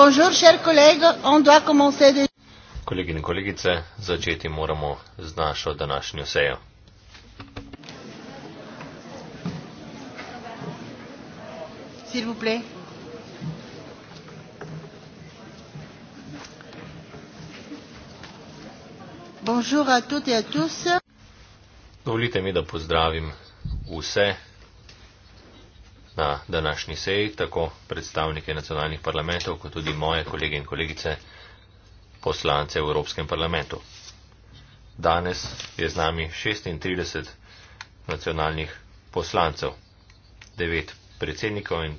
Bonjour, cher collègue, on doit commencer de... Kolegine in kolegice, začeti moramo z našo današnjo sejo. S'il vous plaît. Bonjour à toutes et à tous. Dovolite mi, da pozdravim vse na današnji seji tako predstavnike nacionalnih parlamentov, kot tudi moje kolege in kolegice poslance v Evropskem parlamentu. Danes je z nami 36 nacionalnih poslancev, 9 predsednikov in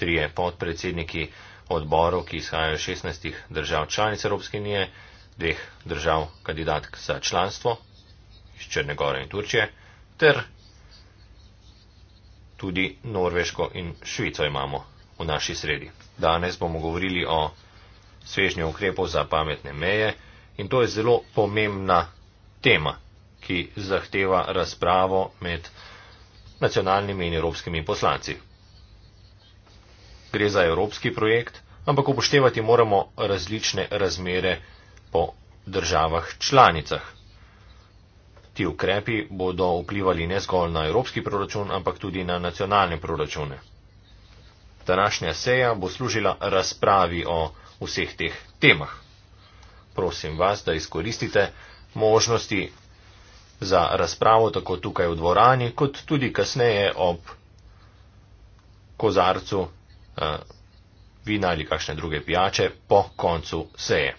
3 podpredsedniki odborov, ki izhajajo 16 držav članic Evropske unije, 2 držav kandidatk za članstvo iz Črne Gore in Turčije ter tudi Norveško in Švico imamo v naši sredi. Danes bomo govorili o svežnju ukrepov za pametne meje in to je zelo pomembna tema, ki zahteva razpravo med nacionalnimi in evropskimi poslanci. Gre za evropski projekt, ampak upoštevati moramo različne razmere po državah članicah. Ti ukrepi bodo vplivali ne zgolj na evropski proračun, ampak tudi na nacionalne proračune. Današnja seja bo služila razpravi o vseh teh temah. Prosim vas, da izkoristite možnosti za razpravo tako tukaj v dvorani, kot tudi kasneje ob kozarcu eh, vina ali kakšne druge pijače po koncu seje.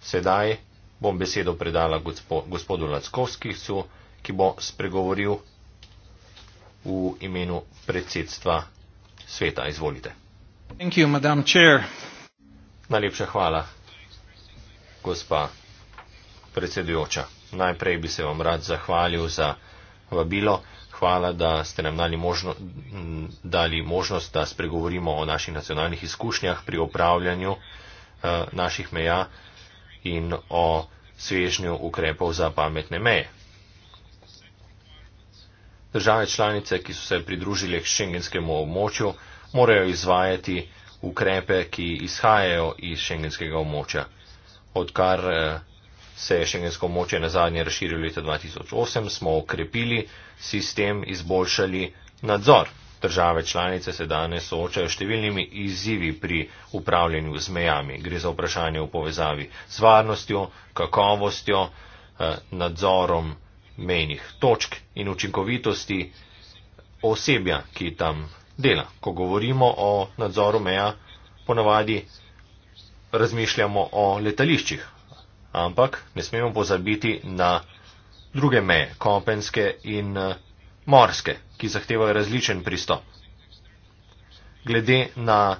Sedaj bom besedo predala gospodu Lackovskisu, ki bo spregovoril v imenu predsedstva sveta. Izvolite. You, Najlepša hvala, gospa predsedujoča. Najprej bi se vam rad zahvalil za vabilo. Hvala, da ste nam dali, možno, dali možnost, da spregovorimo o naših nacionalnih izkušnjah pri upravljanju uh, eh, naših meja. Uh, in o svežnju ukrepov za pametne meje. Države članice, ki so se pridružile k šengenskemu območju, morajo izvajati ukrepe, ki izhajajo iz šengenskega območja. Odkar eh, se je šengensko območje na zadnje razširilo leta 2008, smo okrepili sistem, izboljšali nadzor. Države članice se danes soočajo številnimi izzivi pri upravljanju z mejami. Gre za vprašanje v povezavi z varnostjo, kakovostjo, eh, nadzorom mejnih točk in učinkovitosti osebja, ki tam dela. Ko govorimo o nadzoru meja, ponavadi razmišljamo o letališčih, ampak ne smemo pozabiti na druge meje, kopenske in eh, morske, ki zahtevajo različen pristop. Glede na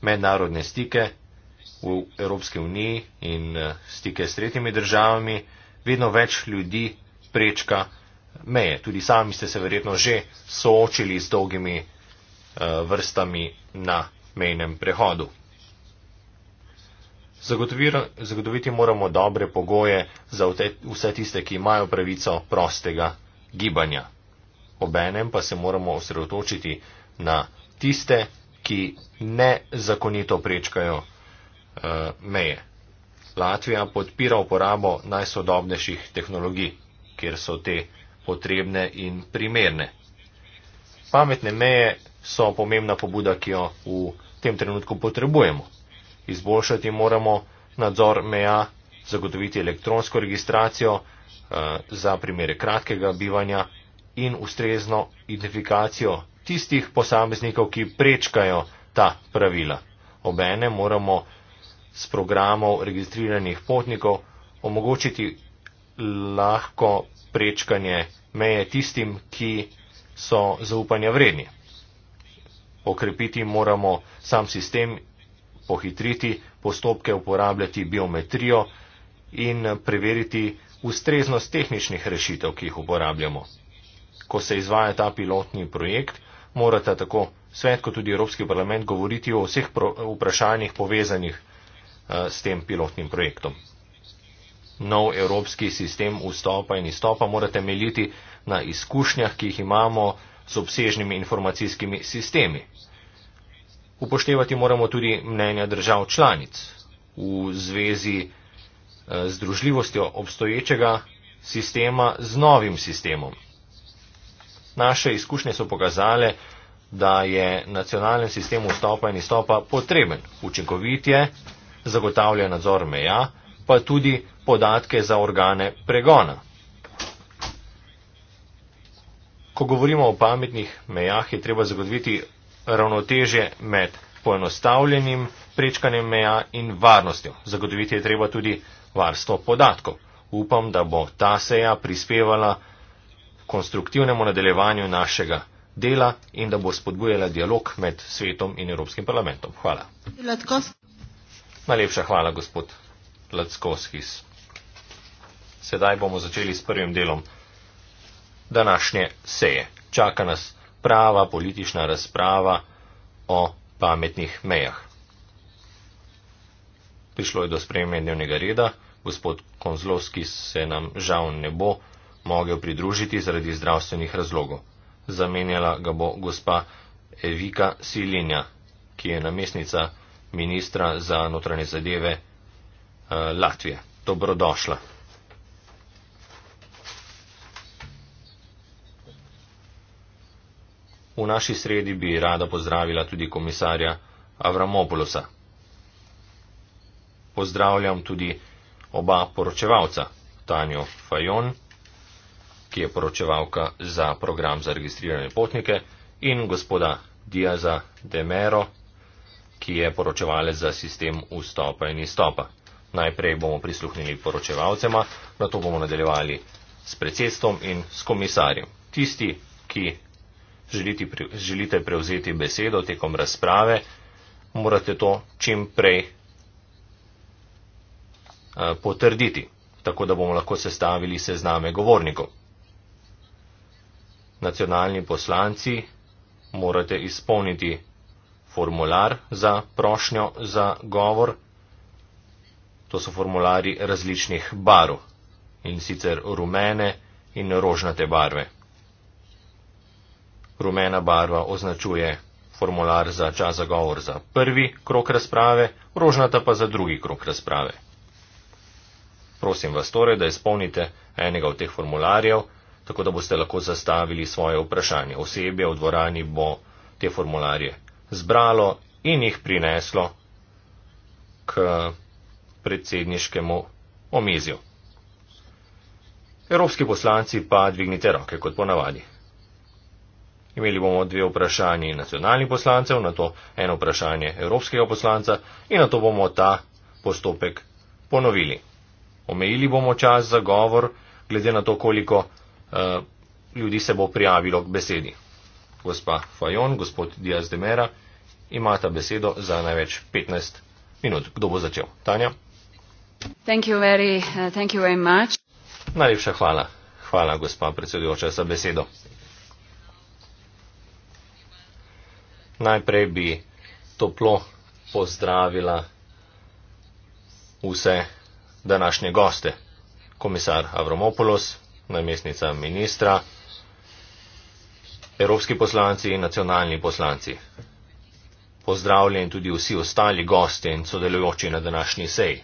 mednarodne stike v Evropski uniji in eh, stike s tretjimi državami, vedno več ljudi prečka meje. Tudi sami ste se verjetno že soočili z dolgimi eh, vrstami na mejnem prehodu. Zagotoviti moramo dobre pogoje za vse tiste, ki imajo pravico prostega gibanja obenem pa se moramo osredotočiti na tiste, ki nezakonito prečkajo uh, meje. Latvija podpira uporabo najsodobnejših tehnologij, kjer so te potrebne in primerne. Pametne meje so pomembna pobuda, ki jo v tem trenutku potrebujemo. Izboljšati moramo nadzor meja, zagotoviti elektronsko registracijo uh, za primere kratkega bivanja in ustrezno identifikacijo tistih posameznikov, ki prečkajo ta pravila. Obene moramo s programov registriranih potnikov omogočiti lahko prečkanje meje tistim, ki so zaupanja vredni. Okrepiti moramo sam sistem, pohitriti postopke, uporabljati biometrijo in preveriti ustreznost tehničnih rešitev, ki jih uporabljamo ko se izvaja ta pilotni projekt, morata tako svet kot tudi Evropski parlament govoriti o vseh vprašanjih povezanih eh, s tem pilotnim projektom. Nov evropski sistem vstopa in izstopa mora temeljiti na izkušnjah, ki jih imamo s obsežnimi informacijskimi sistemi. Upoštevati moramo tudi mnenja držav članic v zvezi eh, z združljivostjo obstoječega sistema z novim sistemom. Naše izkušnje so pokazale, da je nacionalen sistem vstopa in izstopa potreben. Učinkovit je, zagotavlja nadzor meja, pa tudi podatke za organe pregona. Ko govorimo o pametnih mejah, je treba zagotoviti ravnoteže med poenostavljenim prečkanjem meja in varnostjo. Zagotoviti je treba tudi varstvo podatkov. Upam, da bo ta seja prispevala konstruktivnemu nadaljevanju našega dela in da bo spodbujala dialog med svetom in Evropskim parlamentom. Hvala. Latkos. Najlepša hvala, gospod Latskoskis. Sedaj bomo začeli s prvim delom današnje seje. Čaka nas prava politična razprava o pametnih mejah. Prišlo je do spremenjenega reda. Gospod Konzlovski se nam žal ne bo mogel pridružiti zaradi zdravstvenih razlogov. Zamenjala ga bo gospa Evika Silinja, ki je namestnica ministra za notranje zadeve eh, Latvije. Dobrodošla. V naši sredi bi rada pozdravila tudi komisarja Avramopolosa. Pozdravljam tudi oba poročevalca, Tanjo Fajon ki je poročevalka za program za registrirane potnike, in gospoda Diaza Demero, ki je poročevalec za sistem vstopa in izstopa. Najprej bomo prisluhnili poročevalcema, nato bomo nadaljevali s predsedstvom in s komisarjem. Tisti, ki želite, pre, želite prevzeti besedo tekom razprave, morate to čim prej eh, potrditi, tako da bomo lahko sestavili sezname govornikov nacionalni poslanci morate izpolniti formular za prošnjo za govor. To so formulari različnih barv in sicer rumene in rožnate barve. Rumena barva označuje formular za čas za govor za prvi krok razprave, rožnata pa za drugi krok razprave. Prosim vas torej, da izpolnite enega od teh formularjev tako da boste lahko zastavili svoje vprašanje. Osebje v dvorani bo te formularje zbralo in jih prineslo k predsedniškemu omizju. Evropski poslanci pa dvignite roke, kot ponavadi. Imeli bomo dve vprašanji nacionalnih poslancev, na to eno vprašanje evropskega poslanca in na to bomo ta postopek ponovili. Omejili bomo čas za govor, glede na to, koliko Eh, ljudi se bo prijavilo k besedi. Gospa Fajon, gospod Diaz de Mera, imata besedo za največ 15 minut. Kdo bo začel? Tanja? Thank you very, uh, thank you very much. Najlepša hvala. Hvala, gospa predsedujoča, za besedo. Najprej bi toplo pozdravila vse današnje goste. Komisar Avromopoulos, namestnica ministra, evropski poslanci in nacionalni poslanci. Pozdravljen tudi vsi ostali gosti in sodelujoči na današnji seji.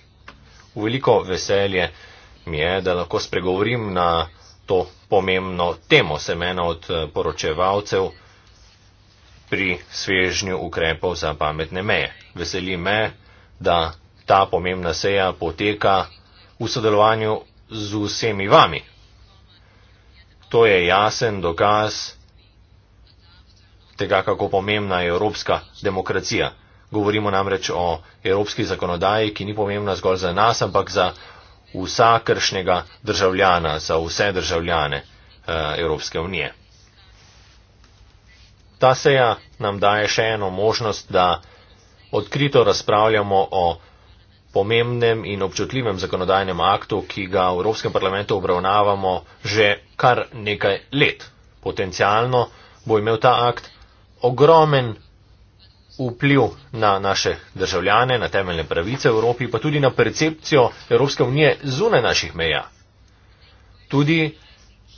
V veliko veselje mi je, da lahko spregovorim na to pomembno temo. Sem ena od eh, poročevalcev pri svežnju ukrepov za pametne meje. Veseli me, da ta pomembna seja poteka v sodelovanju z vsemi vami, To je jasen dokaz tega, kako pomembna je evropska demokracija. Govorimo namreč o evropski zakonodaji, ki ni pomembna zgolj za nas, ampak za vsakršnega državljana, za vse državljane eh, Evropske unije. Ta seja nam daje še eno možnost, da odkrito razpravljamo o pomembnem in občutljivem zakonodajnem aktu, ki ga v Evropskem parlamentu obravnavamo že kar nekaj let. Potencialno bo imel ta akt ogromen vpliv na naše državljane, na temeljne pravice v Evropi, pa tudi na percepcijo Evropske unije zunaj naših meja. Tudi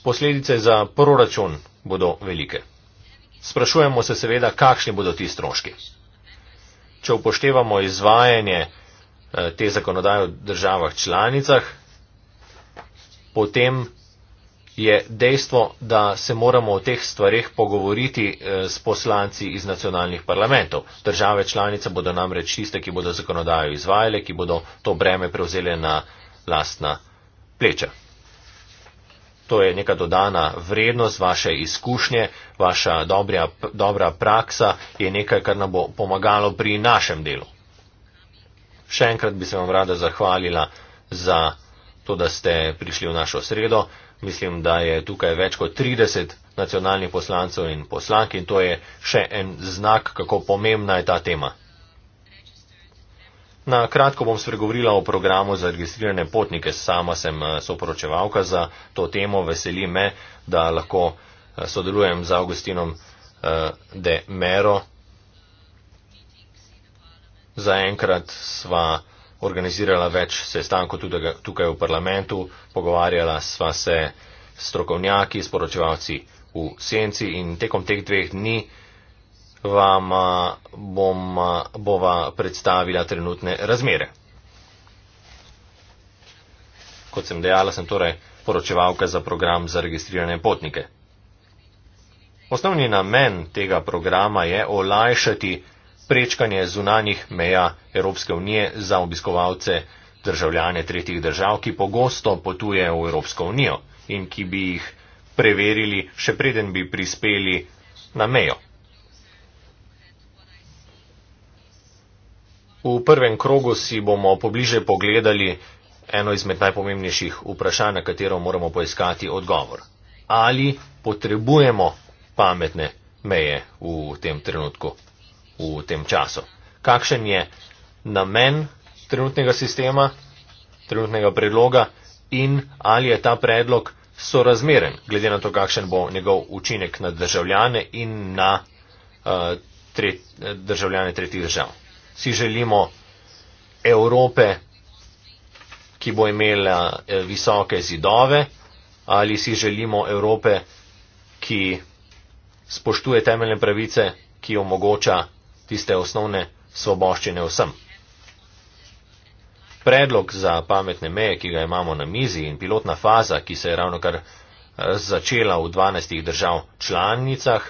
posledice za proračun bodo velike. Sprašujemo se seveda, kakšni bodo ti stroški. Če upoštevamo izvajanje eh, te zakonodaje v državah članicah, potem je dejstvo, da se moramo o teh stvarih pogovoriti eh, s poslanci iz nacionalnih parlamentov. Države članice bodo namreč tiste, ki bodo zakonodajo izvajale, ki bodo to breme prevzele na lastna pleča. To je neka dodana vrednost, vaše izkušnje, vaša dobra, dobra praksa je nekaj, kar nam bo pomagalo pri našem delu. Še enkrat bi se vam rada zahvalila za to, da ste prišli v našo sredo. Mislim, da je tukaj več kot 30 nacionalnih poslancev in poslank in to je še en znak, kako pomembna je ta tema. Na kratko bom spregovorila o programu za registrirane potnike. Sama sem eh, soporočevalka za to temo. Veseli me, da lahko eh, sodelujem z Augustinom eh, de Mero. Zaenkrat sva organizirala več sestankov tudi tukaj v parlamentu, pogovarjala sva se s strokovnjaki, sporočevalci v senci in tekom teh dveh dni vam bom, bova predstavila trenutne razmere. Kot sem dejala, sem torej poročevalka za program za registrirane potnike. Osnovni namen tega programa je olajšati prečkanje zunanjih meja Evropske unije za obiskovalce, državljane tretjih držav, ki pogosto potujejo v Evropsko unijo in ki bi jih preverili, še preden bi prispeli na mejo. V prvem krogu si bomo pobliže pogledali eno izmed najpomembnejših vprašanj, na katero moramo poiskati odgovor. Ali potrebujemo pametne meje v tem trenutku? v tem času. Kakšen je namen trenutnega sistema, trenutnega predloga in ali je ta predlog sorazmeren, glede na to, kakšen bo njegov učinek na državljane in na uh, tret, državljane tretjih držav. Si želimo Evrope, ki bo imela eh, visoke zidove, ali si želimo Evrope, ki spoštuje temeljne pravice, ki omogoča tiste osnovne svoboščine vsem. Predlog za pametne meje, ki ga imamo na mizi in pilotna faza, ki se je ravno kar eh, začela v 12 držav članicah,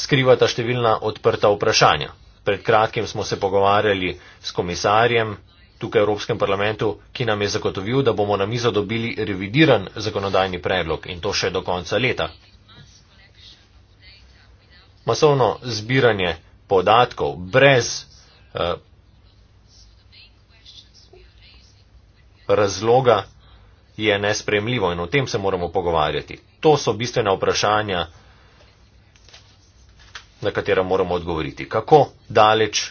skrivata številna odprta vprašanja. Pred kratkim smo se pogovarjali s komisarjem tukaj v Evropskem parlamentu, ki nam je zagotovil, da bomo na mizo dobili revidiran zakonodajni predlog in to še do konca leta masovno zbiranje podatkov brez eh, razloga je nespremljivo in o tem se moramo pogovarjati. To so bistvena vprašanja, na katera moramo odgovoriti. Kako daleč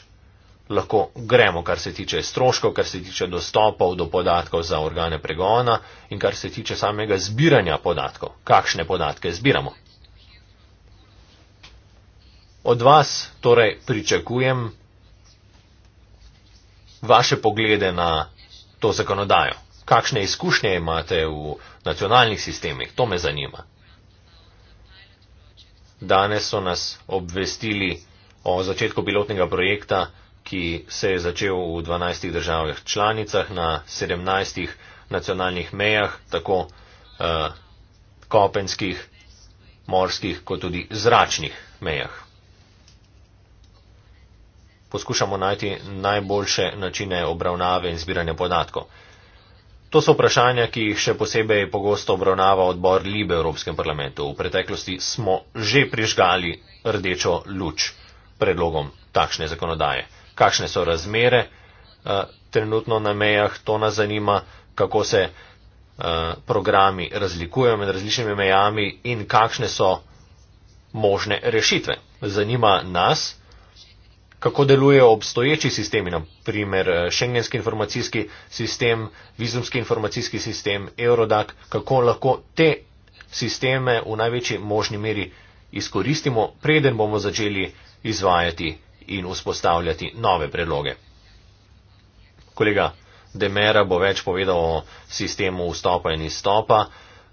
lahko gremo, kar se tiče stroškov, kar se tiče dostopov do podatkov za organe pregona in kar se tiče samega zbiranja podatkov, kakšne podatke zbiramo. Od vas torej pričakujem vaše poglede na to zakonodajo. Kakšne izkušnje imate v nacionalnih sistemih? To me zanima. Danes so nas obvestili o začetku pilotnega projekta, ki se je začel v 12 državah članicah na 17 nacionalnih mejah, tako uh, kopenskih, morskih, kot tudi zračnih mejah poskušamo najti najboljše načine obravnave in zbiranja podatkov. To so vprašanja, ki jih še posebej pogosto obravnava odbor Libe Evropskem parlamentu. V preteklosti smo že prižgali rdečo luč predlogom takšne zakonodaje. Kakšne so razmere eh, trenutno na mejah, to nas zanima, kako se eh, programi razlikujejo med različnimi mejami in kakšne so možne rešitve. Zanima nas, kako delujejo obstoječi sistemi, na primer eh, šengenski informacijski sistem, vizumski informacijski sistem, Eurodac, kako lahko te sisteme v največji možni meri izkoristimo, preden bomo začeli izvajati in vzpostavljati nove predloge. Kolega Demera bo več povedal o sistemu vstopa in izstopa.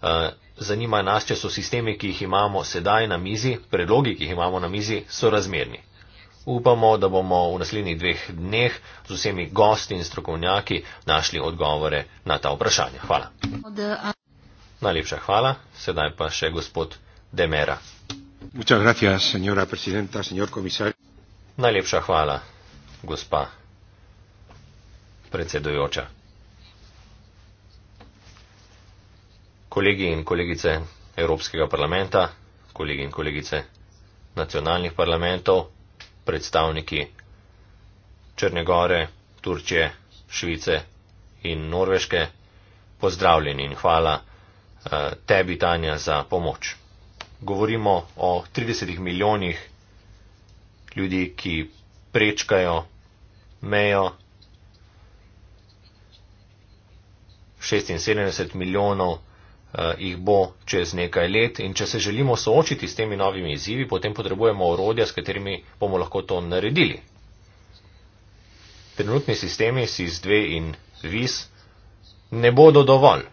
Eh, zanima nas, če so sistemi, ki jih imamo sedaj na mizi, predlogi, ki jih imamo na mizi, so razmerni. Upamo, da bomo v naslednjih dveh dneh z vsemi gosti in strokovnjaki našli odgovore na ta vprašanja. Hvala. Najlepša hvala. Sedaj pa še gospod Demera. Najlepša hvala, gospa predsedujoča. Kolegi in kolegice Evropskega parlamenta, kolegi in kolegice nacionalnih parlamentov predstavniki Črne gore, Turčije, Švice in Norveške, pozdravljeni in hvala eh, tebi, Tanja, za pomoč. Govorimo o 30 milijonih ljudi, ki prečkajo mejo, 76 milijonov Eh, jih bo čez nekaj let in če se želimo soočiti s temi novimi izzivi, potem potrebujemo orodja, s katerimi bomo lahko to naredili. Trenutni sistemi SIS-2 in VIS ne bodo dovolj.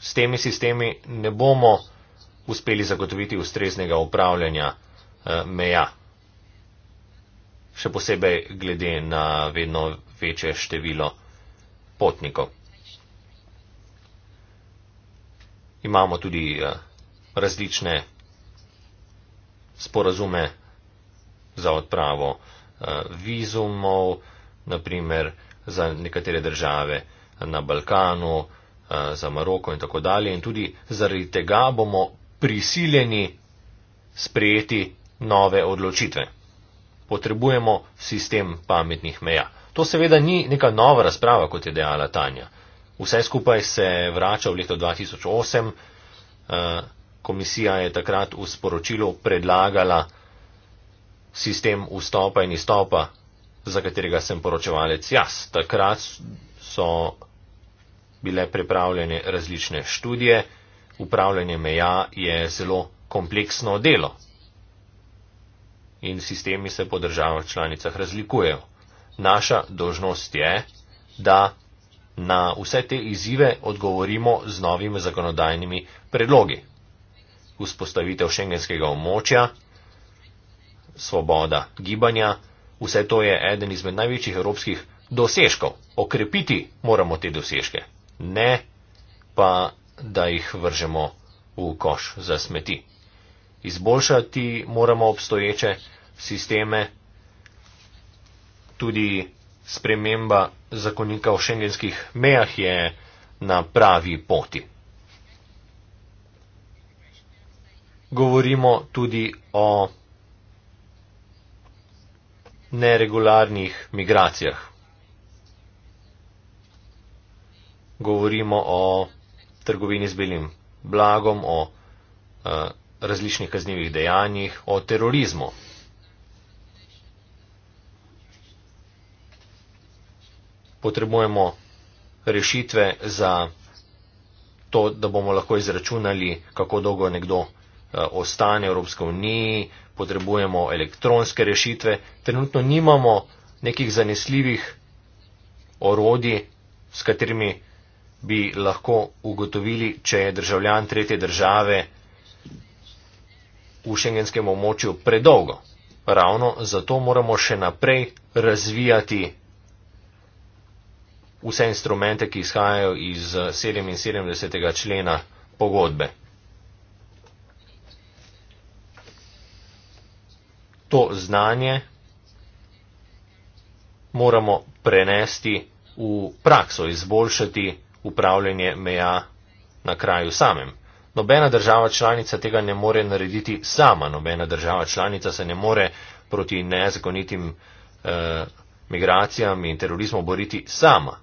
S temi sistemi ne bomo uspeli zagotoviti ustreznega upravljanja eh, meja. Še posebej glede na vedno večje število potnikov. imamo tudi eh, različne sporazume za odpravo eh, vizumov, naprimer za nekatere države na Balkanu, eh, za Maroko in tako dalje. In tudi zaradi tega bomo prisiljeni sprejeti nove odločitve. Potrebujemo sistem pametnih meja. To seveda ni neka nova razprava, kot je dejala Tanja. Vse skupaj se vrača v leto 2008. Eh, komisija je takrat v sporočilu predlagala sistem vstopa in izstopa, za katerega sem poročevalec jaz. Takrat so bile pripravljene različne študije. Upravljanje meja je zelo kompleksno delo in sistemi se po državah članicah razlikujejo. Naša dožnost je, da na vse te izzive odgovorimo z novimi zakonodajnimi predlogi. Vzpostavitev šengenskega območja, svoboda gibanja, vse to je eden izmed največjih evropskih dosežkov. Okrepiti moramo te dosežke, ne pa, da jih vržemo v koš za smeti. Izboljšati moramo obstoječe sisteme, tudi sprememba zakonika v šengenskih mejah je na pravi poti. Govorimo tudi o neregularnih migracijah. Govorimo o trgovini z belim blagom, o eh, različnih kaznjivih dejanjih, o terorizmu. potrebujemo rešitve za to, da bomo lahko izračunali, kako dolgo nekdo eh, ostane v Evropske unije, potrebujemo elektronske rešitve. Trenutno nimamo nekih zanesljivih orodi, s katerimi bi lahko ugotovili, če je državljan tretje države v šengenskem območju predolgo. Ravno zato moramo še naprej razvijati vse instrumente, ki izhajajo iz 77. Eh, člena pogodbe. To znanje moramo prenesti v prakso, izboljšati upravljanje meja na kraju samem. Nobena država članica tega ne more narediti sama, nobena država članica se ne more proti nezakonitim eh, migracijam in terorizmu boriti sama.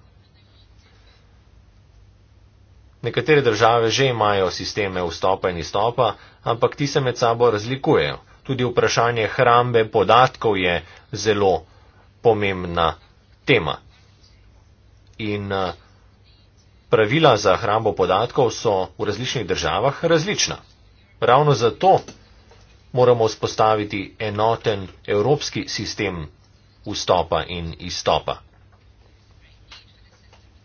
Nekatere države že imajo sisteme vstopa in izstopa, ampak ti se med sabo razlikujejo. Tudi vprašanje hrambe podatkov je zelo pomembna tema. In eh, pravila za hrambo podatkov so v različnih državah različna. Ravno zato moramo vzpostaviti enoten evropski sistem vstopa in izstopa.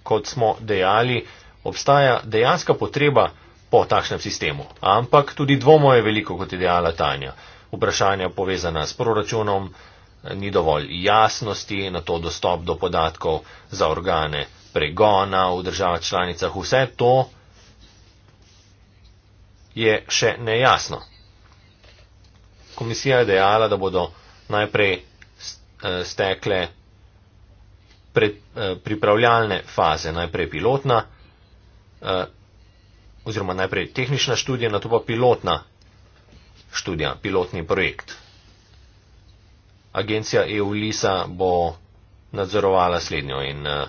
Kot smo dejali, obstaja dejanska potreba po takšnem sistemu. Ampak tudi dvomo je veliko, kot je dejala Tanja. Vprašanja povezana s proračunom, ni dovolj jasnosti, na to dostop do podatkov za organe pregona v državah članicah, vse to je še nejasno. Komisija je dejala, da bodo najprej e, stekle e, pripravljalne faze, najprej pilotna. Eh, oziroma najprej tehnična študija, na to pa pilotna študija, pilotni projekt. Agencija EULISA bo nadzorovala slednjo in eh,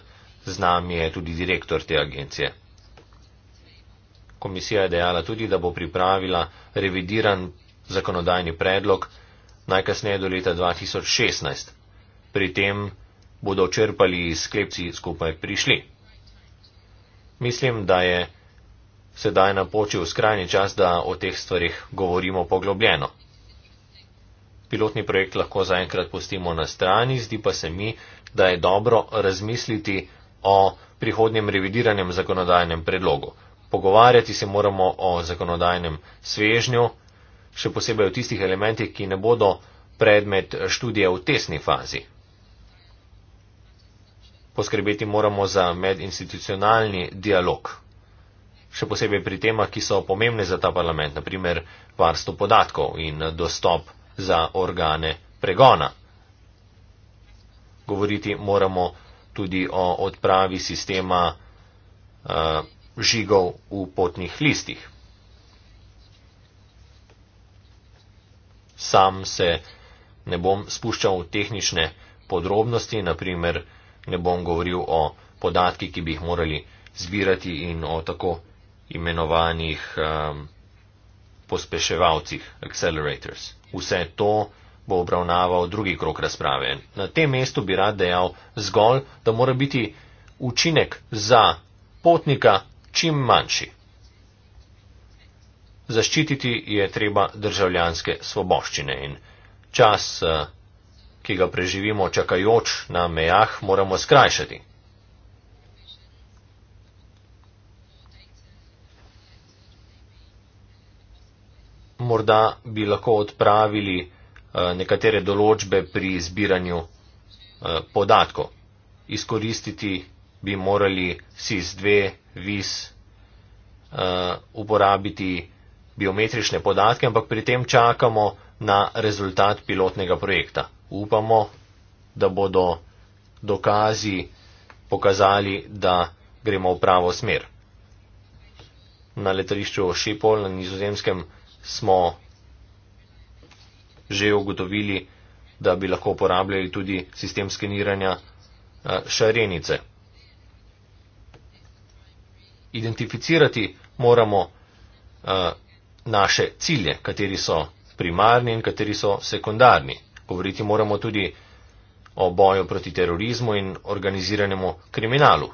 z nami je tudi direktor te agencije. Komisija je dejala tudi, da bo pripravila revidiran zakonodajni predlog najkasneje do leta 2016. Pri tem bodo črpali sklepci skupaj prišli. Mislim, da je sedaj napočil skrajni čas, da o teh stvarih govorimo poglobljeno. Pilotni projekt lahko zaenkrat pustimo na strani, zdi pa se mi, da je dobro razmisliti o prihodnjem revidiranem zakonodajnem predlogu. Pogovarjati se moramo o zakonodajnem svežnju, še posebej o tistih elementih, ki ne bodo predmet študije v tesni fazi poskrbeti moramo za medinstitucionalni dialog. Še posebej pri temah, ki so pomembne za ta parlament, naprimer varstvo podatkov in dostop za organe pregona. Govoriti moramo tudi o odpravi sistema uh, žigov v potnih listih. Sam se ne bom spuščal v tehnične podrobnosti, naprimer, ne bom govoril o podatkih, ki bi jih morali zbirati in o tako imenovanih um, pospeševalcih, accelerators. Vse to bo obravnaval drugi krok razprave. Na tem mestu bi rad dejal zgolj, da mora biti učinek za potnika čim manjši. Zaščititi je treba državljanske svoboščine in čas uh, ki ga preživimo čakajoč na mejah, moramo skrajšati. Morda bi lahko odpravili eh, nekatere določbe pri zbiranju eh, podatkov. Izkoristiti bi morali SIS-2, VIS, eh, uporabiti biometrične podatke, ampak pri tem čakamo na rezultat pilotnega projekta upamo, da bodo dokazi pokazali, da gremo v pravo smer. Na letališču Šipol na nizozemskem smo že ugotovili, da bi lahko uporabljali tudi sistem skeniranja eh, šarenice. Identificirati moramo eh, naše cilje, kateri so primarni in kateri so sekundarni. Govoriti moramo tudi o boju proti terorizmu in organiziranemu kriminalu.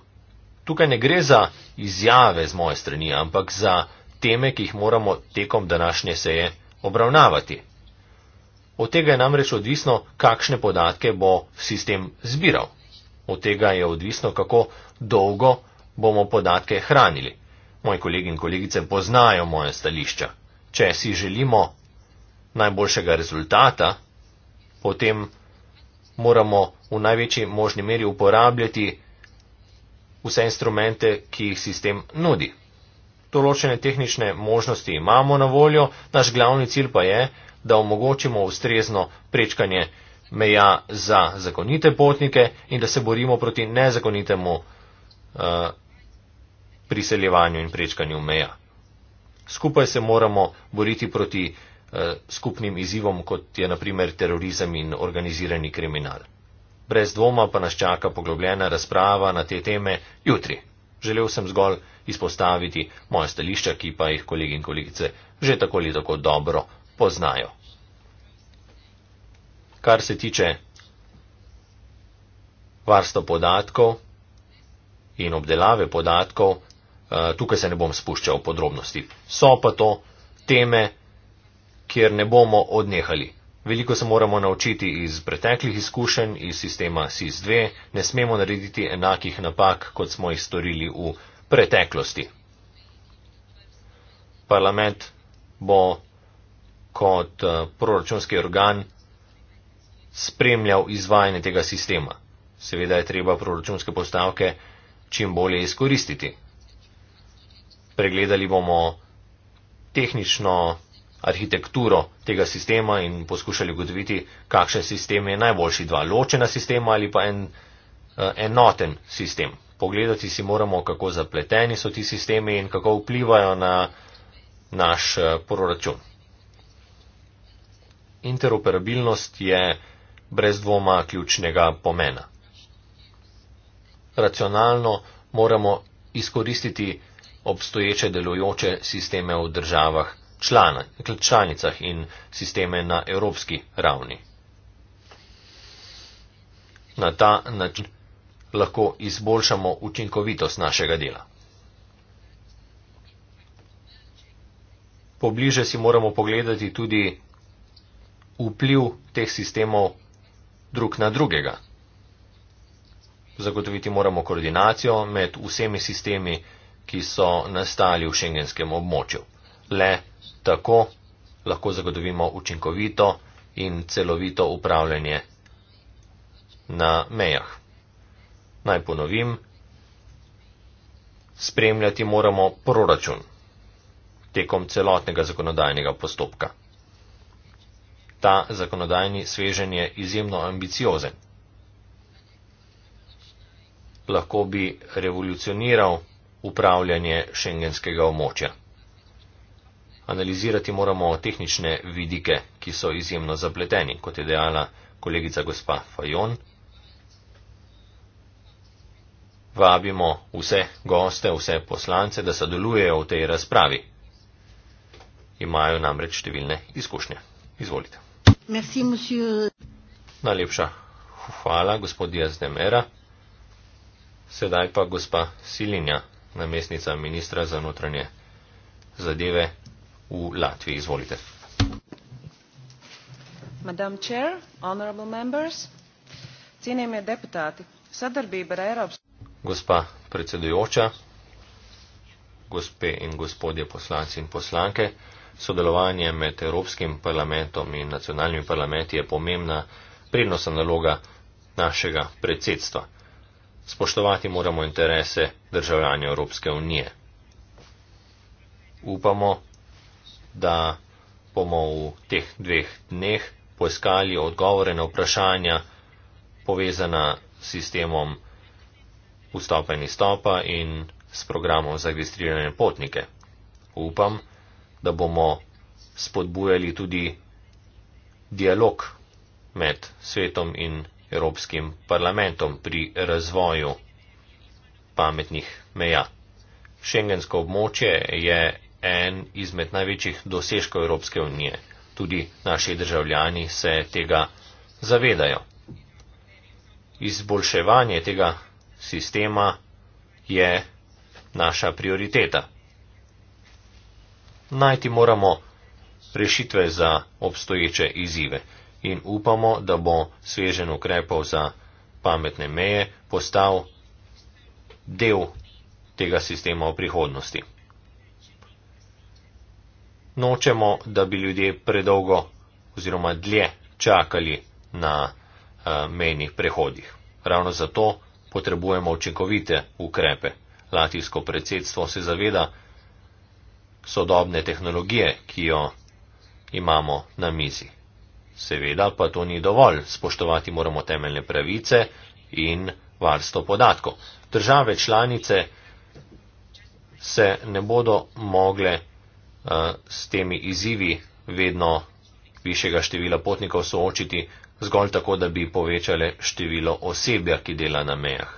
Tukaj ne gre za izjave z moje strani, ampak za teme, ki jih moramo tekom današnje seje obravnavati. Od tega je namreč odvisno, kakšne podatke bo sistem zbiral. Od tega je odvisno, kako dolgo bomo podatke hranili. Moji kolegi in kolegice poznajo moje stališča. Če si želimo najboljšega rezultata, potem moramo v največji možni meri uporabljati vse instrumente, ki jih sistem nudi. Določene tehnične možnosti imamo na voljo, naš glavni cilj pa je, da omogočimo ustrezno prečkanje meja za zakonite potnike in da se borimo proti nezakonitemu uh, priseljevanju in prečkanju meja. Skupaj se moramo boriti proti Eh, skupnim izzivom, kot je naprimer terorizem in organizirani kriminal. Brez dvoma pa nas čaka poglobljena razprava na te teme jutri. Želel sem zgolj izpostaviti moje stališča, ki pa jih kolegi in kolegice že tako ali tako dobro poznajo. Kar se tiče varstva podatkov in obdelave podatkov, eh, tukaj se ne bom spuščal v podrobnosti. So pa to teme, kjer ne bomo odnehali. Veliko se moramo naučiti iz preteklih izkušenj iz sistema SIS-2, ne smemo narediti enakih napak, kot smo jih storili v preteklosti. Parlament bo kot eh, proračunski organ spremljal izvajanje tega sistema. Seveda je treba proračunske postavke čim bolje izkoristiti. Pregledali bomo tehnično arhitekturo tega sistema in poskušali ugotoviti, kakšen sistem je najboljši, dva ločena sistema ali pa en eh, enoten sistem. Pogledati si moramo, kako zapleteni so ti sistemi in kako vplivajo na naš eh, proračun. Interoperabilnost je brez dvoma ključnega pomena. Racionalno moramo izkoristiti obstoječe delujoče sisteme v državah člana, članicah in sisteme na evropski ravni. Na ta način lahko izboljšamo učinkovitost našega dela. Pobliže si moramo pogledati tudi vpliv teh sistemov drug na drugega. Zagotoviti moramo koordinacijo med vsemi sistemi, ki so nastali v šengenskem območju le tako lahko zagotovimo učinkovito in celovito upravljanje na mejah. Naj ponovim, spremljati moramo proračun tekom celotnega zakonodajnega postopka. Ta zakonodajni svežen je izjemno ambiciozen. Lahko bi revolucioniral upravljanje šengenskega območja. Analizirati moramo tehnične vidike, ki so izjemno zapleteni, kot je dejala kolegica gospa Fajon. Vabimo vse goste, vse poslance, da sodelujejo v tej razpravi. Imajo namreč številne izkušnje. Izvolite. Merci, Najlepša hvala, gospod Diaz de Mera. Sedaj pa gospa Silinja, namestnica ministra za notranje zadeve v Latviji. Izvolite. Madam Chair, honorable members, cenjeni deputati, sadr bi bere Evropske. Gospa predsedujoča, gospe in gospodje poslanci in poslanke, sodelovanje med Evropskim parlamentom in nacionalnimi parlamenti je pomembna prednostna naloga našega predsedstva. Spoštovati moramo interese državljanja Evropske unije. Upamo, da bomo v teh dveh dneh poiskali odgovore na vprašanja povezana s sistemom vstopa in izstopa in s programom za registriranje potnike. Upam, da bomo spodbujali tudi dialog med svetom in Evropskim parlamentom pri razvoju pametnih meja. Šengensko območje je en izmed največjih dosežkov Evropske unije. Tudi naši državljani se tega zavedajo. Izboljševanje tega sistema je naša prioriteta. Najti moramo rešitve za obstoječe izzive in upamo, da bo svežen ukrepov za pametne meje postal del tega sistema v prihodnosti nočemo, da bi ljudje predolgo oziroma dlje čakali na uh, eh, menjih prehodih. Ravno zato potrebujemo učinkovite ukrepe. Latijsko predsedstvo se zaveda sodobne tehnologije, ki jo imamo na mizi. Seveda pa to ni dovolj, spoštovati moramo temeljne pravice in varstvo podatkov. Države članice se ne bodo mogle Eh, s temi izzivi vedno višjega števila potnikov soočiti zgolj tako, da bi povečale število osebja, ki dela na mejah.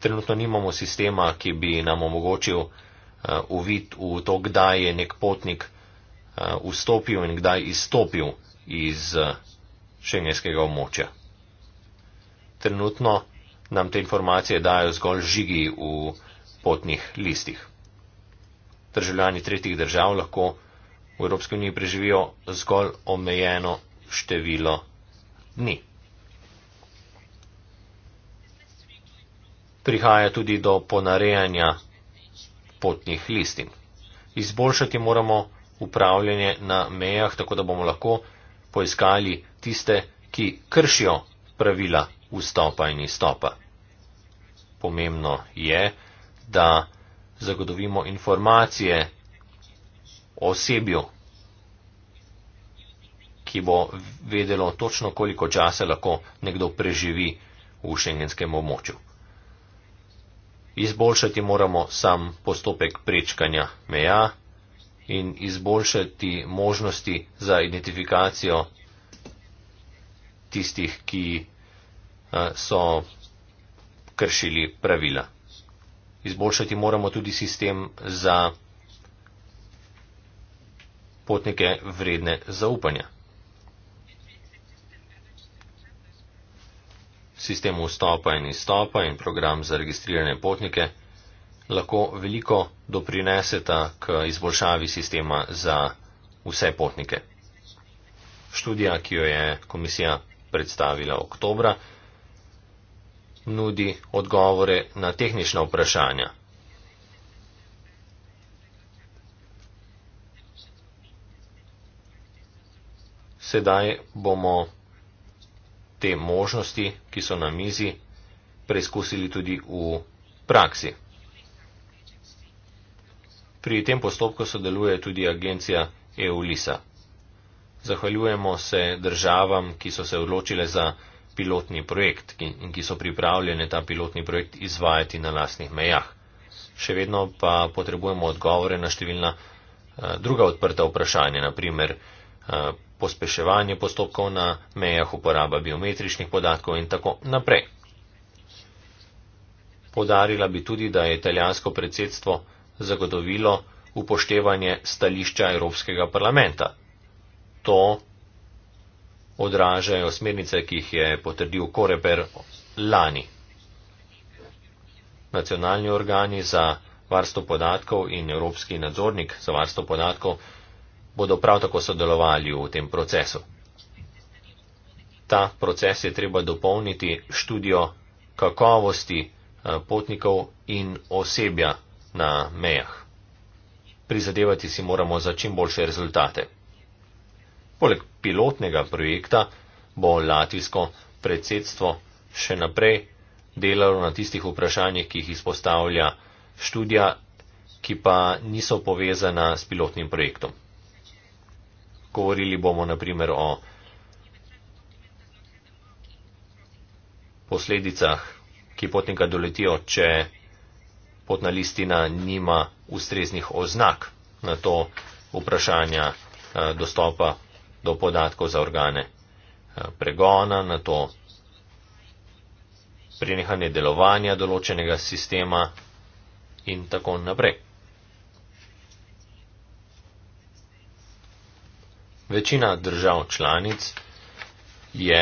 Trenutno nimamo sistema, ki bi nam omogočil eh, uvid v to, kdaj je nek potnik eh, vstopil in kdaj izstopil iz šengenskega območja. Trenutno nam te informacije dajo zgolj žigi v potnih listih državljani tretjih držav lahko v Evropski uniji preživijo zgolj omejeno število dni. Prihaja tudi do ponarejanja potnih listin. Izboljšati moramo upravljanje na mejah, tako da bomo lahko poiskali tiste, ki kršijo pravila vstopa in izstopa. Pomembno je, da zagotovimo informacije o osebju, ki bo vedelo točno, koliko časa lahko nekdo preživi v šengenskem območju. Izboljšati moramo sam postopek prečkanja meja in izboljšati možnosti za identifikacijo tistih, ki eh, so kršili pravila izboljšati moramo tudi sistem za potnike vredne zaupanja. Sistem vstopa in izstopa in program za registrirane potnike lahko veliko doprineseta k izboljšavi sistema za vse potnike. Študija, ki jo je komisija predstavila oktobra, nudi odgovore na tehnična vprašanja. Sedaj bomo te možnosti, ki so na mizi, preizkusili tudi v praksi. Pri tem postopku sodeluje tudi agencija EULISA. Zahvaljujemo se državam, ki so se odločile za pilotni projekt in ki so pripravljene ta pilotni projekt izvajati na lasnih mejah. Še vedno pa potrebujemo odgovore na številna eh, druga odprta vprašanja, naprimer eh, pospeševanje postopkov na mejah, uporaba biometričnih podatkov in tako naprej. Podarila bi tudi, da je italijansko predsedstvo zagotovilo upoštevanje stališča Evropskega parlamenta. To odražajo smernice, ki jih je potrdil Koreber lani. Nacionalni organi za varstvo podatkov in Evropski nadzornik za varstvo podatkov bodo prav tako sodelovali v tem procesu. Ta proces je treba dopolniti študijo kakovosti eh, potnikov in osebja na mejah. Prizadevati si moramo za čim boljše rezultate. Poleg pilotnega projekta bo latvijsko predsedstvo še naprej delalo na tistih vprašanjih, ki jih izpostavlja študija, ki pa niso povezana s pilotnim projektom. Govorili bomo naprimer o posledicah, ki potnika doletijo, če potna listina nima ustreznih oznak na to vprašanja eh, dostopa do podatkov za organe eh, pregona, na to prenehanje delovanja določenega sistema in tako naprej. Večina držav članic je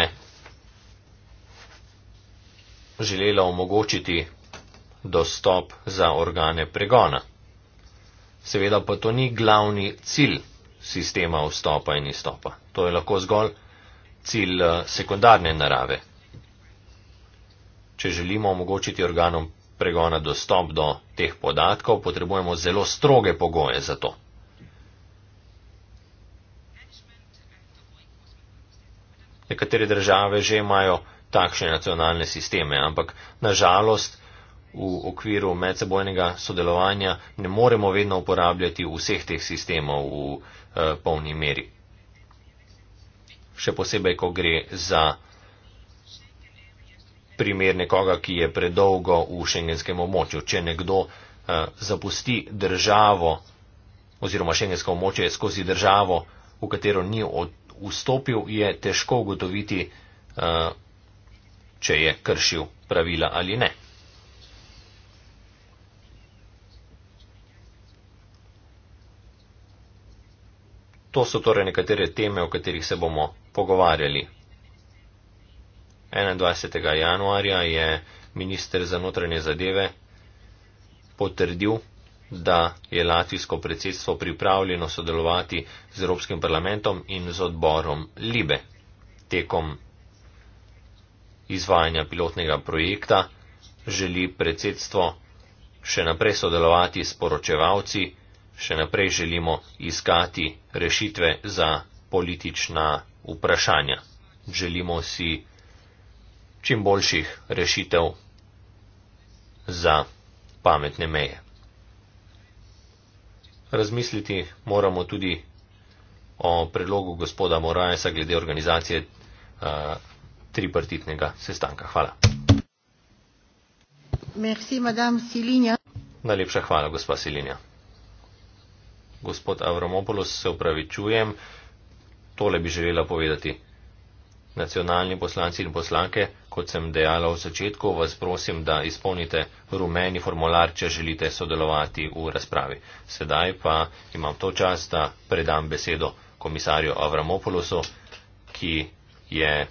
želela omogočiti dostop za organe pregona. Seveda pa to ni glavni cilj sistema vstopa in izstopa. To je lahko zgolj cilj eh, sekundarne narave. Če želimo omogočiti organom pregona dostop do teh podatkov, potrebujemo zelo stroge pogoje za to. Nekatere države že imajo takšne nacionalne sisteme, ampak nažalost v okviru medsebojnega sodelovanja ne moremo vedno uporabljati vseh teh sistemov v eh, polni meri. Še posebej, ko gre za primer nekoga, ki je predolgo v šengenskem območju. Če nekdo eh, zapusti državo oziroma šengensko območje skozi državo, v katero ni vstopil, je težko ugotoviti, eh, če je kršil pravila ali ne. To so torej nekatere teme, o katerih se bomo pogovarjali. 21. januarja je minister za notranje zadeve potrdil, da je latvijsko predsedstvo pripravljeno sodelovati z Evropskim parlamentom in z odborom Libe tekom izvajanja pilotnega projekta želi predsedstvo še naprej sodelovati s poročevalci še naprej želimo iskati rešitve za politična vprašanja. Želimo si čim boljših rešitev za pametne meje. Razmisliti moramo tudi o predlogu gospoda Morajesa glede organizacije uh, tripartitnega sestanka. Hvala. Merci, Najlepša hvala, gospa Silinja gospod Avramopoulos, se upravičujem, tole bi želela povedati. Nacionalni poslanci in poslanke, kot sem dejala v začetku, vas prosim, da izpolnite rumeni formular, če želite sodelovati v razpravi. Sedaj pa imam to čas, da predam besedo komisarju Avramopoulosu, ki je eh,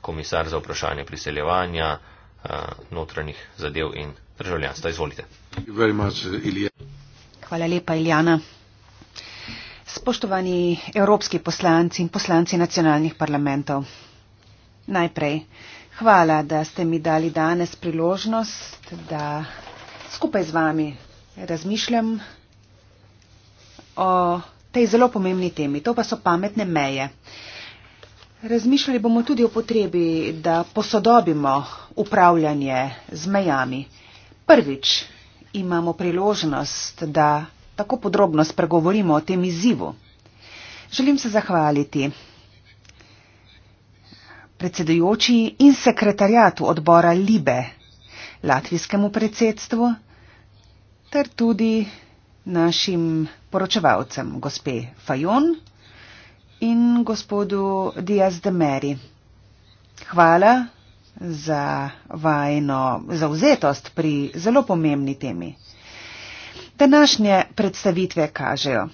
komisar za vprašanje priseljevanja, eh, notranjih zadev in državljanstva. Izvolite. Hvala lepa, Iljana. Spoštovani evropski poslanci in poslanci nacionalnih parlamentov. Najprej hvala, da ste mi dali danes priložnost, da skupaj z vami razmišljam o tej zelo pomembni temi. To pa so pametne meje. Razmišljali bomo tudi o potrebi, da posodobimo upravljanje z mejami. Prvič imamo priložnost, da tako podrobno spregovorimo o tem izzivu. Želim se zahvaliti predsedujoči in sekretarjatu odbora Libe, latvijskemu predsedstvu ter tudi našim poročevalcem, gospe Fajon in gospodu Diaz de Meri. Hvala za vajno zauzetost pri zelo pomembni temi. Današnje predstavitve kažejo,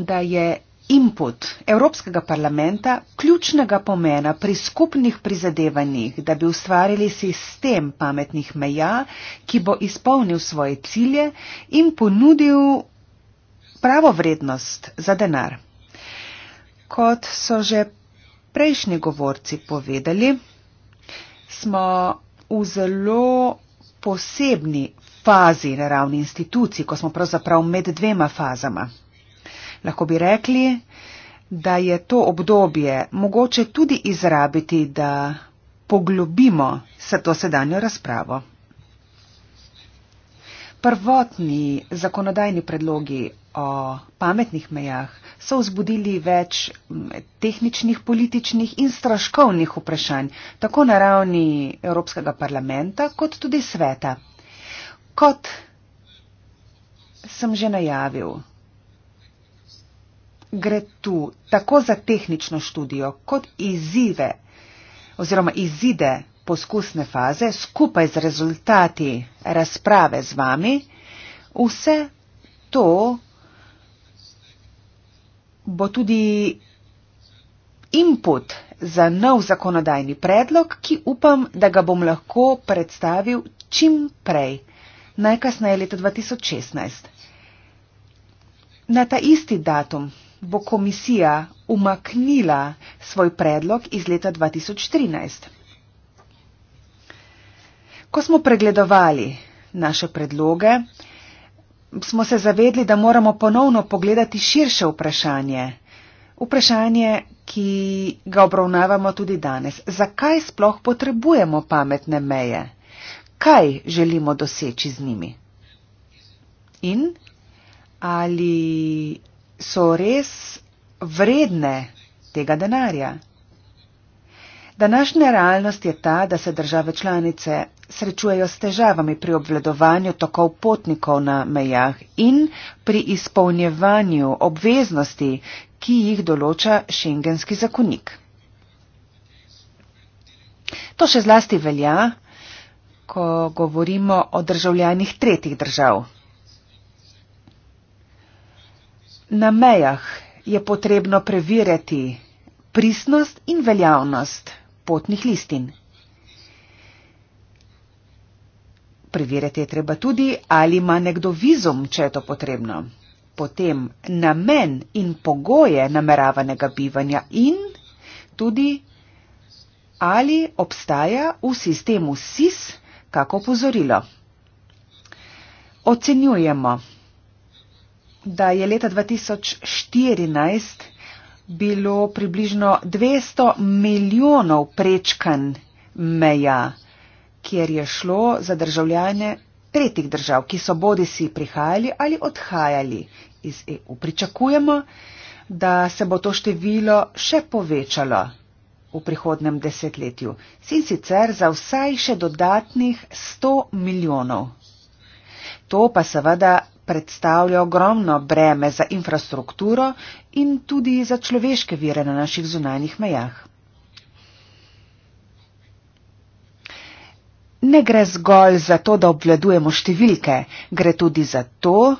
da je input Evropskega parlamenta ključnega pomena pri skupnih prizadevanjih, da bi ustvarili sistem pametnih meja, ki bo izpolnil svoje cilje in ponudil pravo vrednost za denar. Kot so že prejšnji govorci povedali, smo v zelo posebni fazi na ravni institucij, ko smo pravzaprav med dvema fazama. Lahko bi rekli, da je to obdobje mogoče tudi izrabiti, da poglobimo se to sedanjo razpravo. Prvotni zakonodajni predlogi o pametnih mejah so vzbudili več tehničnih, političnih in stroškovnih vprašanj, tako na ravni Evropskega parlamenta kot tudi sveta. Kot sem že najavil, gre tu tako za tehnično študijo, kot izzive oziroma izide poskusne faze skupaj z rezultati razprave z vami. Vse to bo tudi input za nov zakonodajni predlog, ki upam, da ga bom lahko predstavil čim prej najkasneje leta 2016. Na ta isti datum bo komisija umaknila svoj predlog iz leta 2013. Ko smo pregledovali naše predloge, smo se zavedli, da moramo ponovno pogledati širše vprašanje. Vprašanje, ki ga obravnavamo tudi danes. Zakaj sploh potrebujemo pametne meje? kaj želimo doseči z njimi. In ali so res vredne tega denarja? Današnja realnost je ta, da se države članice srečujejo s težavami pri obvladovanju tokov potnikov na mejah in pri izpolnjevanju obveznosti, ki jih določa šengenski zakonik. To še zlasti velja, ko govorimo o državljanih tretjih držav. Na mejah je potrebno preverjati pristnost in veljavnost potnih listin. Preverjati je treba tudi, ali ima nekdo vizum, če je to potrebno. Potem namen in pogoje nameravanega bivanja in tudi, ali obstaja v sistemu SIS kako pozorilo. Ocenjujemo, da je leta 2014 bilo približno 200 milijonov prečkan meja, kjer je šlo za državljane tretjih držav, ki so bodi si prihajali ali odhajali iz EU. Pričakujemo, da se bo to število še povečalo v prihodnem desetletju. Sin sicer za vsaj še dodatnih 100 milijonov. To pa seveda predstavlja ogromno breme za infrastrukturo in tudi za človeške vire na naših zunanjih mejah. Ne gre zgolj za to, da obvladujemo številke, gre tudi za to,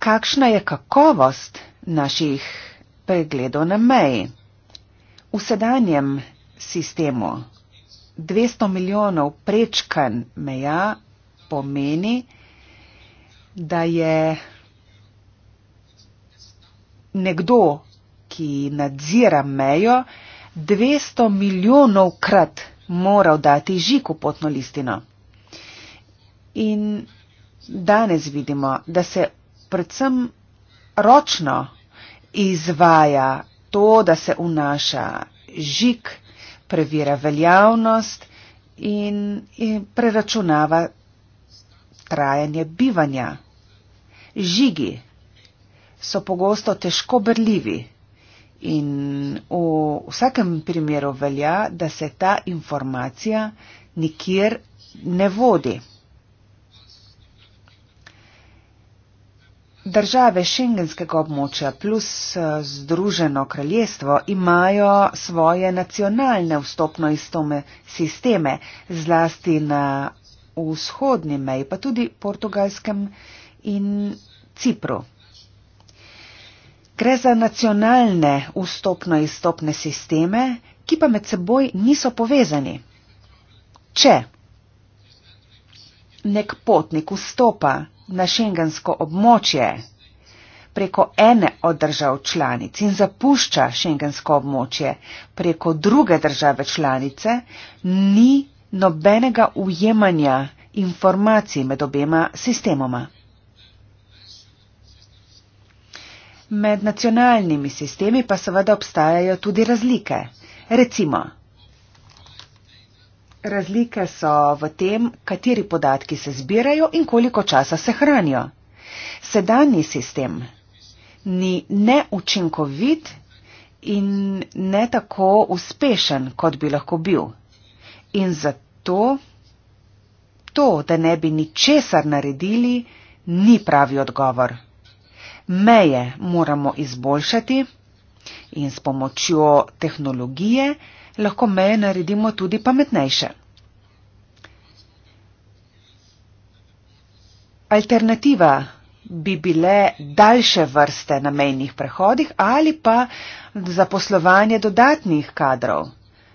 kakšna je kakovost naših pregledov na meji. V sedanjem sistemu 200 milijonov prečkan meja pomeni, da je nekdo, ki nadzira mejo, 200 milijonov krat moral dati žiku potno listino. In danes vidimo, da se predvsem ročno izvaja to, da se vnaša žik, prevera veljavnost in, in preračunava trajanje bivanja. Žigi so pogosto težko brljivi in v vsakem primeru velja, da se ta informacija nikjer ne vodi. Države šengenskega območja plus eh, Združeno kraljestvo imajo svoje nacionalne vstopno istome sisteme, zlasti na vzhodni meji, pa tudi portugalskem in Cipru. Gre za nacionalne vstopno istopne sisteme, ki pa med seboj niso povezani. Če nek potnik vstopa na šengensko območje preko ene od držav članic in zapušča šengensko območje preko druge države članice, ni nobenega ujemanja informacij med obema sistemoma. Med nacionalnimi sistemi pa seveda obstajajo tudi razlike. Recimo, Razlike so v tem, kateri podatki se zbirajo in koliko časa se hranijo. Sedanji sistem ni neučinkovit in ne tako uspešen, kot bi lahko bil. In zato to, da ne bi ničesar naredili, ni pravi odgovor. Meje moramo izboljšati in s pomočjo tehnologije lahko meje naredimo tudi pametnejše. Alternativa bi bile daljše vrste na mejnih prehodih ali pa zaposlovanje dodatnih kadrov.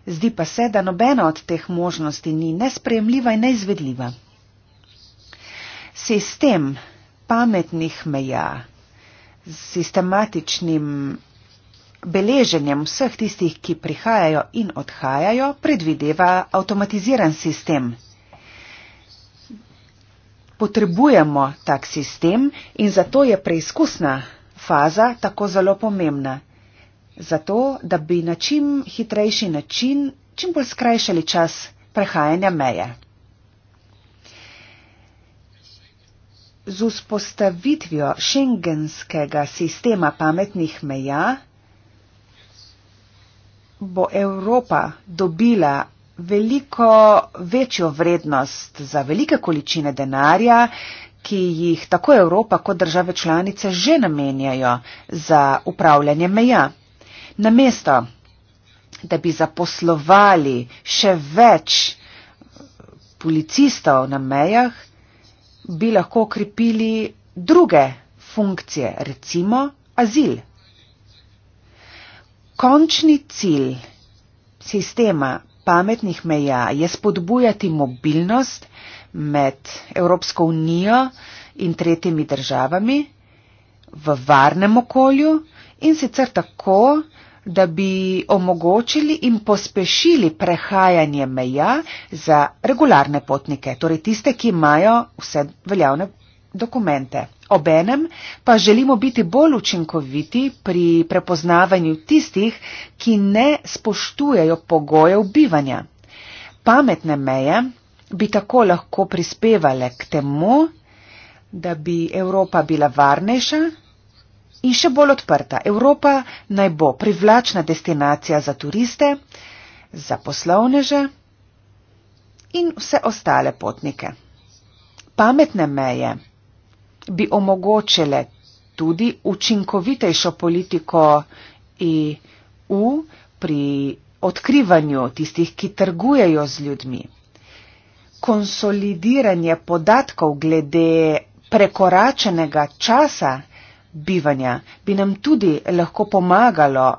Zdi pa se, da nobena od teh možnosti ni nespremljiva in neizvedljiva. Sistem pametnih meja s sistematičnim beleženjem vseh tistih, ki prihajajo in odhajajo, predvideva avtomatiziran sistem. Potrebujemo tak sistem in zato je preizkusna faza tako zelo pomembna. Zato, da bi na čim hitrejši način čim bolj skrajšali čas prehajanja meje. Z vzpostavitvijo šengenskega sistema pametnih meja bo Evropa dobila veliko večjo vrednost za velike količine denarja, ki jih tako Evropa kot države članice že namenjajo za upravljanje meja. Namesto, da bi zaposlovali še več policistov na mejah, bi lahko okrepili druge funkcije, recimo azil. Končni cilj sistema pametnih meja je spodbujati mobilnost med Evropsko unijo in tretjimi državami v varnem okolju in sicer tako, da bi omogočili in pospešili prehajanje meja za regularne potnike, torej tiste, ki imajo vse veljavne dokumente. Obenem pa želimo biti bolj učinkoviti pri prepoznavanju tistih, ki ne spoštujejo pogojev bivanja. Pametne meje bi tako lahko prispevale k temu, da bi Evropa bila varnejša in še bolj odprta. Evropa naj bo privlačna destinacija za turiste, za poslovneže in vse ostale potnike. Pametne meje bi omogočile tudi učinkovitejšo politiko EU pri odkrivanju tistih, ki trgujejo z ljudmi. Konsolidiranje podatkov glede prekoračenega časa bivanja bi nam tudi lahko pomagalo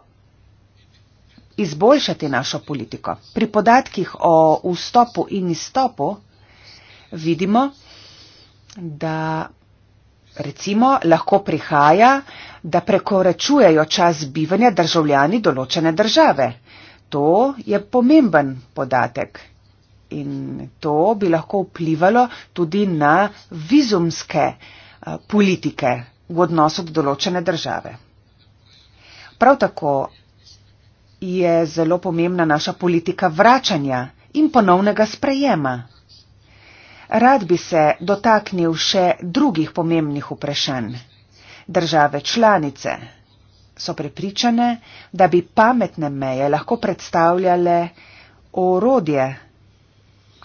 izboljšati našo politiko. Pri podatkih o vstopu in izstopu vidimo, da recimo, lahko prihaja, da prekoračujejo čas bivanja državljani določene države. To je pomemben podatek in to bi lahko vplivalo tudi na vizumske eh, politike v odnosu do določene države. Prav tako je zelo pomembna naša politika vračanja in ponovnega sprejema rad bi se dotaknil še drugih pomembnih vprašanj. Države članice so prepričane, da bi pametne meje lahko predstavljale orodje,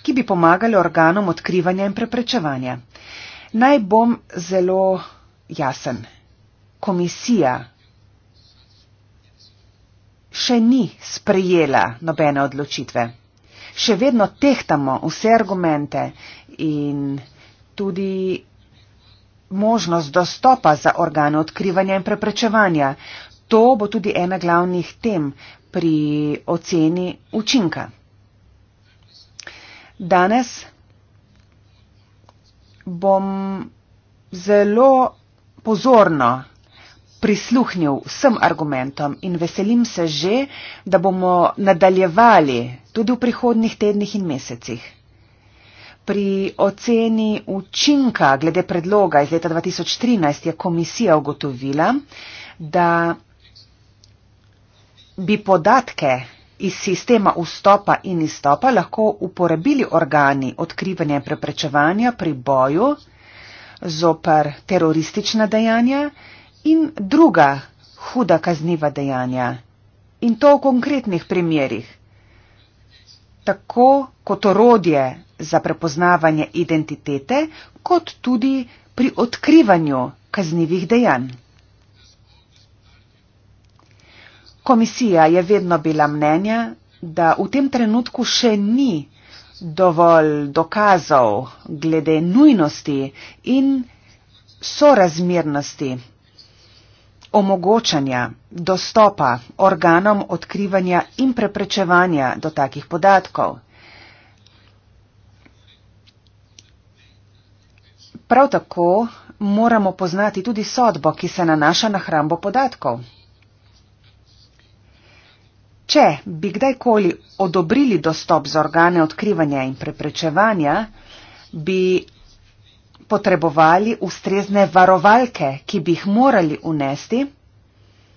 ki bi pomagali organom odkrivanja in preprečevanja. Naj bom zelo jasen. Komisija še ni sprejela nobene odločitve še vedno tehtamo vse argumente in tudi možnost dostopa za organe odkrivanja in preprečevanja. To bo tudi ena glavnih tem pri oceni učinka. Danes bom zelo pozorno prisluhnil vsem argumentom in veselim se že, da bomo nadaljevali tudi v prihodnih tednih in mesecih. Pri oceni učinka glede predloga iz leta 2013 je komisija ugotovila, da bi podatke iz sistema vstopa in izstopa lahko uporabili organi odkrivanja in preprečevanja pri boju zoper teroristična dejanja, in druga huda kazniva dejanja, in to v konkretnih primerjih, tako kot orodje za prepoznavanje identitete, kot tudi pri odkrivanju kaznivih dejanj. Komisija je vedno bila mnenja, da v tem trenutku še ni dovolj dokazov glede nujnosti in sorazmernosti omogočanja dostopa organom odkrivanja in preprečevanja do takih podatkov. Prav tako moramo poznati tudi sodbo, ki se nanaša na hrambo podatkov. Če bi kdajkoli odobrili dostop za organe odkrivanja in preprečevanja, bi potrebovali ustrezne varovalke, ki bi jih morali unesti,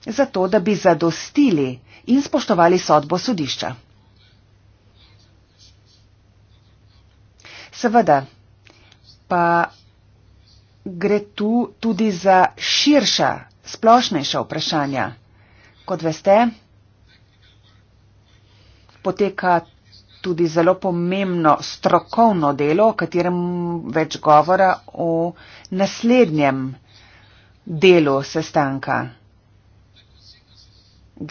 zato da bi zadostili in spoštovali sodbo sodišča. Seveda pa gre tu tudi za širša, splošnejša vprašanja. Kot veste, poteka tudi zelo pomembno strokovno delo, o katerem več govora v naslednjem delu sestanka.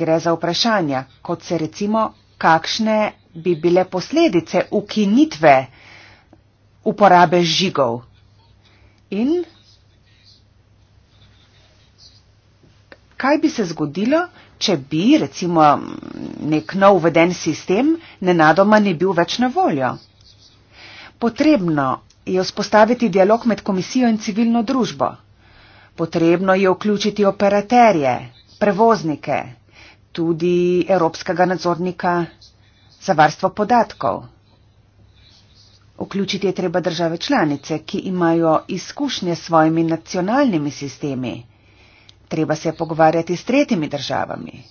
Gre za vprašanja, kot se recimo, kakšne bi bile posledice ukinitve uporabe žigov in kaj bi se zgodilo, če bi recimo nek nov uveden sistem nenadoma ne bil več na voljo. Potrebno je vzpostaviti dialog med komisijo in civilno družbo. Potrebno je vključiti operaterje, prevoznike, tudi evropskega nadzornika za varstvo podatkov. Vključiti je treba države članice, ki imajo izkušnje s svojimi nacionalnimi sistemi. Treba se je pogovarjati s tretjimi državami.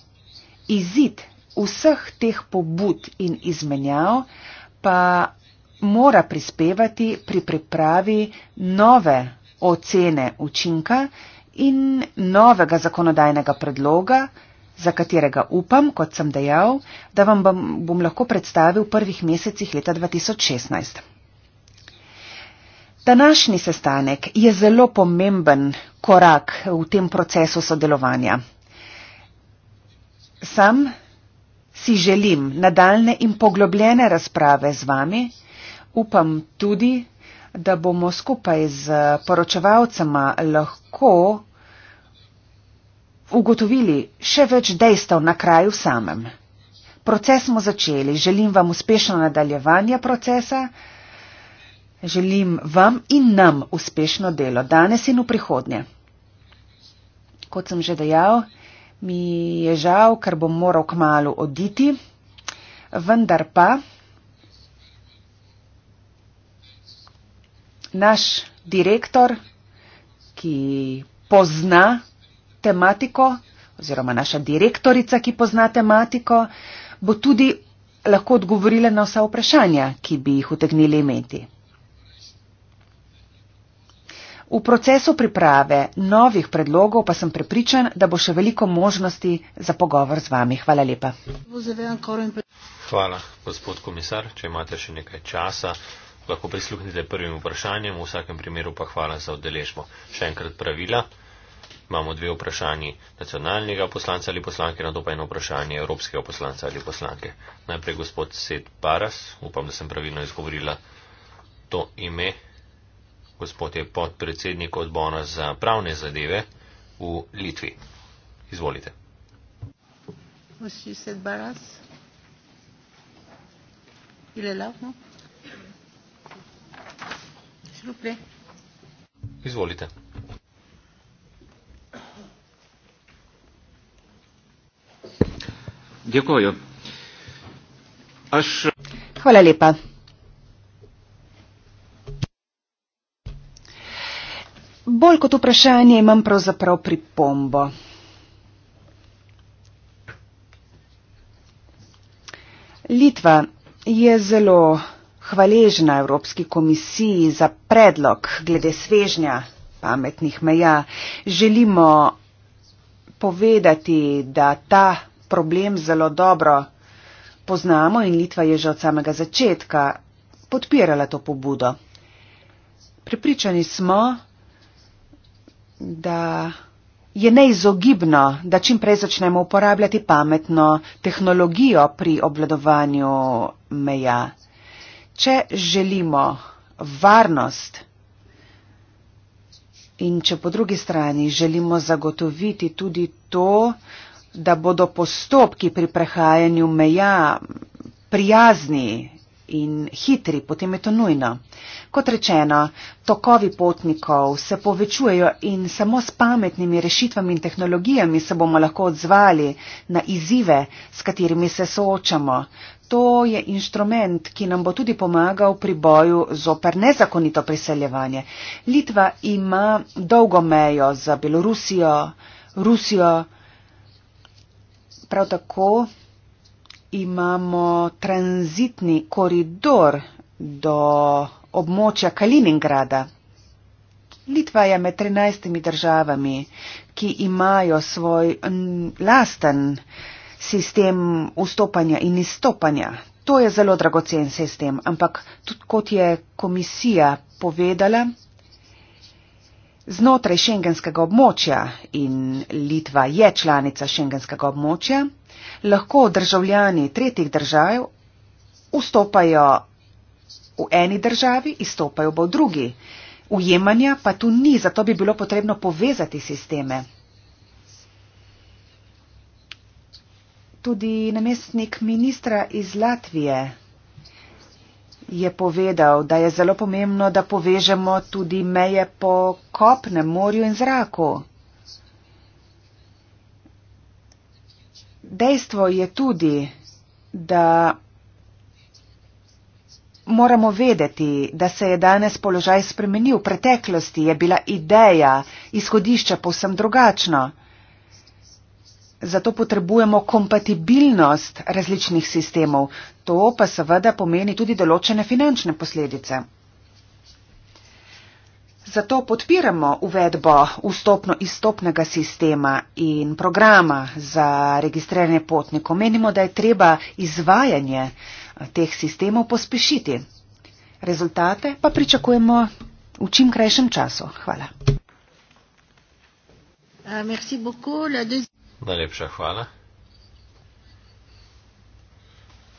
Izid vseh teh pobud in izmenjav pa mora prispevati pri pripravi nove ocene učinka in novega zakonodajnega predloga, za katerega upam, kot sem dejal, da vam bom, bom lahko predstavil v prvih mesecih leta 2016. Današnji sestanek je zelo pomemben korak v tem procesu sodelovanja. Sam si želim nadaljne in poglobljene razprave z vami. Upam tudi, da bomo skupaj z poročevalcema lahko ugotovili še več dejstev na kraju samem. Proces smo začeli, želim vam uspešno nadaljevanje procesa. Želim vam in nam uspešno delo danes in v prihodnje. Kot sem že dejal, mi je žal, ker bom moral k malu oditi, vendar pa naš direktor, ki pozna tematiko, oziroma naša direktorica, ki pozna tematiko, bo tudi lahko odgovorila na vsa vprašanja, ki bi jih utegnili imeti. V procesu priprave novih predlogov pa sem prepričan, da bo še veliko možnosti za pogovor z vami. Hvala lepa. Hvala, gospod komisar. Če imate še nekaj časa, lahko prisluhnite prvim vprašanjem. V vsakem primeru pa hvala za odeležbo. Še enkrat pravila. Imamo dve vprašanji nacionalnega poslanca ali poslanke, na to pa eno vprašanje evropskega poslanca ali poslanke. Najprej gospod Sed Paras, upam, da sem pravilno izgovorila to ime gospod je podpredsednik odbora za pravne zadeve v Litvi. Izvolite. Izvolite. Hvala lepa. bolj kot vprašanje imam pravzaprav pripombo. Litva je zelo hvaležna Evropski komisiji za predlog glede svežnja pametnih meja. Želimo povedati, da ta problem zelo dobro poznamo in Litva je že od samega začetka podpirala to pobudo. Pripričani smo, da je neizogibno, da čim prej začnemo uporabljati pametno tehnologijo pri obvladovanju meja. Če želimo varnost in če po drugi strani želimo zagotoviti tudi to, da bodo postopki pri prehajanju meja prijazni in hitri, potem je to nujno. Kot rečeno, tokovi potnikov se povečujejo in samo s pametnimi rešitvami in tehnologijami se bomo lahko odzvali na izzive, s katerimi se soočamo. To je inštrument, ki nam bo tudi pomagal pri boju zoper nezakonito priseljevanje. Litva ima dolgo mejo za Belorusijo, Rusijo, prav tako imamo tranzitni koridor do območja Kaliningrada. Litva je med 13 državami, ki imajo svoj lasten sistem vstopanja in izstopanja. To je zelo dragocen sistem, ampak tudi kot je komisija povedala, znotraj šengenskega območja in Litva je članica šengenskega območja, lahko državljani tretjih držav vstopajo v eni državi, izstopajo pa v drugi. Ujemanja pa tu ni, zato bi bilo potrebno povezati sisteme. Tudi namestnik ministra iz Latvije je povedal, da je zelo pomembno, da povežemo tudi meje po kopnem morju in zraku. dejstvo je tudi, da moramo vedeti, da se je danes položaj spremenil. V preteklosti je bila ideja, izhodišče povsem drugačno. Zato potrebujemo kompatibilnost različnih sistemov. To pa seveda pomeni tudi določene finančne posledice. Zato podpiramo uvedbo vstopno-istopnega sistema in programa za registrirane potnikov. Menimo, da je treba izvajanje eh, teh sistemov pospešiti. Rezultate pa pričakujemo v čim krajšem času. Hvala. Ah, Najlepša hvala.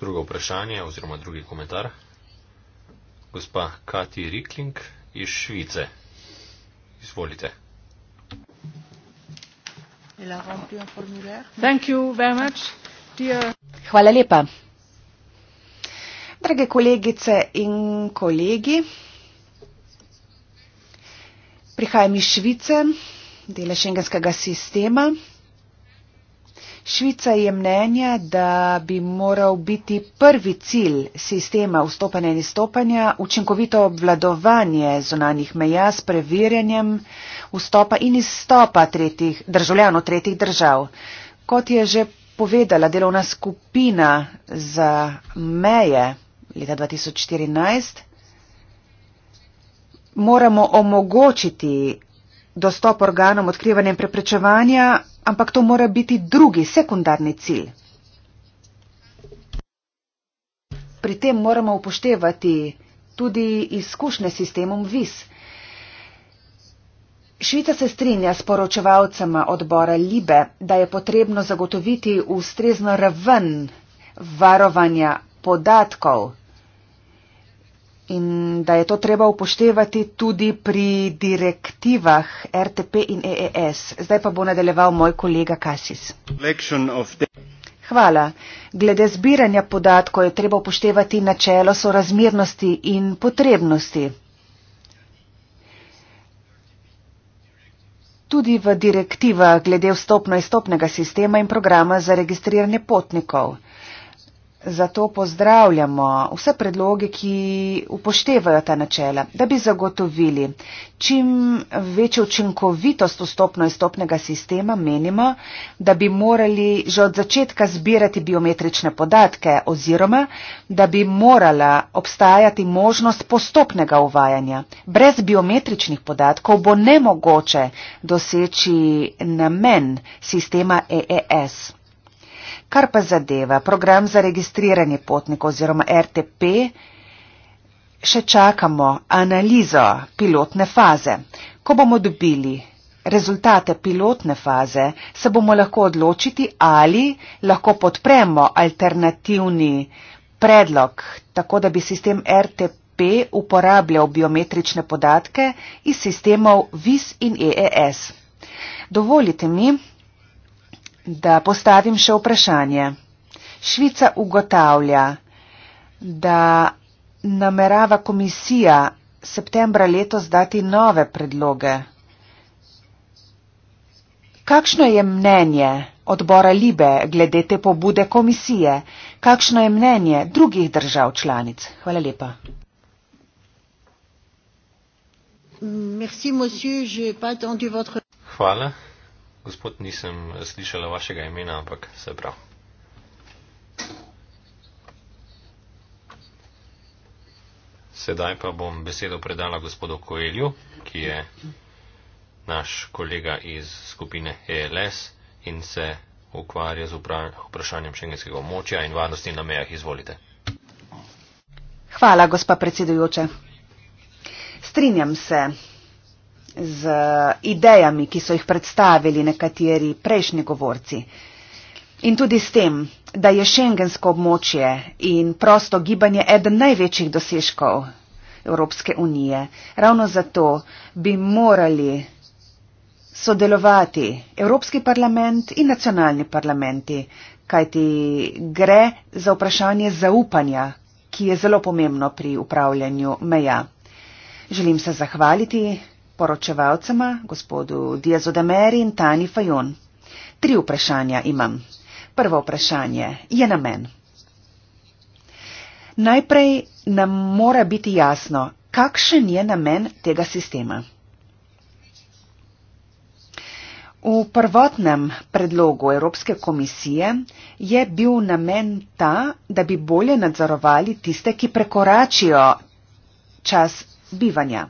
Drugo vprašanje oziroma drugi komentar. Gospa Kati Rikling iz Švice izvolite. Hvala lepa. Drage kolegice in kolegi, prihajam iz Švice, dela šengenskega sistema. Švica je mnenja, da bi moral biti prvi cilj sistema vstopanja in izstopanja učinkovito obvladovanje zonanih meja s preverjanjem vstopa in izstopa tretjih, državljanov tretjih držav. Kot je že povedala delovna skupina za meje leta 2014, moramo omogočiti dostop organom odkrivanja in preprečevanja ampak to mora biti drugi sekundarni cilj. Pri tem moramo upoštevati tudi izkušnje s sistemom VIS. Švica se strinja s poročevalcema odbora Libe, da je potrebno zagotoviti ustrezno raven varovanja podatkov in da je to treba upoštevati tudi pri direktivah RTP in EES. Zdaj pa bo nadaljeval moj kolega Kasis. Hvala. Glede zbiranja podatkov je treba upoštevati načelo sorazmernosti in potrebnosti. Tudi v direktivah glede vstopno-izstopnega sistema in programa za registriranje potnikov. Zato pozdravljamo vse predloge, ki upoštevajo ta načela, da bi zagotovili čim večjo učinkovitost vstopno-izstopnega sistema, menimo, da bi morali že od začetka zbirati biometrične podatke oziroma, da bi morala obstajati možnost postopnega uvajanja. Brez biometričnih podatkov bo nemogoče doseči namen sistema EES. Kar pa zadeva program za registriranje potnikov oziroma RTP, še čakamo analizo pilotne faze. Ko bomo dobili rezultate pilotne faze, se bomo lahko odločiti, ali lahko podpremo alternativni predlog, tako da bi sistem RTP uporabljal biometrične podatke iz sistemov VIS in e EES. Dovolite mi, da postavim še vprašanje. Švica ugotavlja, da namerava komisija septembra letos dati nove predloge. Kakšno je mnenje odbora Libe glede te pobude komisije? Kakšno je mnenje drugih držav članic? Hvala lepa. Hvala. Gospod, nisem slišala vašega imena, ampak se prav. Sedaj pa bom besedo predala gospodu Koelju, ki je naš kolega iz skupine ELS in se ukvarja z vprašanjem šengenskega območja in varnosti na mejah. Izvolite. Hvala, gospa predsedujoča. Strinjam se z idejami, ki so jih predstavili nekateri prejšnji govorci. In tudi s tem, da je šengensko območje in prosto gibanje eden največjih dosežkov Evropske unije. Ravno zato bi morali sodelovati Evropski parlament in nacionalni parlamenti, kajti gre za vprašanje zaupanja, ki je zelo pomembno pri upravljanju meja. Želim se zahvaliti poročevalcema, gospodu Diazu Dameri in Tani Fajon. Tri vprašanja imam. Prvo vprašanje je na men. Najprej nam mora biti jasno, kakšen je namen tega sistema. V prvotnem predlogu Evropske komisije je bil namen ta, da bi bolje nadzorovali tiste, ki prekoračijo čas bivanja.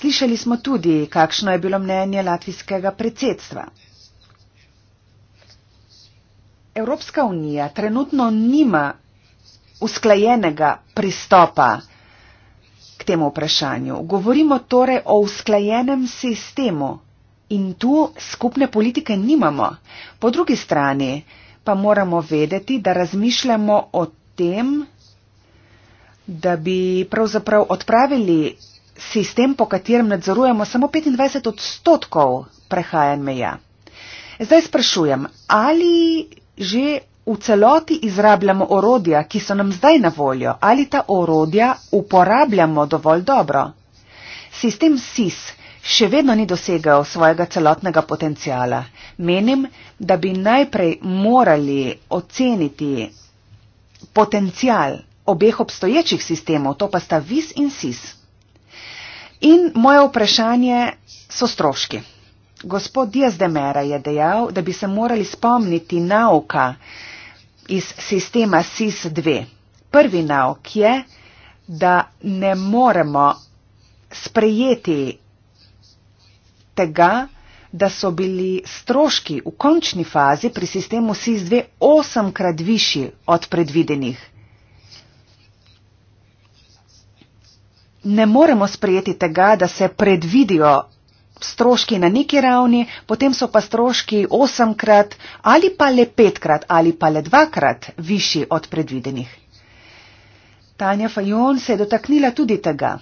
Slišali smo tudi, kakšno je bilo mnenje latvijskega predsedstva. Evropska unija trenutno nima usklajenega pristopa k temu vprašanju. Govorimo torej o usklajenem sistemu in tu skupne politike nimamo. Po drugi strani pa moramo vedeti, da razmišljamo o tem, da bi pravzaprav odpravili sistem, po katerem nadzorujemo samo 25 odstotkov prehajanj meja. Zdaj sprašujem, ali že v celoti izrabljamo orodja, ki so nam zdaj na voljo, ali ta orodja uporabljamo dovolj dobro. Sistem SIS še vedno ni dosegal svojega celotnega potencijala. Menim, da bi najprej morali oceniti potencijal obeh obstoječih sistemov, to pa sta VIS in SIS. In moje vprašanje so stroški. Gospod Diazdemera je dejal, da bi se morali spomniti nauka iz sistema SIS-2. Prvi nauk je, da ne moremo sprejeti tega, da so bili stroški v končni fazi pri sistemu SIS-2 osemkrat višji od predvidenih. ne moremo sprejeti tega, da se predvidijo stroški na neki ravni, potem so pa stroški osemkrat ali pa le petkrat ali pa le dvakrat višji od predvidenih. Tanja Fajon se je dotaknila tudi tega.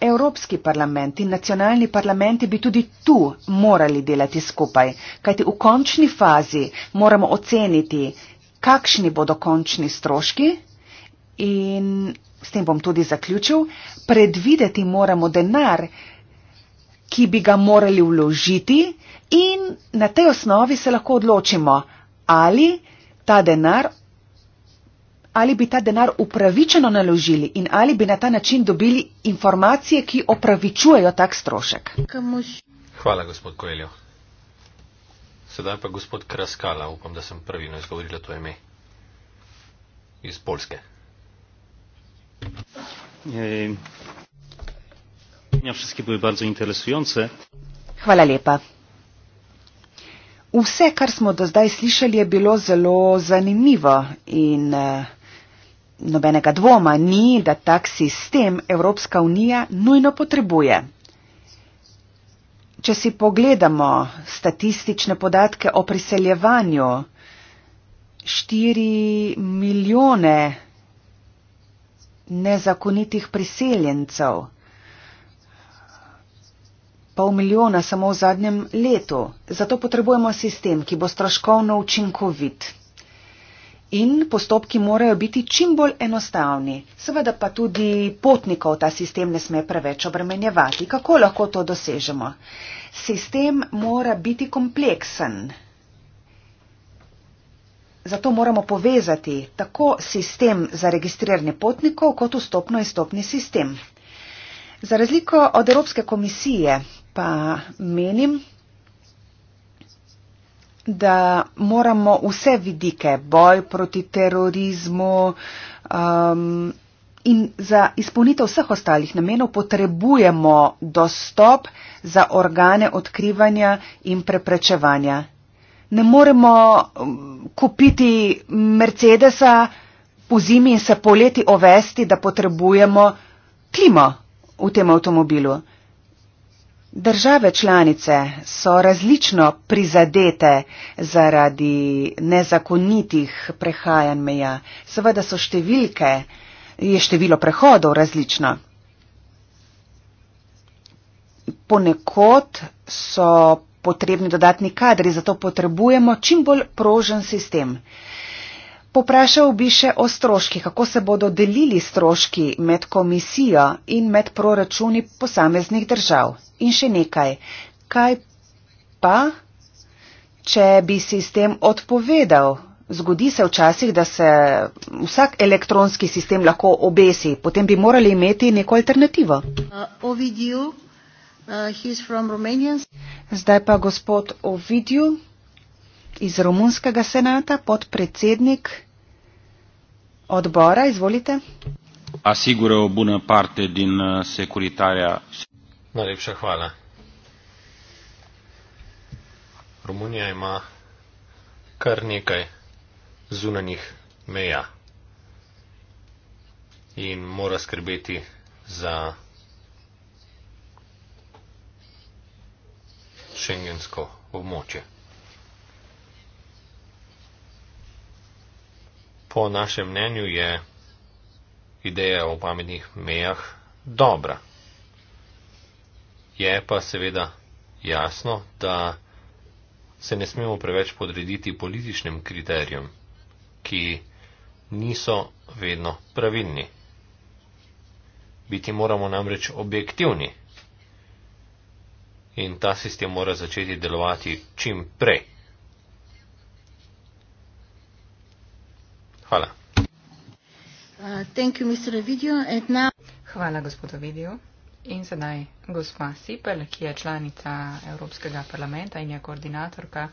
Evropski parlament in nacionalni parlamenti bi tudi tu morali delati skupaj, kajti v končni fazi moramo oceniti, kakšni bodo končni stroški in s tem bom tudi zaključil, predvideti moramo denar, ki bi ga morali vložiti in na tej osnovi se lahko odločimo, ali, denar, ali bi ta denar upravičeno naložili in ali bi na ta način dobili informacije, ki opravičujejo tak strošek. Hvala, gospod Koeljo. Sedaj pa gospod Kraskala, upam, da sem pravilno izgovorila to ime. Iz Polske. Wszystkie były bardzo interesujące. Hvala lepa. Vse, kar smo do zdaj slišali, je bilo zelo zanimivo in eh, nobenega dvoma ni, da tak sistem Evropska unija nujno potrebuje. Če si pogledamo statistične podatke o priseljevanju, 4 milijone nezakonitih priseljencev. Pol milijona samo v zadnjem letu. Zato potrebujemo sistem, ki bo stroškovno učinkovit. In postopki morajo biti čim bolj enostavni. Seveda pa tudi potnikov ta sistem ne sme preveč obremenjevati. Kako lahko to dosežemo? Sistem mora biti kompleksen. Zato moramo povezati tako sistem za registriranje potnikov kot vstopno-izstopni sistem. Za razliko od Evropske komisije pa menim, da moramo vse vidike, boj proti terorizmu um, in za izpolnitev vseh ostalih namenov potrebujemo dostop za organe odkrivanja in preprečevanja ne moremo um, kupiti Mercedesa v zimi in se poleti ovesti, da potrebujemo klimo v tem avtomobilu. Države članice so različno prizadete zaradi nezakonitih prehajanj meja. Seveda so številke, je število prehodov različno. Ponekod so potrebni dodatni kadri, zato potrebujemo čim bolj prožen sistem. Poprašal bi še o stroških, kako se bodo delili stroški med komisijo in med proračuni posameznih držav. In še nekaj, kaj pa, če bi sistem odpovedal? Zgodi se včasih, da se vsak elektronski sistem lahko obesi, potem bi morali imeti neko alternativo. Uh, Uh, Zdaj pa gospod Ovidju iz Romunskega senata, podpredsednik odbora, izvolite. Uh, Najlepša hvala. Romunija ima kar nekaj zunanjih meja in mora skrbeti za šengensko območje. Po našem mnenju je ideja o pametnih mejah dobra. Je pa seveda jasno, da se ne smemo preveč podrediti političnim kriterijem, ki niso vedno pravilni. Biti moramo namreč objektivni in ta sistem mora začeti delovati čim prej. Hvala. Uh, you, video, now... Hvala, gospod Ovidijo. In sedaj gospa Sipel, ki je članica Evropskega parlamenta in je koordinatorka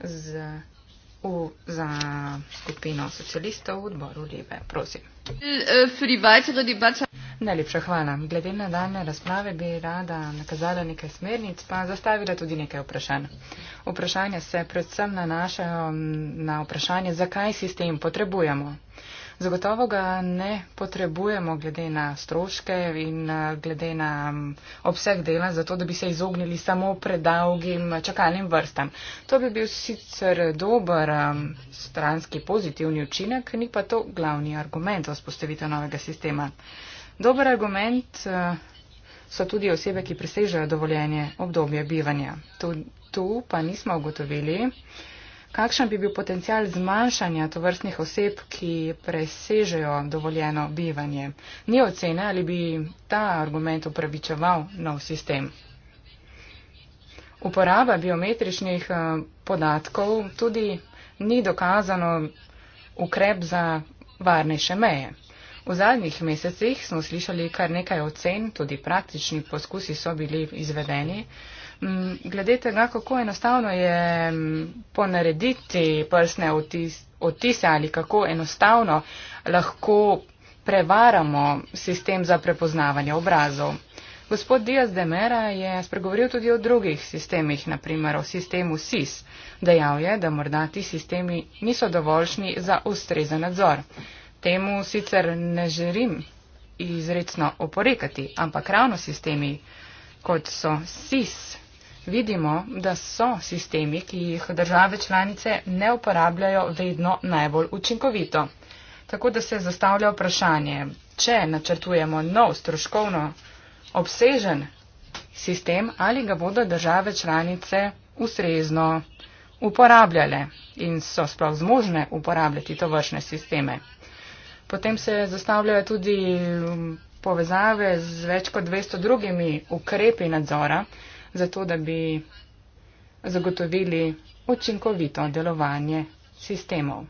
z, u, za skupino socialistov v odboru Leve. Prosim. Uh, Najlepša hvala. Glede na daljne razprave bi rada nakazala nekaj smernic, pa zastavila tudi nekaj vprašanj. Vprašanja se predvsem nanašajo na vprašanje, zakaj sistem potrebujemo. Zagotovo ga ne potrebujemo glede na stroške in glede na obseg dela, zato da bi se izognili samo predalgim čakalnim vrstam. To bi bil sicer dober stranski pozitivni učinek, ni pa to glavni argument za vzpostavitev novega sistema. Dober argument eh, so tudi osebe, ki presežejo dovoljenje obdobje bivanja. Tu, tu pa nismo ugotovili, kakšen bi bil potencial zmanjšanja tovrstnih oseb, ki presežejo dovoljeno bivanje. Ni ocene, ali bi ta argument upravičeval nov sistem. Uporaba biometričnih eh, podatkov tudi ni dokazano ukrep za varnejše meje. V zadnjih mesecih smo slišali kar nekaj ocen, tudi praktični poskusi so bili izvedeni. Mm, glede tega, kako enostavno je mm, ponarediti prsne otise ali kako enostavno lahko prevaramo sistem za prepoznavanje obrazov. Gospod Diaz de Mera je spregovoril tudi o drugih sistemih, naprimer o sistemu SIS. Dejal je, da morda ti sistemi niso dovoljšni za ustrezen nadzor temu sicer ne želim izredno oporekati, ampak ravno sistemi, kot so SIS, vidimo, da so sistemi, ki jih države članice ne uporabljajo vedno najbolj učinkovito. Tako da se zastavlja vprašanje, če načrtujemo nov stroškovno obsežen sistem, ali ga bodo države članice ustrezno uporabljale in so sploh zmožne uporabljati to vršne sisteme. Potem se zastavljajo tudi um, povezave z več kot 200 drugimi ukrepi nadzora, zato da bi zagotovili učinkovito delovanje sistemov.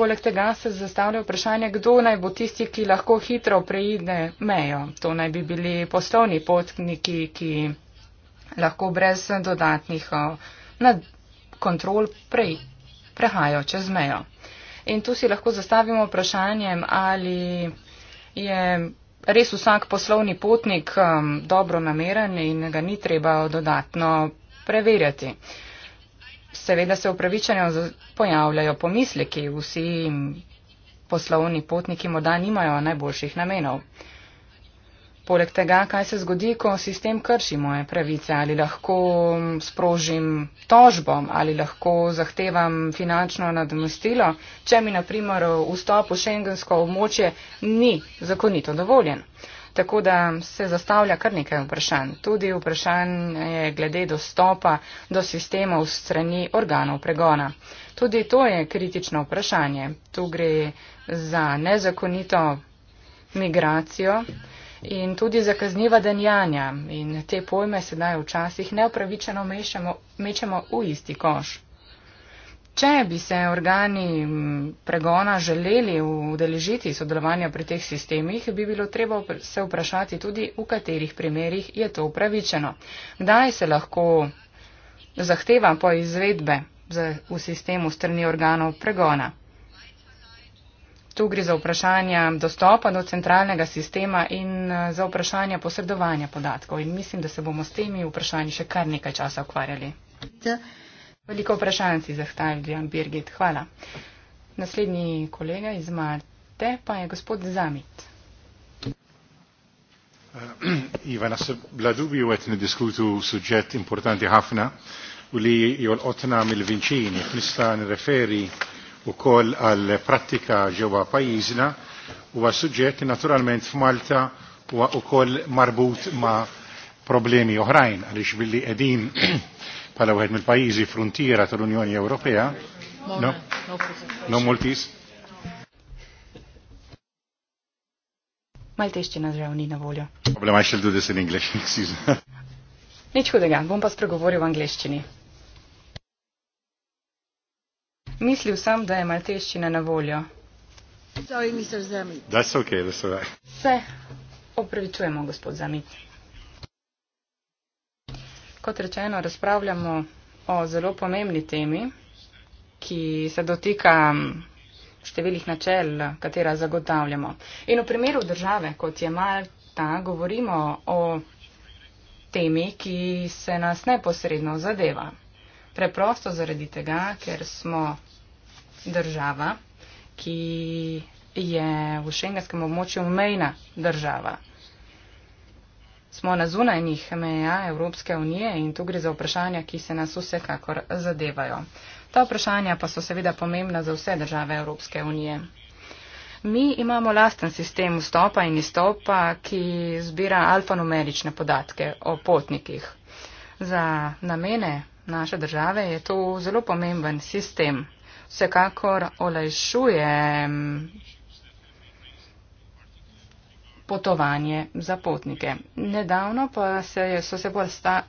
Poleg tega se zastavlja vprašanje, kdo naj bo tisti, ki lahko hitro preide mejo. To naj bi bili poslovni potniki, ki lahko brez dodatnih uh, kontrol prej prehajajo čez mejo. In tu si lahko zastavimo vprašanje, ali je res vsak poslovni potnik um, dobro nameren in ga ni treba dodatno preverjati. Seveda se upravičeno pojavljajo pomisleki, vsi poslovni potniki morda nimajo najboljših namenov. Poleg tega, kaj se zgodi, ko sistem krši moje pravice, ali lahko sprožim tožbo, ali lahko zahtevam finančno nadomestilo, če mi na primer vstop v šengensko območje ni zakonito dovoljen. Tako da se zastavlja kar nekaj vprašanj. Tudi vprašanje glede dostopa do sistemov strani organov pregona. Tudi to je kritično vprašanje. Tu gre za nezakonito migracijo in tudi za kazniva denjanja. In te pojme sedaj včasih neopravičeno mešamo, mečemo v isti koš. Če bi se organi pregona želeli udeležiti sodelovanja pri teh sistemih, bi bilo treba se vprašati tudi, v katerih primerjih je to upravičeno. Kdaj se lahko zahteva po izvedbe v sistemu strani organov pregona? Tu gre za vprašanja dostopa do centralnega sistema in eh, za vprašanja posredovanja podatkov. In mislim, da se bomo s temi vprašanji še kar nekaj časa ukvarjali. Veliko vprašanj si zahtavili, Jan Birgit. Hvala. Naslednji kolega iz Marte pa je gospod Zamit. Uh, eh, Ivana, se bladu bi uvet ne diskutu sujet importanti hafna, uli jol otna mil vincini, mista ne referi u koll għal prattika ġewwa pajjiżna huwa suġġett naturalment f'Malta huwa ukoll marbut ma' problemi oħrajn għaliex billi qegħdin pala wieħed mill-pajjiżi fruntiera tal-Unjoni Ewropea. No, no, no, no, no multis. Maltiex ċina drawnina volja. Problema xildu dis in English, excuse. Nieċku degan, bumpa spregu volju għangliexċini. Mislil sem, da je malteščina na voljo. Sorry, Mr. Zami. That's okay, that's all right. Se opravičujemo, gospod Zami. Kot rečeno, razpravljamo o zelo pomembni temi, ki se dotika številih načel, katera zagotavljamo. In v primeru države, kot je Malta, govorimo o temi, ki se nas neposredno zadeva. Preprosto zaradi tega, ker smo država, ki je v šengenskem območju mejna država. Smo na zunajnih meja Evropske unije in tu gre za vprašanja, ki se nas vsekakor zadevajo. Ta vprašanja pa so seveda pomembna za vse države Evropske unije. Mi imamo lasten sistem vstopa in izstopa, ki zbira alfanumerične podatke o potnikih. Za namene naše države je to zelo pomemben sistem vsekakor olajšuje potovanje za potnike. Nedavno pa se je, so se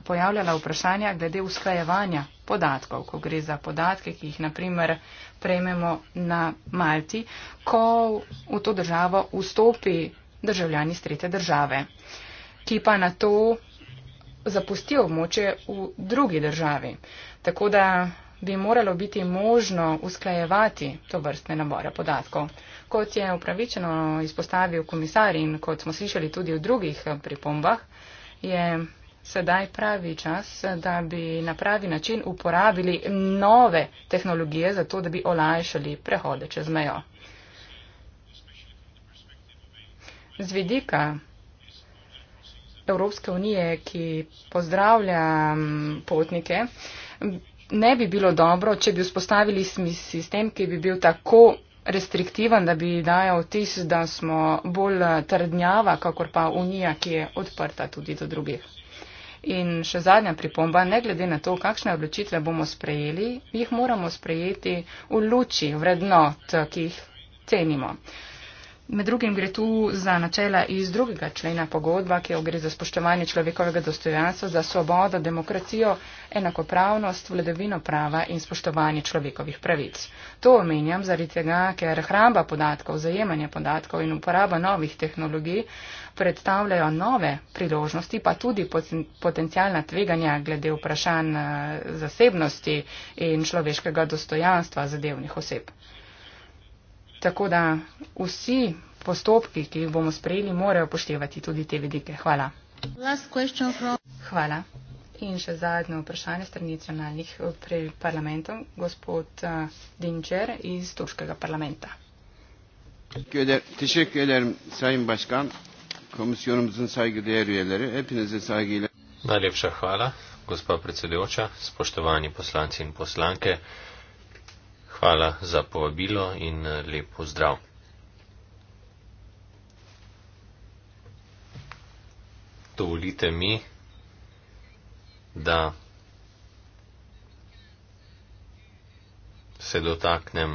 pojavljala vprašanja glede usklajevanja podatkov, ko gre za podatke, ki jih naprimer prejmemo na Malti, ko v to državo vstopi državljani iz trete države, ki pa na to zapustijo območje v drugi državi. Tako da bi moralo biti možno usklajevati to vrstne nabore podatkov. Kot je upravičeno izpostavil komisar in kot smo slišali tudi v drugih pripombah, je sedaj pravi čas, da bi na pravi način uporabili nove tehnologije za to, da bi olajšali prehode čez mejo. Z vidika Evropske unije, ki pozdravlja potnike, ne bi bilo dobro, če bi vzpostavili sistem, ki bi bil tako restriktivan, da bi dajal vtis, da smo bolj eh, trdnjava, kakor pa Unija, ki je odprta tudi do drugih. In še zadnja pripomba, ne glede na to, kakšne odločitve bomo sprejeli, jih moramo sprejeti v luči vrednot, ki jih cenimo. Uh, Med drugim gre tu za načela iz drugega člena pogodba, ki jo gre za spoštovanje človekovega dostojanstva, za svobodo, demokracijo, enakopravnost, vladavino prava in spoštovanje človekovih pravic. To omenjam zaradi tega, ker hramba podatkov, zajemanje podatkov in uporaba novih tehnologij predstavljajo nove priložnosti, pa tudi potencijalna tveganja glede vprašanj eh, zasebnosti in človeškega dostojanstva zadevnih oseb. Tako da vsi postopki, ki jih bomo sprejeli, morajo poštevati tudi te vidike. Hvala. Hvala. In še zadnje vprašanje strani nacionalnih eh, parlamentov, gospod eh, Dinčer iz Turškega parlamenta. Najlepša hvala, gospod predsedujoča, spoštovani poslanci in poslanke. Hvala za povabilo in eh, lepo zdrav. Dovolite mi, da se dotaknem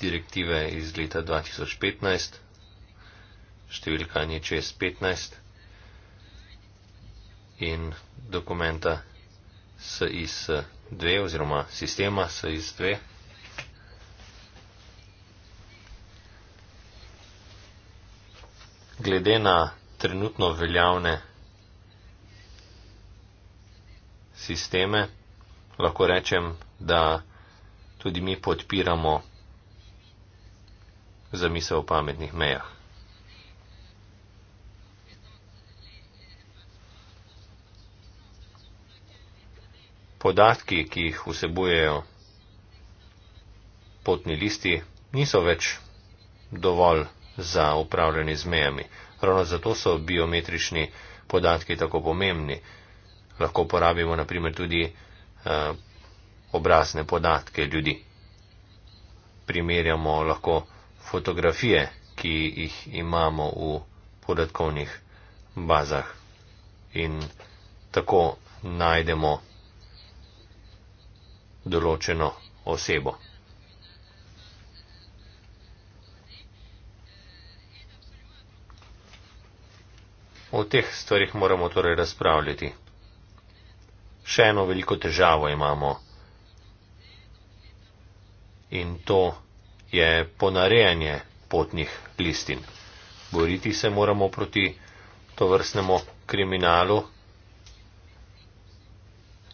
direktive iz leta 2015, številka nječez 15 in dokumenta SIS2 eh, oziroma sistema SIS2. Glede na trenutno veljavne sisteme, lahko rečem, da tudi mi podpiramo zamisel o pametnih mejah. podatki, ki jih vsebujejo potni listi, niso več dovolj za upravljanje z mejami. Ravno zato so biometrični podatki tako pomembni. Lahko uporabimo naprimer tudi eh, obrazne podatke ljudi. Primerjamo lahko fotografije, ki jih imamo v podatkovnih bazah in tako najdemo določeno osebo. O teh stvarih moramo torej razpravljati. Še eno veliko težavo imamo in to je ponarejanje potnih listin. Boriti se moramo proti tovrstnemu kriminalu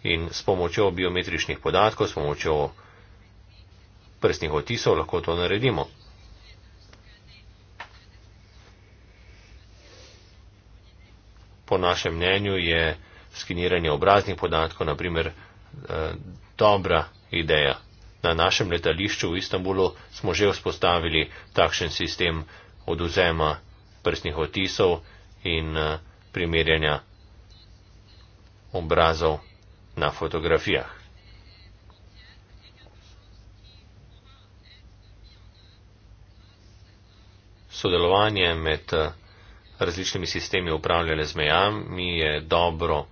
in s pomočjo biometričnih podatkov, s pomočjo prstnih otisov lahko to naredimo. Po našem mnenju je skeniranje obraznih podatkov, naprimer, eh, dobra ideja. Na našem letališču v Istanbulu smo že vzpostavili takšen sistem oduzema prstnih otisov in eh, primerjanja obrazov na fotografijah. Sodelovanje med eh, različnimi sistemi upravljanja zmeja mi je, dobro,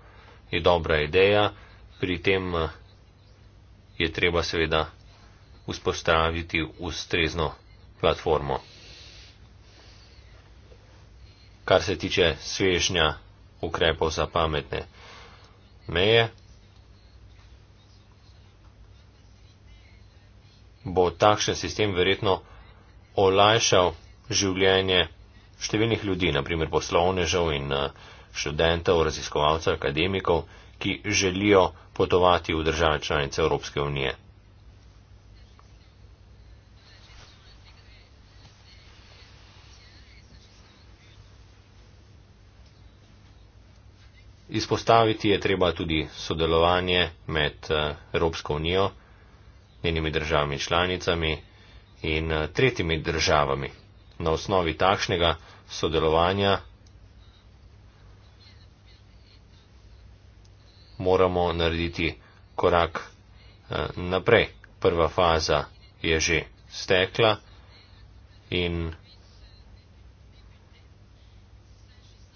je dobra ideja, pri tem eh, je treba seveda vzpostaviti ustrezno platformo. Kar se tiče svežnja ukrepov za pametne meje, bo takšen sistem verjetno olajšal življenje številnih ljudi, naprimer poslovnežev in eh, študentov, raziskovalcev, akademikov, ki želijo potovati v države članice Evropske unije. Izpostaviti je treba tudi sodelovanje med eh, Evropsko unijo, njenimi državami članicami in eh, tretjimi državami. Na osnovi takšnega sodelovanja moramo narediti korak eh, naprej. Prva faza je že stekla in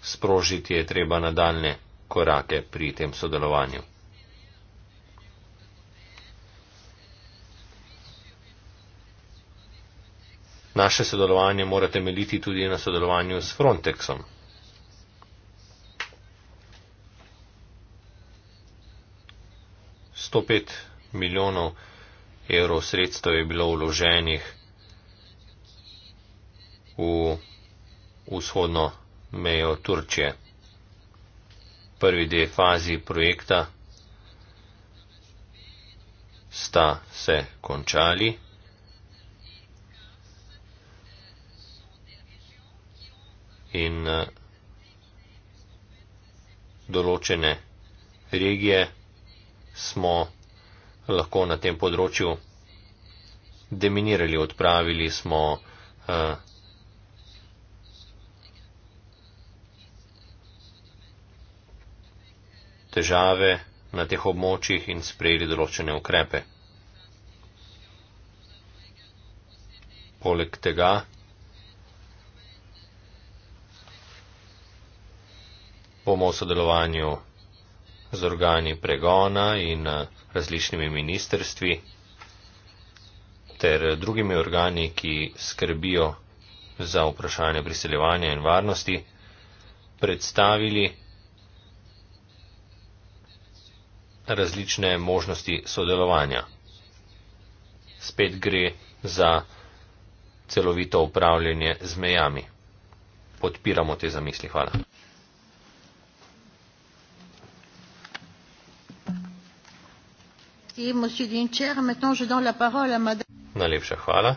sprožiti je treba nadaljne korake pri tem sodelovanju. naše sodelovanje mora temeljiti tudi na sodelovanju s Frontexom. Sto pet milijonov evrov sredstev je bilo vloženih v vzhodno mejo Turčije. Prvi dve fazi projekta sta se končali. in eh, določene regije smo lahko na tem področju deminirali, odpravili smo eh, težave na teh območjih in sprejeli določene ukrepe. Poleg tega bomo v sodelovanju z organi pregona in eh, različnimi ministrstvi ter eh, drugimi organi, ki skrbijo za vprašanje priseljevanja in varnosti, predstavili različne možnosti sodelovanja. Spet gre za celovito upravljanje z mejami. Podpiramo te zamisli. Hvala. Najlepša hvala.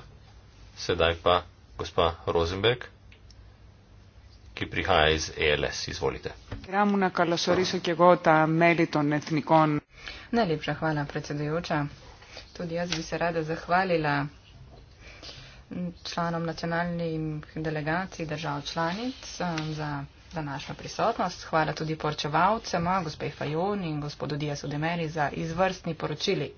Sedaj pa gospa Rosenberg, ki prihaja iz ELS. Izvolite. Najlepša hvala, predsedujoča. Tudi jaz bi se rada zahvalila članom nacionalnih delegacij držav članic um, za današnjo prisotnost. Hvala tudi poročevalcema, gospe Fajon in gospodu Diasu Demeri za izvrstni poročili.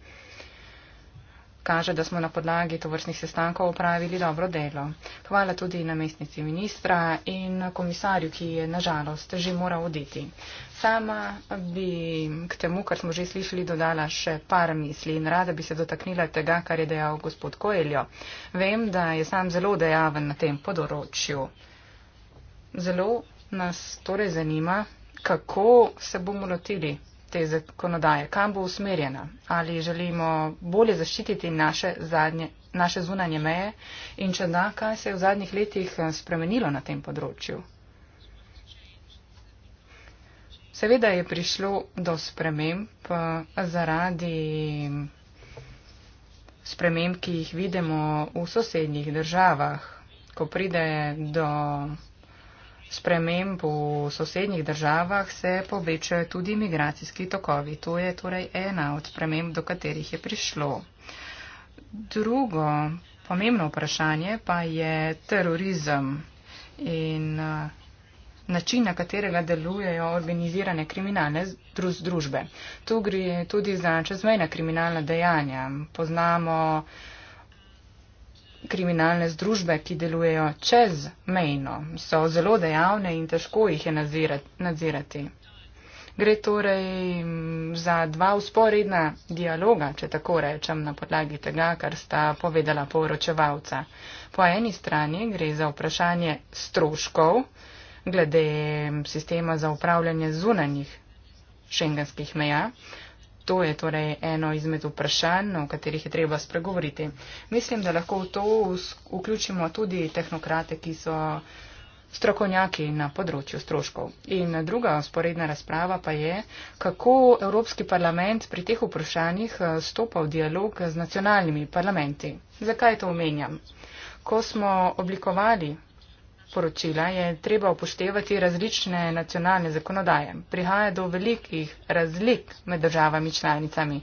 Kaže, da smo na podlagi tovrstnih sestankov upravili dobro delo. Hvala tudi namestnici ministra in komisarju, ki je nažalost že moral oditi. Sama bi k temu, kar smo že slišali, dodala še par misli in rada bi se dotaknila tega, kar je dejal gospod Koeljo. Vem, da je sam zelo dejaven na tem področju. Zelo nas torej zanima, kako se bomo lotili te zakonodaje, kam bo usmerjena, ali želimo bolje zaščititi naše, zadnje, naše zunanje meje in če da, kaj se je v zadnjih letih eh, spremenilo na tem področju. Seveda je prišlo do sprememb eh, zaradi sprememb, ki jih vidimo v sosednjih državah, ko pride do sprememb v sosednjih državah se povečajo tudi migracijski tokovi. To je torej ena od sprememb, do katerih je prišlo. Drugo pomembno vprašanje pa je terorizem in način, na katerega delujejo organizirane kriminalne družbe. Tu gre tudi za čezmejna kriminalna dejanja. Poznamo kriminalne združbe, ki delujejo čez mejno, so zelo dejavne in težko jih je nadzirati. Gre torej mm, za dva usporedna dialoga, če tako rečem, na podlagi tega, kar sta povedala poročevalca. Po eni strani gre za vprašanje stroškov glede mm, sistema za upravljanje zunanjih šengenskih meja, To je torej eno izmed vprašanj, o katerih je treba spregovoriti. Mislim, da lahko v to vključimo tudi tehnokrate, ki so strokovnjaki na področju stroškov. In druga sporedna razprava pa je, kako Evropski parlament pri teh vprašanjih eh, stopa v dialog z nacionalnimi parlamenti. Zakaj to omenjam? Ko smo oblikovali poročila je treba upoštevati različne nacionalne zakonodaje. Prihaja do velikih razlik med državami članicami.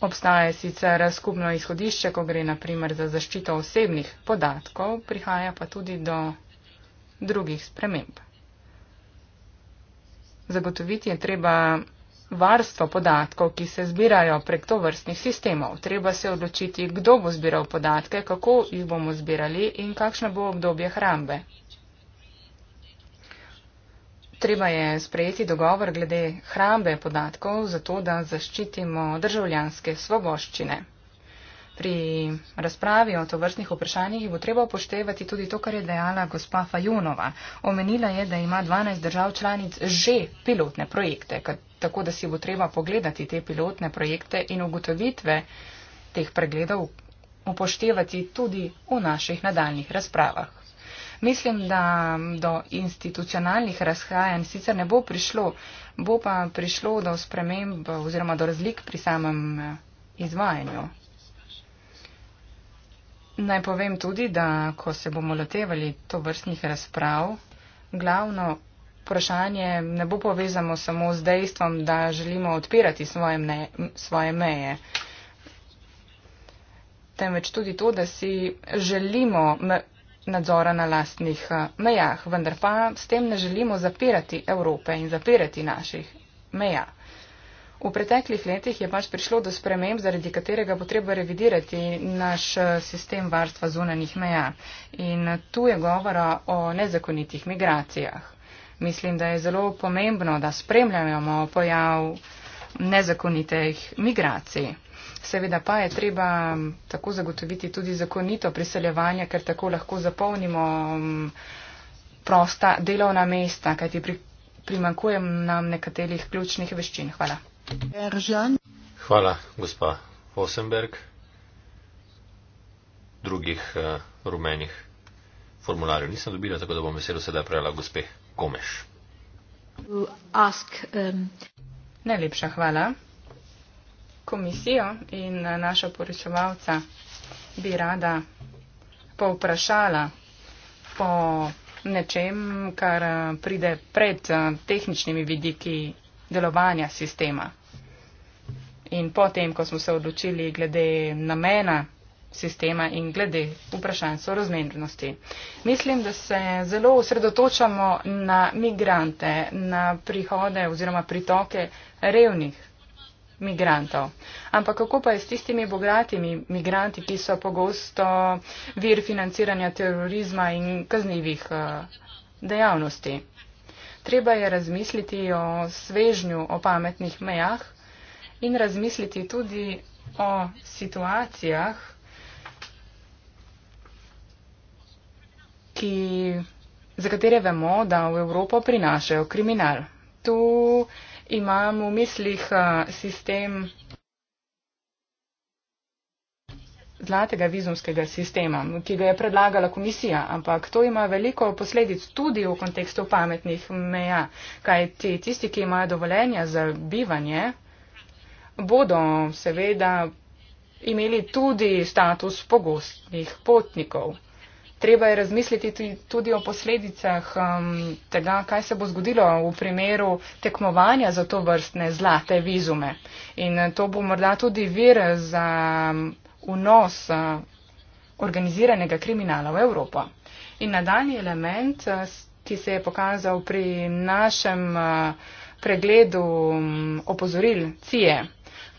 Obstaja sicer skupno izhodišče, ko gre naprimer za zaščito osebnih podatkov, prihaja pa tudi do drugih sprememb. Zagotoviti je treba varstvo podatkov, ki se zbirajo prek to vrstnih sistemov. Treba se odločiti, kdo bo zbiral podatke, kako jih bomo zbirali in kakšno bo obdobje hrambe. Treba je sprejeti dogovor glede hrambe podatkov, zato da zaščitimo državljanske svoboščine pri razpravi o tovrstnih vprašanjih bo treba upoštevati tudi to, kar je dejala gospa Fajonova. Omenila je, da ima 12 držav članic že pilotne projekte, tako da si bo treba pogledati te pilotne projekte in ugotovitve teh pregledov upoštevati tudi v naših nadaljnih razpravah. Mislim, da do institucionalnih razhajanj sicer ne bo prišlo, bo pa prišlo do sprememb oziroma do razlik pri samem eh, izvajanju. Naj povem tudi, da ko se bomo lotevali to vrstnih razprav, glavno vprašanje ne bo povezano samo z dejstvom, da želimo odpirati svoje, mne, svoje meje, temveč tudi to, da si želimo nadzora na lastnih mejah, vendar pa s tem ne želimo zapirati Evrope in zapirati naših meja. V preteklih letih je pač prišlo do sprememb, zaradi katerega bo treba revidirati naš eh, sistem varstva zunanih meja. In eh, tu je govora o nezakonitih migracijah. Mislim, da je zelo pomembno, da spremljamo pojav nezakonitih migracij. Seveda pa je treba tako zagotoviti tudi zakonito priseljevanje, ker tako lahko zapolnimo prosta delovna mesta, kajti primankuje nam nekaterih ključnih veščin. Hvala. Eržan. Hvala, gospa Osenberg. Drugih uh, rumenih formularjev nisem dobila, tako da bom veselo sedaj prejela gospe Gomeš. Ask, um... Najlepša hvala. Komisijo in eh, naša poročevalca bi rada povprašala po nečem, kar eh, pride pred tehničnimi vidiki delovanja sistema. In potem, ko smo se odločili glede namena sistema in glede vprašanj sorozmernosti. Mislim, da se zelo osredotočamo na migrante, na prihode oziroma pritoke revnih migrantov. Ampak kako pa je s tistimi bogatimi migranti, ki so pogosto vir financiranja terorizma in kaznjivih eh, dejavnosti? Treba je razmisliti o svežnju, o pametnih mejah in razmisliti tudi o situacijah, ki, za katere vemo, da v Evropo prinašajo kriminal. Tu imam v mislih sistem zlatega vizumskega sistema, ki ga je predlagala komisija, ampak to ima veliko posledic tudi v kontekstu pametnih meja, kaj ti, tisti, ki imajo dovoljenja za bivanje, bodo seveda imeli tudi status pogostnih potnikov. Treba je razmisliti tudi o posledicah um, tega, kaj se bo zgodilo v primeru tekmovanja za to vrstne zlate vizume. In eh, to bo morda tudi vir za um, vnos eh, organiziranega kriminala v Evropo. In nadaljni element, eh, ki se je pokazal pri našem pregledu mm, opozoril CIE,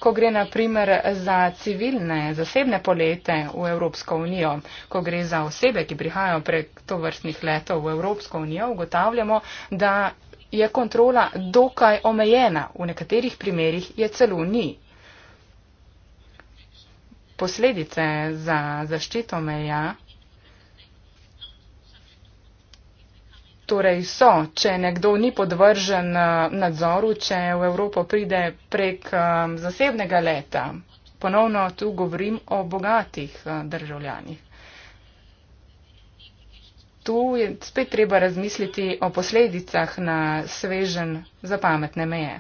ko gre na primer za civilne, zasebne polete v Evropsko unijo, ko gre za osebe, ki prihajajo prek tovrstnih letov v Evropsko unijo, ugotavljamo, da je kontrola dokaj omejena, v nekaterih primerjih je celo ni. Posledice za zaščito meja torej so, če nekdo ni podvržen eh, nadzoru, če v Evropo pride prek eh, zasebnega leta. Ponovno tu govorim o bogatih eh, državljanih. Tu je spet treba razmisliti o posledicah na svežen za pametne meje.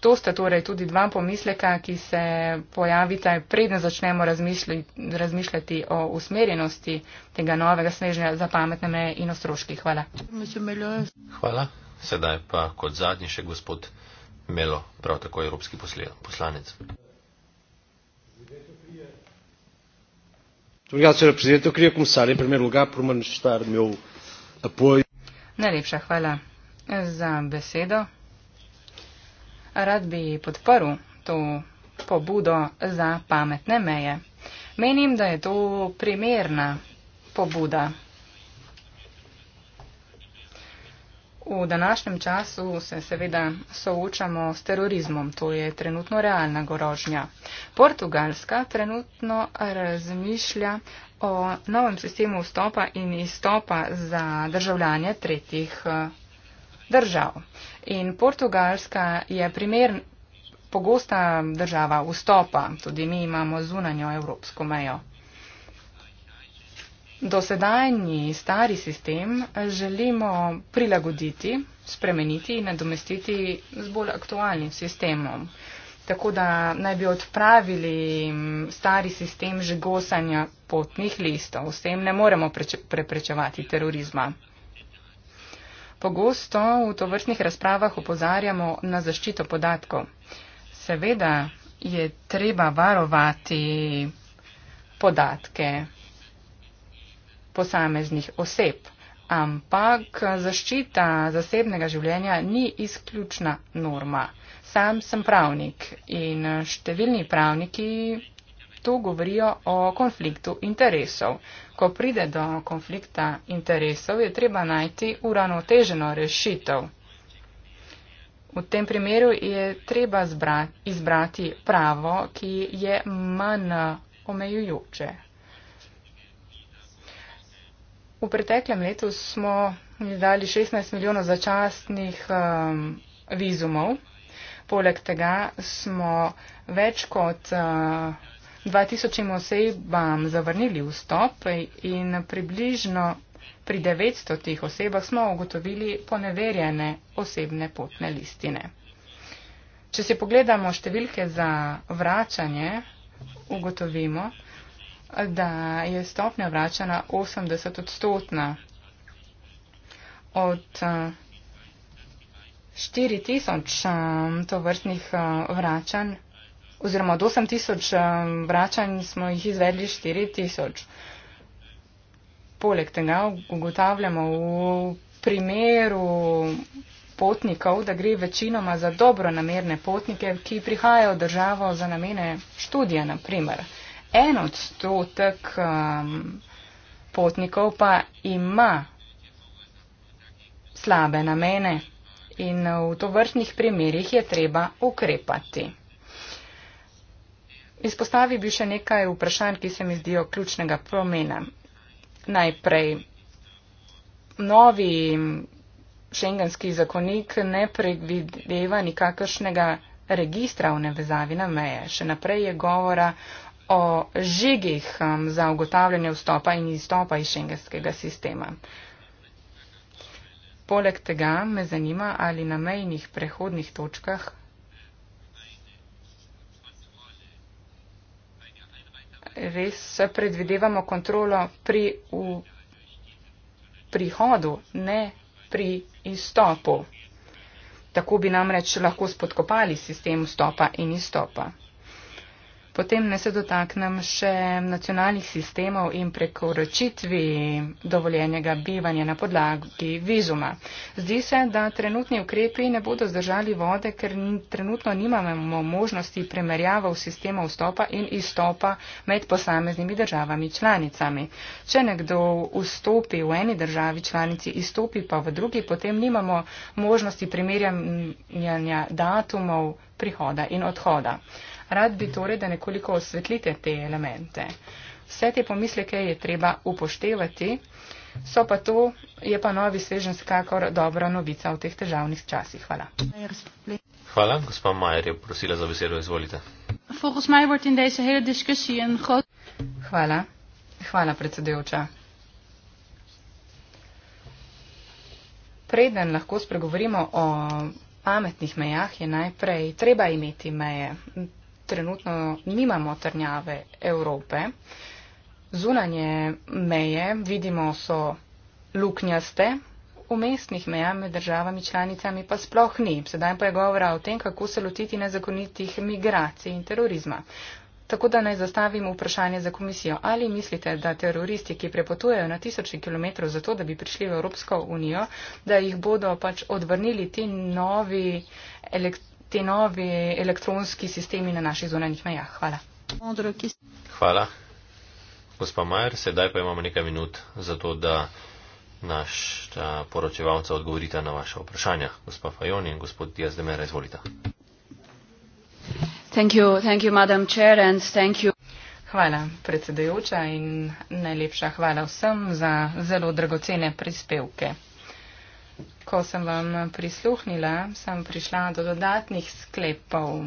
To sta torej tudi dva pomisleka, ki se pojavita, predne začnemo razmišljati o usmerjenosti tega novega snežnja za pametne meje in o stroških. Hvala. Hvala. Sedaj pa kot zadnji še gospod Melo, prav tako evropski poslanec. Najlepša hvala za besedo rad bi podprl to pobudo za pametne meje. Menim, da je to primerna pobuda. V današnjem času se seveda soočamo s terorizmom, to je trenutno realna grožnja. Portugalska trenutno razmišlja o novem sistemu vstopa in izstopa za državljanje tretjih držav. In Portugalska je primer pogosta država vstopa, tudi mi imamo zunanjo evropsko mejo. Dosedajni stari sistem želimo prilagoditi, spremeniti in nadomestiti z bolj aktualnim sistemom. Tako da naj bi odpravili mm, stari sistem žegosanja potnih listov. S tem ne moremo preprečevati terorizma. Pogosto v tovrstnih razpravah upozarjamo na zaščito podatkov. Seveda je treba varovati podatke posameznih oseb, ampak zaščita zasebnega življenja ni izključna norma. Sam sem pravnik in številni pravniki tu govorijo o konfliktu interesov. Ko pride do konflikta interesov, je treba najti uravnoteženo rešitev. V tem primeru je treba izbrati pravo, ki je manj omejujoče. V preteklem letu smo izdali 16 milijonov začasnih um, vizumov. Poleg tega smo več kot uh, 2000 osebam zavrnili vstop in približno pri 900 teh osebah smo ugotovili poneverjene osebne potne listine. Če si pogledamo številke za vračanje, ugotovimo, da je stopnja vračana 80 odstotna. Od 4000 eh, eh, tovrstnih eh, vračanj oziroma od 8 tisoč vračanj smo jih izvedli 4 tisoč. Poleg tega ugotavljamo v primeru potnikov, da gre večinoma za dobronamerne potnike, ki prihajajo v državo za namene študija, naprimer. En odstotek um, potnikov pa ima slabe namene in v to vrstnih primerjih je treba ukrepati. Izpostavi bi še nekaj vprašanj, ki se mi zdijo ključnega pomena. Najprej, novi šengenski zakonik ne predvideva nikakršnega registra v nevezavi na meje. Še naprej je govora o žigih um, za ugotavljanje vstopa in izstopa iz šengenskega sistema. Poleg tega me zanima, ali na mejnih prehodnih točkah res predvidevamo kontrolo pri v, prihodu, ne pri izstopu. Tako bi namreč lahko spodkopali sistem vstopa in izstopa. Potem ne se dotaknem še nacionalnih sistemov in prekoračitvi dovoljenega bivanja na podlagi vizuma. Zdi se, da trenutni ukrepi ne bodo zdržali vode, ker trenutno nimamo možnosti premerjava v sistemu vstopa in izstopa med posameznimi državami članicami. Če nekdo vstopi v eni državi članici, izstopi pa v drugi, potem nimamo možnosti primerjanja datumov prihoda in odhoda. Rad bi torej, da nekoliko osvetlite te elemente. Vse te pomisleke je treba upoštevati, so pa to, je pa novi svežen skakor dobra novica v teh težavnih časih. Hvala. Hvala, gospa Majer je prosila za besedo, izvolite. Hvala, hvala predsedujoča. Preden lahko spregovorimo o pametnih mejah, je najprej treba imeti meje trenutno nimamo trnjave Evrope. Zunanje meje vidimo so luknjaste, v mestnih meja med državami članicami pa sploh ni. Sedaj pa je govora o tem, kako se lotiti nezakonitih migracij in terorizma. Tako da naj zastavim vprašanje za komisijo. Ali mislite, da teroristi, ki prepotujejo na tisoče kilometrov za to, da bi prišli v Evropsko unijo, da jih bodo pač odvrnili ti novi elektronični ti novi elektronski sistemi na naših zunanjih mejah. Hvala. Hvala. Gospa Majer, sedaj pa imamo nekaj minut za to, da naš poročevalca odgovorita na vaše vprašanja. Gospa Fajon in gospod Diaz de Mera, izvolite. Thank you, thank you, chair, thank you. Hvala, predsedajoča, in najlepša hvala vsem za zelo dragocene prispevke ko sem vam prisluhnila, sem prišla do dodatnih sklepov.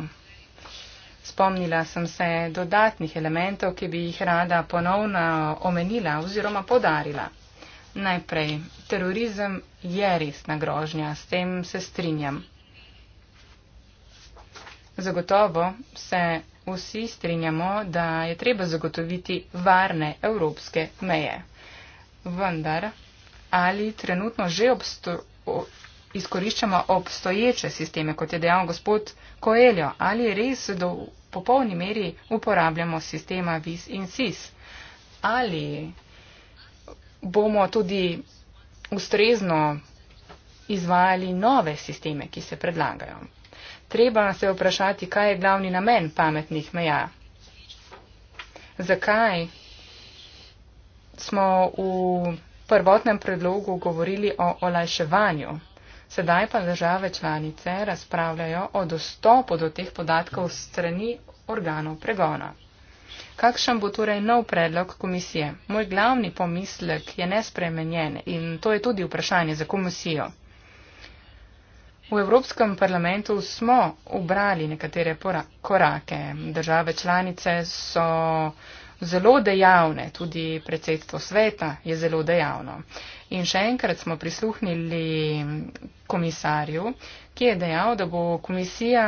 Spomnila sem se dodatnih elementov, ki bi jih rada ponovno omenila oziroma podarila. Najprej, terorizem je resna grožnja, s tem se strinjam. Zagotovo se vsi strinjamo, da je treba zagotoviti varne evropske meje. Vendar ali trenutno že obsto, o, izkoriščamo obstoječe sisteme, kot je dejal gospod Koeljo, ali res do popolni meri uporabljamo sistema VIS in SIS. Ali bomo tudi ustrezno izvajali nove sisteme, ki se predlagajo. Treba se vprašati, kaj je glavni namen pametnih meja. Zakaj smo v prvotnem predlogu govorili o olajševanju. Sedaj pa države članice razpravljajo o dostopu do teh podatkov strani organov pregona. Kakšen bo torej nov predlog komisije? Moj glavni pomislek je nespremenjen in to je tudi vprašanje za komisijo. V Evropskem parlamentu smo ubrali nekatere korake. Države članice so zelo dejavne, tudi predsedstvo sveta je zelo dejavno. In še enkrat smo prisluhnili komisarju, ki je dejal, da bo komisija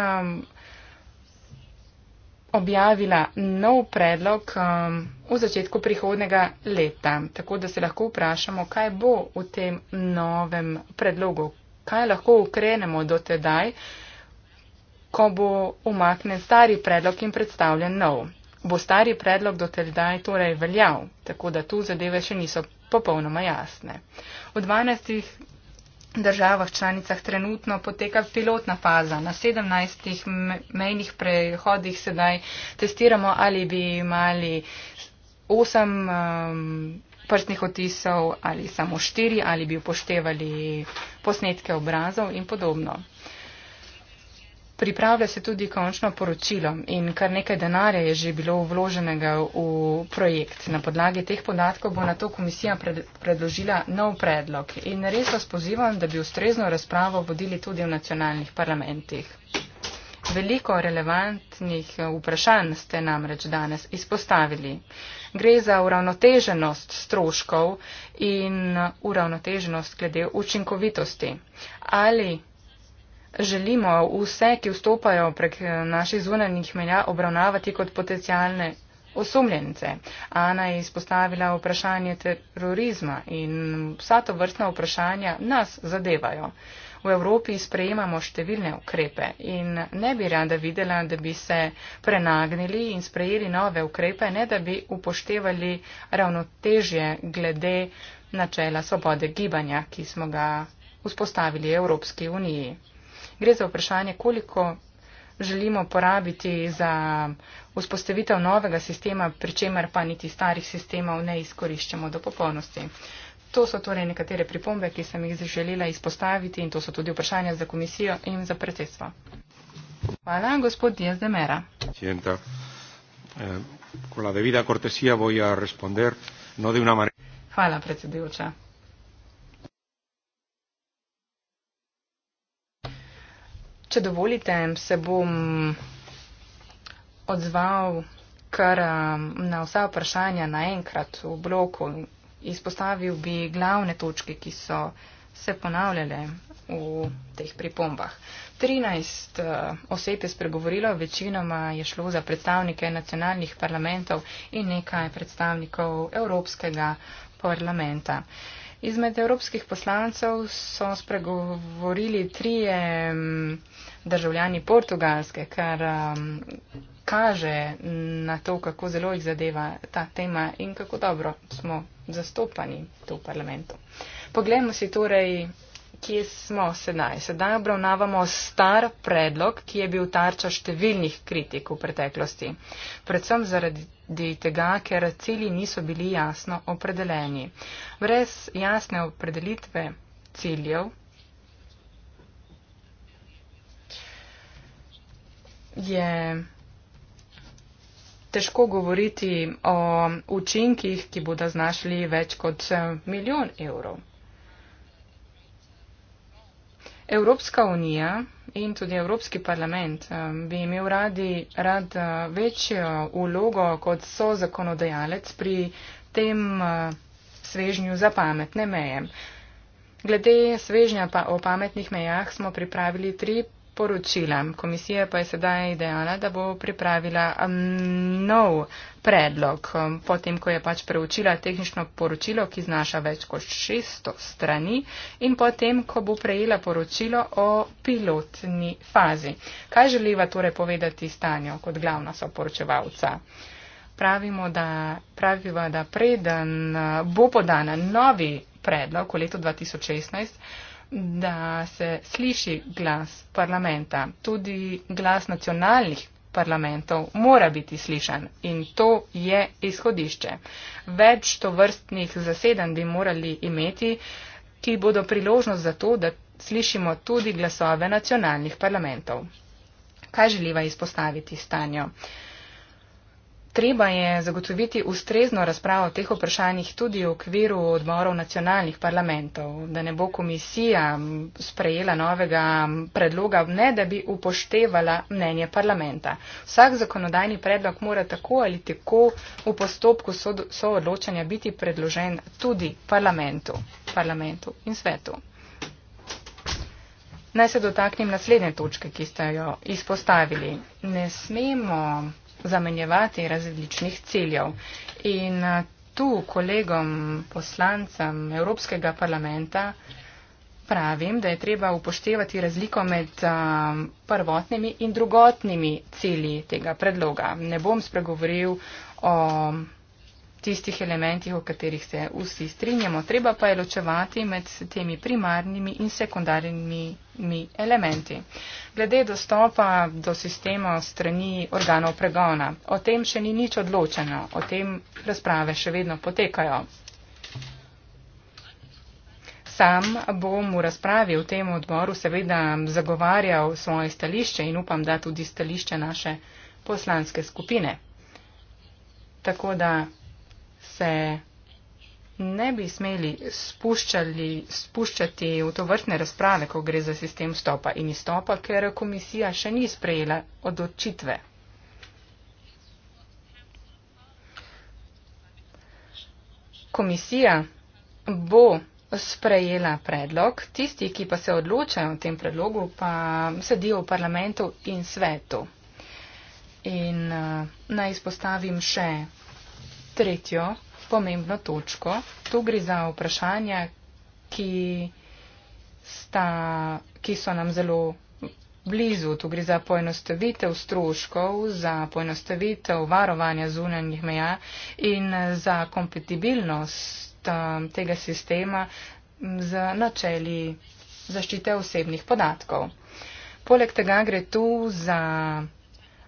objavila nov predlog um, v začetku prihodnega leta. Tako da se lahko vprašamo, kaj bo v tem novem predlogu, kaj lahko ukrenemo do tedaj, ko bo umaknen stari predlog in predstavljen nov bo stari predlog do tedaj torej veljav, tako da tu zadeve še niso popolnoma jasne. V 12 državah članicah trenutno poteka pilotna faza. Na 17 mejnih prehodih sedaj testiramo, ali bi imeli 8 um, prstnih otisov ali samo 4, ali bi upoštevali posnetke obrazov in podobno. Pripravlja se tudi končno poročilo in kar nekaj denarja je že bilo vloženega v projekt. Na podlagi teh podatkov bo na to komisija predložila nov predlog in res vas pozivam, da bi ustrezno razpravo vodili tudi v nacionalnih parlamentih. Veliko relevantnih eh, vprašanj ste namreč danes izpostavili. Gre za uravnoteženost stroškov in eh, uravnoteženost glede učinkovitosti. Ali želimo vse, ki vstopajo prek eh, naših zunanjih meja, obravnavati kot potencijalne osumljence. Ana je izpostavila vprašanje terorizma in vsa to vrstna vprašanja nas zadevajo. V Evropi sprejemamo številne ukrepe in ne bi rada videla, da bi se prenagnili in sprejeli nove ukrepe, ne da bi upoštevali ravnotežje glede načela svobode gibanja, ki smo ga vzpostavili Evropski uniji. Gre za vprašanje, koliko želimo porabiti za vzpostavitev novega sistema, pri čemer pa niti starih sistemov ne izkoriščamo do popolnosti. To so torej nekatere pripombe, ki sem jih želela izpostaviti in to so tudi vprašanja za komisijo in za predsedstvo. Hvala, gospod Diaz de Mera. Eh, no Hvala, predsedujoča. Če dovolite, se bom odzval kar um, na vsa vprašanja naenkrat v bloku. Izpostavil bi glavne točke, ki so se ponavljale v teh pripombah. 13 uh, oseb je spregovorilo, večinoma je šlo za predstavnike nacionalnih parlamentov in nekaj predstavnikov Evropskega parlamenta. Uh, Izmed evropskih poslancev so spregovorili trije mm, državljani Portugalske, kar um, kaže na to, kako zelo jih zadeva ta tema in kako dobro smo zastopani tu v parlamentu. Poglejmo si torej kje smo sedaj? Sedaj obravnavamo star predlog, ki je bil tarča številnih kritik v preteklosti. Predvsem zaradi tega, ker cilji niso bili jasno opredeljeni. Brez jasne opredelitve ciljev je težko govoriti o učinkih, ki bodo znašli več kot eh, milijon evrov. Evropska unija in tudi Evropski parlament bi imel radi rad eh, večjo ulogo kot so zakonodajalec pri tem eh, svežnju za pametne meje. Glede svežnja pa o pametnih mejah smo pripravili tri poročila. Komisija pa je sedaj dejala, da bo pripravila um, nov predlog, um, potem ko je pač preučila tehnično poročilo, ki znaša več kot 600 strani in potem, ko bo prejela poročilo o pilotni fazi. Kaj želiva torej povedati stanjo kot glavna soporočevalca? Pravimo, da, pravimo, da preden uh, bo podana novi predlog v letu 2016, da se sliši glas parlamenta, tudi glas nacionalnih parlamentov mora biti slišan in to je izhodišče. Več to vrstnih zasedanj bi morali imeti, ki bodo priložnost za to, da slišimo tudi glasove nacionalnih parlamentov. Kaj želiva izpostaviti stanjo? Uh, Treba je zagotoviti ustrezno razpravo o teh vprašanjih tudi v okviru odborov nacionalnih parlamentov, da ne bo komisija sprejela novega predloga, ne da bi upoštevala mnenje parlamenta. Vsak zakonodajni predlog mora tako ali tako v postopku soodločanja biti predložen tudi parlamentu, parlamentu in svetu. Naj se dotaknem naslednje točke, ki ste jo izpostavili. Ne smemo zamenjevati različnih ciljev. In eh, tu kolegom poslancem Evropskega parlamenta pravim, da je treba upoštevati razliko med eh, prvotnimi in drugotnimi cilji tega predloga. Ne bom spregovoril o tistih elementih, o katerih se vsi strinjamo. Treba pa je ločevati med temi primarnimi in sekundarnimi elementi. Glede dostopa do sistema strani organov pregona, o tem še ni nič odločeno, o tem razprave še vedno potekajo. Sam bom v razpravi v tem odboru seveda zagovarjal svoje stališče in upam, da tudi stališče naše poslanske skupine. Tako da se ne bi smeli spuščali, spuščati v to vrtne razprave, ko gre za sistem stopa in izstopa, ker komisija še ni sprejela odločitve. Komisija bo sprejela predlog, tisti, ki pa se odločajo o tem predlogu, pa sedijo v parlamentu in svetu. In uh, naj izpostavim še tretjo pomembno točko. Tu gre za vprašanja, ki, sta, ki so nam zelo blizu. Tu gre za poenostavitev stroškov, za poenostavitev varovanja zunanjih meja in za kompatibilnost um, tega sistema z načeli zaščite osebnih podatkov. Poleg tega gre tu za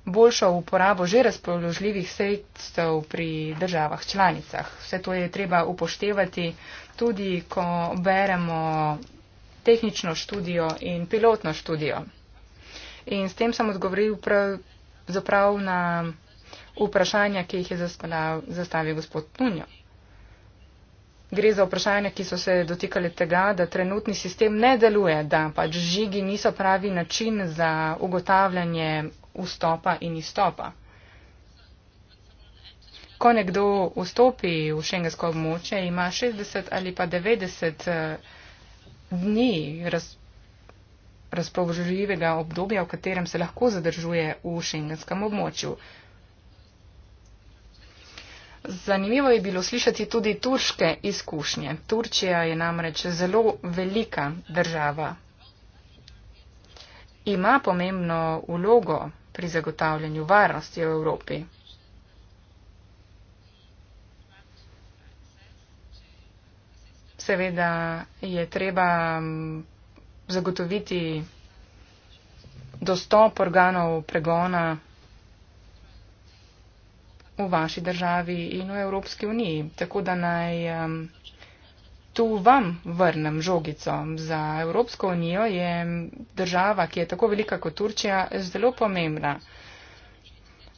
boljšo uporabo že razpoložljivih sredstev pri državah članicah. Vse to je treba upoštevati tudi, ko beremo tehnično študijo in pilotno študijo. In s tem sem odgovoril zaprav na vprašanja, ki jih je zastavil, zastavil gospod Tunjo. Gre za vprašanja, ki so se dotikali tega, da trenutni sistem ne deluje, da pač žigi niso pravi način za ugotavljanje vstopa in izstopa. Ko nekdo vstopi v šengensko območje, ima 60 ali pa 90 eh, dni raz, razpoložljivega obdobja, v katerem se lahko zadržuje v šengenskem območju. Zanimivo je bilo slišati tudi turške izkušnje. Turčija je namreč zelo velika država. Ima pomembno ulogo pri zagotavljanju varnosti v Evropi. Seveda je treba zagotoviti dostop organov pregona v vaši državi in v Evropski uniji, tako da naj um, tu vam vrnem žogico. Za Evropsko unijo je država, ki je tako velika kot Turčija, zelo pomembna.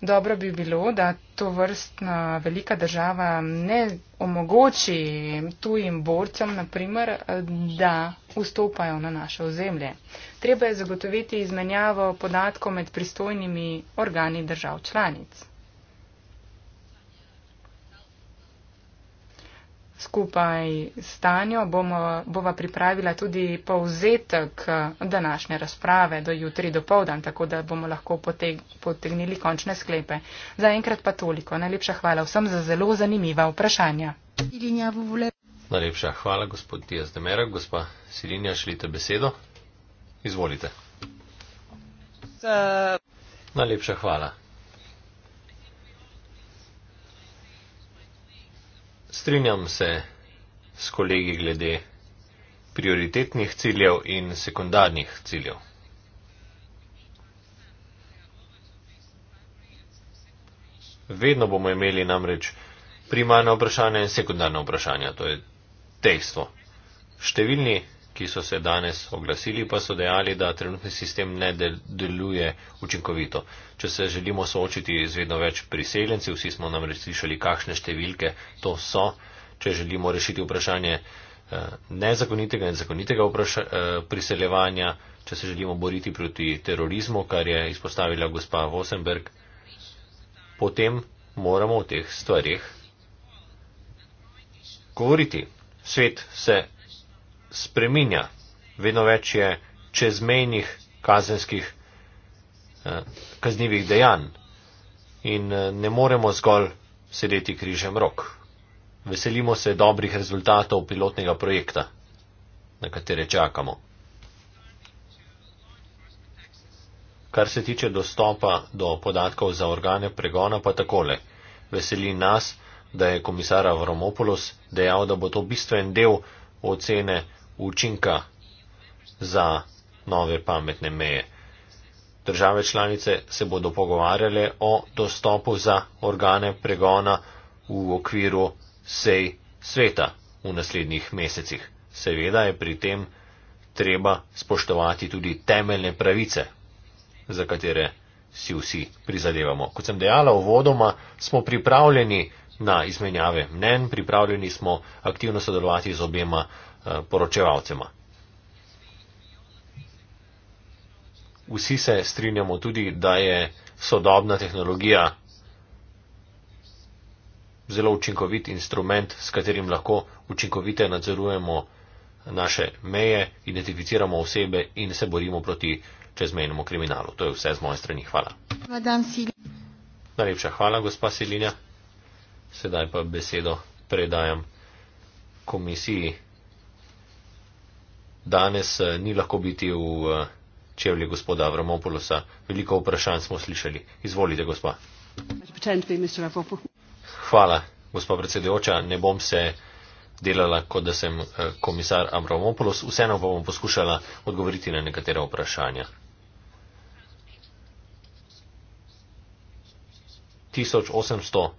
Dobro bi bilo, da to vrstna velika država ne omogoči tujim borcem, naprimer, da vstopajo na naše ozemlje. Treba je zagotoviti izmenjavo podatkov med pristojnimi organi držav članic. Skupaj s Tanjo bomo, bova pripravila tudi povzetek današnje razprave do jutri do povdan, tako da bomo lahko poteg, potegnili končne sklepe. Za enkrat pa toliko. Najlepša hvala vsem za zelo zanimiva vprašanja. Najlepša hvala, gospod Tijaz Demera. Gospa Sirinja, želite besedo? Izvolite. Najlepša hvala. Strinjam se s kolegi glede prioritetnih ciljev in sekundarnih ciljev. Vedno bomo imeli namreč primarna vprašanja in sekundarna vprašanja, to je dejstvo. Številni ki so se danes oglasili, pa so dejali, da trenutni sistem ne del deluje učinkovito. Če se želimo soočiti z vedno več priseljenci, vsi smo nam reslišali, kakšne številke to so, če želimo rešiti vprašanje eh, nezakonitega in zakonitega eh, priseljevanja, če se želimo boriti proti terorizmu, kar je izpostavila gospa Vosenberg, potem moramo o teh stvarih govoriti. Svet se spreminja. Vedno več je čezmejnih kazenskih eh, kaznivih dejanj in eh, ne moremo zgolj sedeti križem rok. Veselimo se dobrih rezultatov pilotnega projekta, na katere čakamo. Kar se tiče dostopa do podatkov za organe pregona, pa takole. Veseli nas, da je komisar Avromopolos dejal, da bo to bistven del ocene učinka za nove pametne meje. Države članice se bodo pogovarjale o dostopu za organe pregona v okviru sej sveta v naslednjih mesecih. Seveda je pri tem treba spoštovati tudi temeljne pravice, za katere si vsi prizadevamo. Kot sem dejala v vodoma, smo pripravljeni na izmenjave mnen, pripravljeni smo aktivno sodelovati z obema Eh, poročevalcema. Vsi se strinjamo tudi, da je sodobna tehnologija zelo učinkovit instrument, s katerim lahko učinkovite nadzorujemo naše meje, identificiramo osebe in se borimo proti čezmejnemu kriminalu. To je vse z moje strani. Hvala. Najlepša hvala, gospa Silinja. Sedaj pa besedo predajam komisiji danes eh, ni lahko biti v eh, čevlji gospoda Avramopolosa. Veliko vprašanj smo slišali. Izvolite, gospa. Hvala, gospa predsedujoča. Ne bom se delala, kot da sem eh, komisar Avramopolos. Vseeno pa bom poskušala odgovoriti na nekatera vprašanja. Tisoč osemsto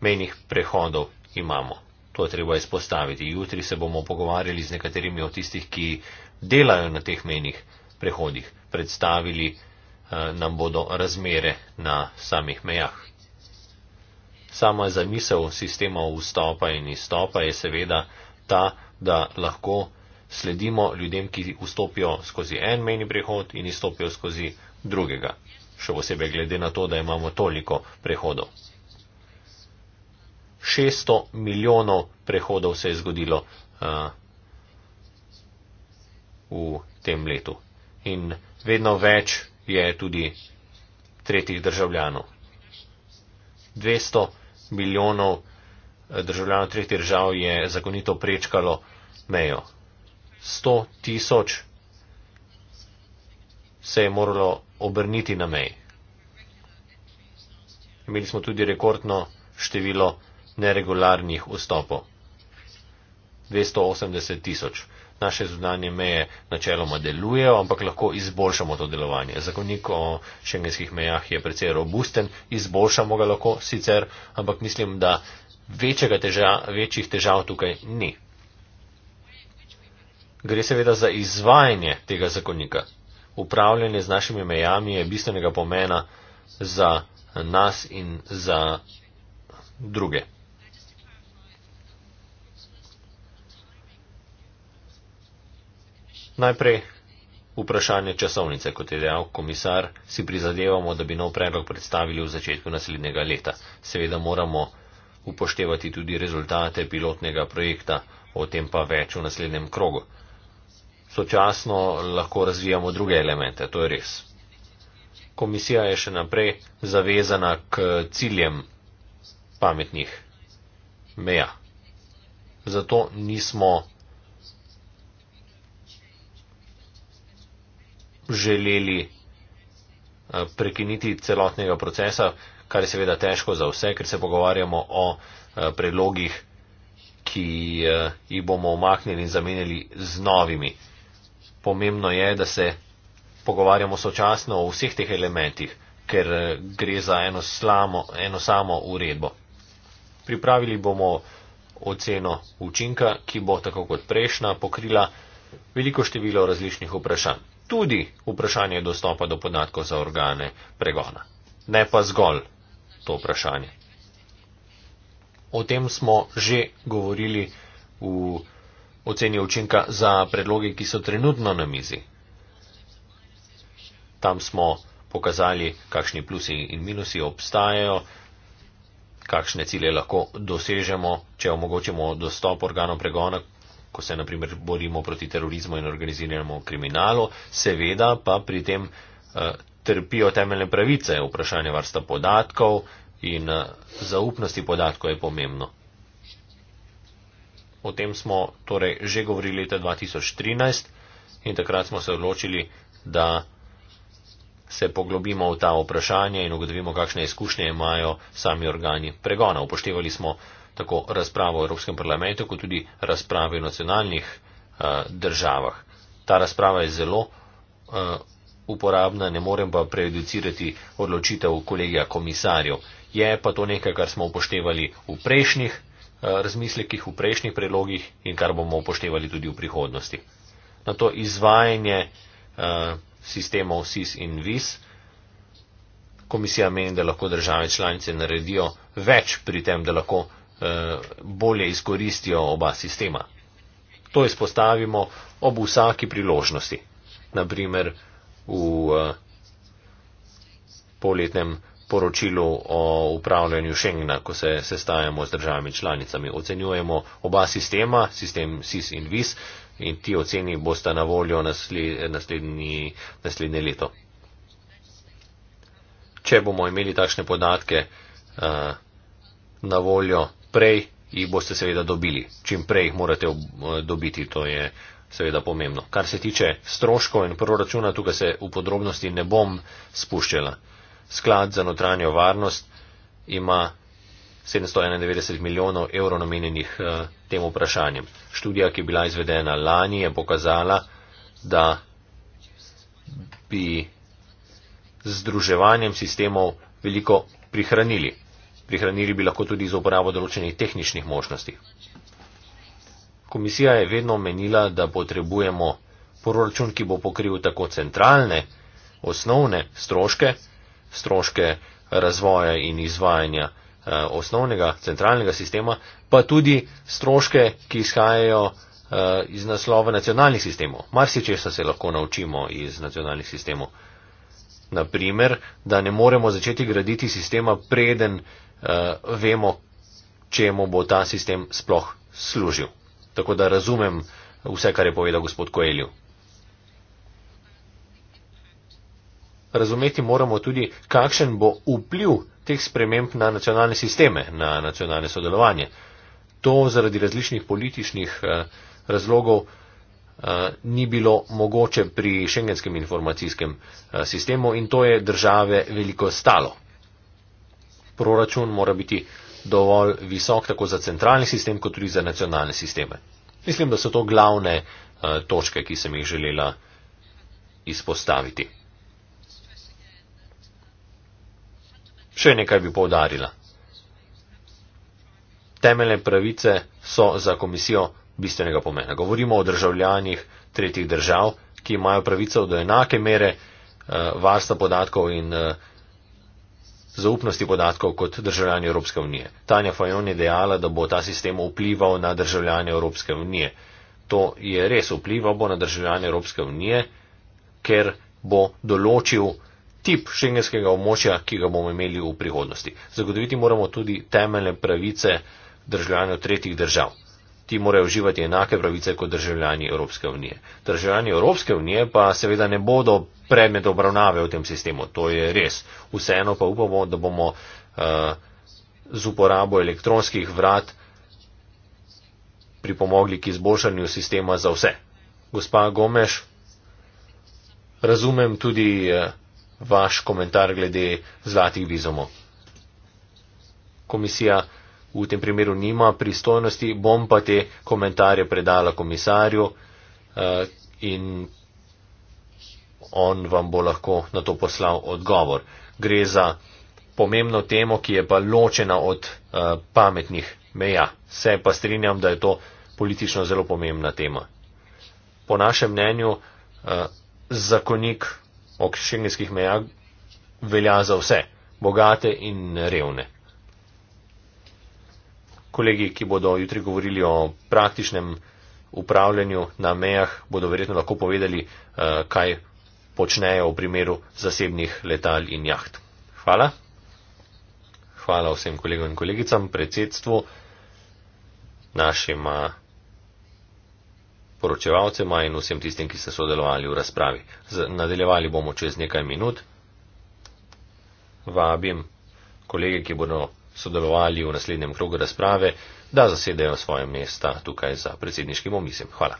menih prehodov imamo. To je treba izpostaviti. Jutri se bomo pogovarjali z nekaterimi od tistih, ki delajo na teh menih prehodih. Predstavili eh, nam bodo razmere na samih mejah. Sama zamisel sistema vstopa in izstopa je seveda ta, da lahko sledimo ljudem, ki vstopijo skozi en meni prehod in izstopijo skozi drugega. Še posebej glede na to, da imamo toliko prehodov. 600 milijonov prehodov se je zgodilo uh, v tem letu. In vedno več je tudi tretjih državljanov. 200 milijonov eh, državljanov tretjih držav je zakonito prečkalo mejo. 100 tisoč se je moralo obrniti na mej. Imeli smo tudi rekordno število neregularnih vstopov. 280 tisoč. Naše zunanje meje načeloma delujejo, ampak lahko izboljšamo to delovanje. Zakonnik o šengenskih mejah je precej robusten, izboljšamo ga lahko sicer, ampak mislim, da teža, večjih težav tukaj ni. Gre seveda za izvajanje tega zakonika. Upravljanje z našimi mejami je bistvenega pomena za nas in za druge. Najprej vprašanje časovnice, kot je dejal komisar, si prizadevamo, da bi nov predlog predstavili v začetku naslednjega leta. Seveda moramo upoštevati tudi rezultate pilotnega projekta, o tem pa več v naslednjem krogu. Sočasno lahko razvijamo druge elemente, to je res. Komisija je še naprej zavezana k ciljem pametnih meja. Zato nismo želeli eh, prekiniti celotnega procesa, kar je seveda težko za vse, ker se pogovarjamo o eh, predlogih, ki eh, jih bomo omaknili in zamenjali z novimi. Pomembno je, da se pogovarjamo sočasno o vseh teh elementih, ker gre za eno, slamo, eno samo uredbo. Pripravili bomo oceno učinka, ki bo tako kot prejšnja pokrila veliko število različnih vprašanj tudi vprašanje dostopa do podatkov za organe pregona, ne pa zgolj to vprašanje. O tem smo že govorili v oceni učinka za predloge, ki so trenutno na mizi. Tam smo pokazali, kakšni plusi in minusi obstajajo, kakšne cilje lahko dosežemo, če omogočimo dostop organov pregona ko se naprimer borimo proti terorizmu in organiziranemu kriminalu, seveda pa pri tem eh, trpijo temeljne pravice, vprašanje varsta podatkov in eh, zaupnosti podatkov je pomembno. O tem smo torej že govorili leta 2013 in takrat smo se odločili, da se poglobimo v ta vprašanje in ugotovimo, kakšne izkušnje imajo sami organi pregona. Upoštevali smo tako razpravo v Evropskem parlamentu, kot tudi razpravo v nacionalnih eh, državah. Ta razprava je zelo eh, uporabna, ne morem pa prejudicirati odločitev kolegija komisarjev. Je pa to nekaj, kar smo upoštevali v prejšnjih eh, razmislekih, v prejšnjih predlogih in kar bomo upoštevali tudi v prihodnosti. Na to izvajanje eh, sistemov SIS in VIS. Komisija meni, da lahko države članice naredijo več pri tem, da lahko Eh, bolje izkoristijo oba sistema. To izpostavimo ob vsaki priložnosti, naprimer v eh, poletnem poročilu o upravljanju Schengena, ko se sestajamo z državami članicami. Ocenjujemo oba sistema, sistem SIS in VIS, in ti oceni boste na voljo naslednji, naslednje leto. Če bomo imeli takšne podatke eh, na voljo, prej jih boste seveda dobili. Čim prej jih morate eh, dobiti, to je seveda pomembno. Kar se tiče stroškov in proračuna, tukaj se v podrobnosti ne bom spuščala. Sklad za notranjo varnost ima 791 milijonov evrov namenjenih eh, tem vprašanjem. Študija, ki je bila izvedena lani, je pokazala, da bi združevanjem sistemov veliko prihranili. Prihranili bi lahko tudi z uporabo določenih tehničnih možnosti. Komisija je vedno menila, da potrebujemo proračun, ki bo pokril tako centralne, osnovne stroške, stroške razvoja in izvajanja eh, osnovnega centralnega sistema, pa tudi stroške, ki izhajajo eh, iz naslova nacionalnih sistemov. Marsičesa se lahko naučimo iz nacionalnih sistemov. Naprimer, da ne moremo začeti graditi sistema preden uh, vemo, čemu bo ta sistem sploh služil. Tako da razumem vse, kar je povedal gospod Koelju. Razumeti moramo tudi, kakšen bo vpliv teh sprememb na nacionalne sisteme, na nacionalne sodelovanje. To zaradi različnih političnih eh, razlogov eh, ni bilo mogoče pri šengenskem informacijskem sistemu in to je države veliko stalo proračun mora biti dovolj visok tako za centralni sistem, kot tudi za nacionalne sisteme. Mislim, da so to glavne uh, točke, ki sem jih želela izpostaviti. Še nekaj bi povdarila. Temeljne pravice so za komisijo bistvenega pomena. Govorimo o državljanjih tretjih držav, ki imajo pravico do enake mere uh, varstva podatkov in uh, zaupnosti podatkov kot državljani Evropske unije. Tanja Fajon je dejala, da bo ta sistem vplival na državljane Evropske unije. To je res vplival bo na državljane Evropske unije, ker bo določil tip šengenskega območja, ki ga bomo imeli v prihodnosti. Zagotoviti moramo tudi temeljne pravice državljanov tretjih držav ti morajo uživati enake pravice kot državljani Evropske unije. Državljani Evropske unije pa seveda ne bodo predmet obravnave v tem sistemu, to je res. Vseeno pa upamo, da bomo uh, z uporabo elektronskih vrat pripomogli k izboljšanju sistema za vse. Gospa Gomeš, razumem tudi uh, vaš komentar glede zlatih vizumov. Komisija v tem primeru nima pristojnosti, bom pa te komentarje predala komisarju eh, in on vam bo lahko na to poslal odgovor. Gre za pomembno temo, ki je pa ločena od eh, pametnih meja. Se pa strinjam, da je to politično zelo pomembna tema. Po našem mnenju eh, zakonik o šengenskih mejah velja za vse, bogate in revne kolegi, ki bodo jutri govorili o praktičnem upravljanju na mejah, bodo verjetno lahko povedali, eh, kaj počnejo v primeru zasebnih letal in jaht. Hvala. Hvala vsem kolegom in kolegicam, predsedstvu, našima poročevalcema in vsem tistim, ki ste sodelovali v razpravi. Nadaljevali bomo čez nekaj minut. Vabim kolege, ki bodo sodelovali v naslednjem krogu razprave, da zasedejo svoje mesta tukaj za predsedniškim omizjem. Hvala.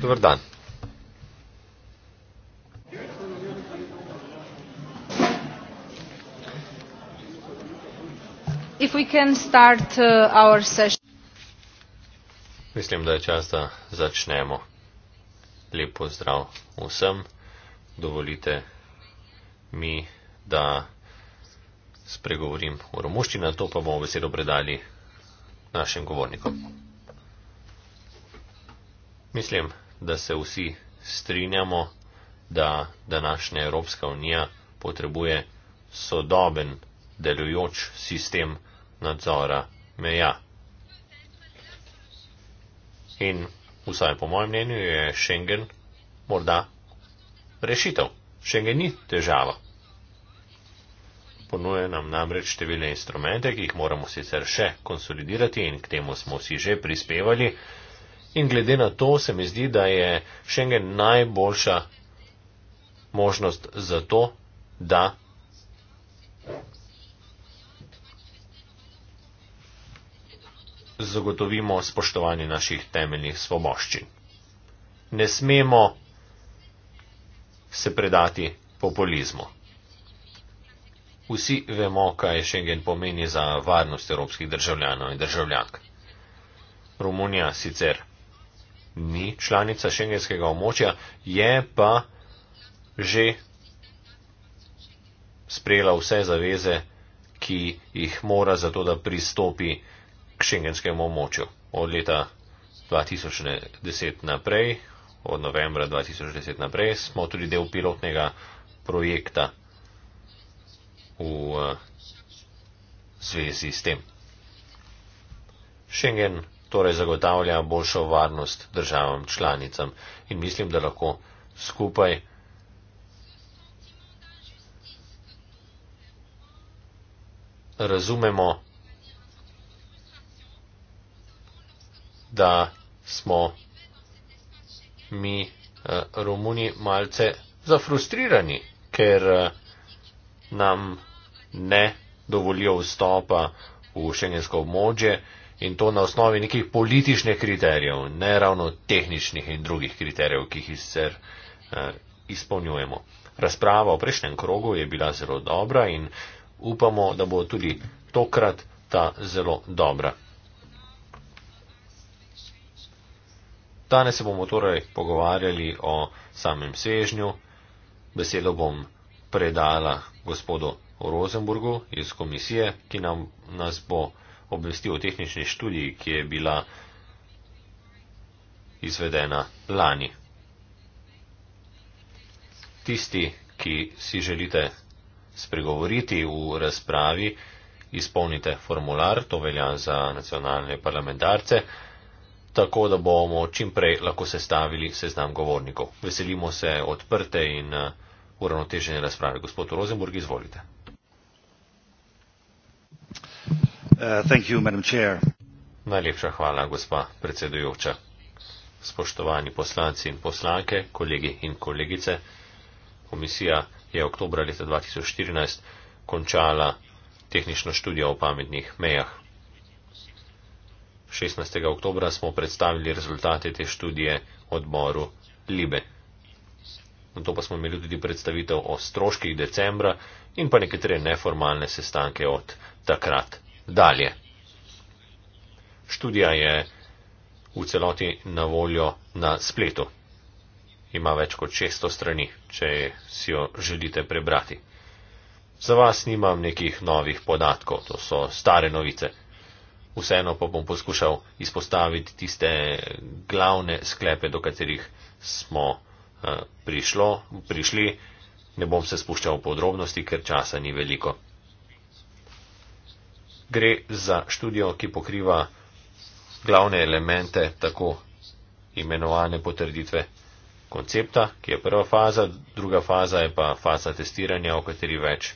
Dobar dan. If we can start uh, our session. Mislim, da je čas, da začnemo. Lep pozdrav vsem. Dovolite mi, da spregovorim o romuščini, na to pa bomo besedo predali našim govornikom. Mislim, da se vsi strinjamo, da današnja Evropska unija potrebuje sodoben delujoč sistem nadzora meja. In vsaj po mojem mnenju je Schengen morda rešitev. Schengen ni težava ponuja nam namreč številne instrumente, ki jih moramo sicer še konsolidirati in k temu smo vsi že prispevali. In glede na to se mi zdi, da je Schengen najboljša možnost za to, da zagotovimo spoštovanje naših temeljnih svoboščin. Ne smemo se predati populizmu. Vsi vemo, kaj Schengen pomeni za varnost evropskih državljanov in državljank. Romunija sicer ni članica šengenskega območja, je pa že sprejela vse zaveze, ki jih mora za to, da pristopi k šengenskemu območju. Od leta 2010 naprej, od novembra 2010 naprej, smo tudi del pilotnega projekta v eh, zvezi s tem. Schengen torej zagotavlja boljšo varnost državam članicam in mislim, da lahko skupaj razumemo, da smo mi eh, Romuni malce zafrustrirani, ker eh, nam ne dovolijo vstopa v šengensko območje in to na osnovi nekih političnih kriterijev, ne ravno tehničnih in drugih kriterijev, ki jih sicer eh, izpolnjujemo. Razprava v prejšnjem krogu je bila zelo dobra in upamo, da bo tudi tokrat ta zelo dobra. Danes se bomo torej pogovarjali o samem svežnju. Besedo bom predala gospodu v Rosenburgu iz komisije, ki nam, nas bo obvestil o tehnični študiji, ki je bila izvedena lani. Tisti, ki si želite spregovoriti v razpravi, izpolnite formular, to velja za nacionalne parlamentarce, tako da bomo čim prej lahko sestavili seznam govornikov. Veselimo se odprte in uh, uravnotežene razprave. Gospod Rozenburg, izvolite. Uh, Najlepša hvala, gospa predsedujoča. Spoštovani poslanci in poslanke, kolegi in kolegice, komisija je oktobra leta 2014 končala tehnično študijo o pametnih mejah. 16. oktobra smo predstavili rezultate te študije odboru Libe. Na to pa smo imeli tudi predstavitev o stroških decembra in pa nekatere neformalne sestanke od takrat dalje. Študija je v celoti na voljo na spletu. Ima več kot 600 strani, če si jo želite prebrati. Za vas nimam nekih novih podatkov, to so stare novice. Vseeno pa bom poskušal izpostaviti tiste glavne sklepe, do katerih smo eh, prišlo, prišli. Ne bom se spuščal v podrobnosti, ker časa ni veliko gre za študijo, ki pokriva glavne elemente tako imenovane potrditve koncepta, ki je prva faza, druga faza je pa faza testiranja, o kateri več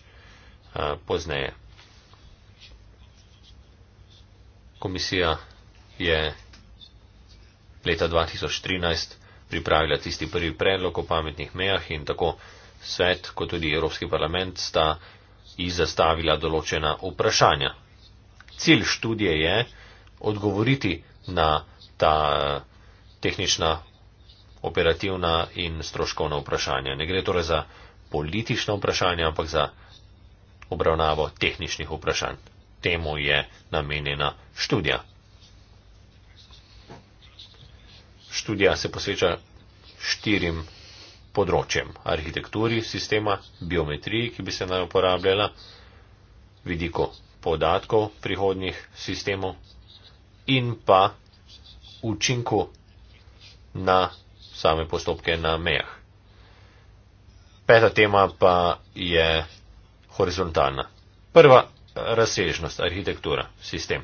a, eh, pozneje. Komisija je leta 2013 pripravila tisti prvi predlog o pametnih mejah in tako svet kot tudi Evropski parlament sta izzastavila določena vprašanja cilj študije je odgovoriti na ta tehnična, operativna in stroškovna vprašanja. Ne gre torej za politična vprašanja, ampak za obravnavo tehničnih vprašanj. Temu je namenjena študija. Študija se posveča štirim področjem. Arhitekturi sistema, biometriji, ki bi se naj uporabljala, vidiko podatkov prihodnih sistemov in pa učinku na same postopke na mejah. Peta tema pa je horizontalna. Prva razsežnost, arhitektura, sistem.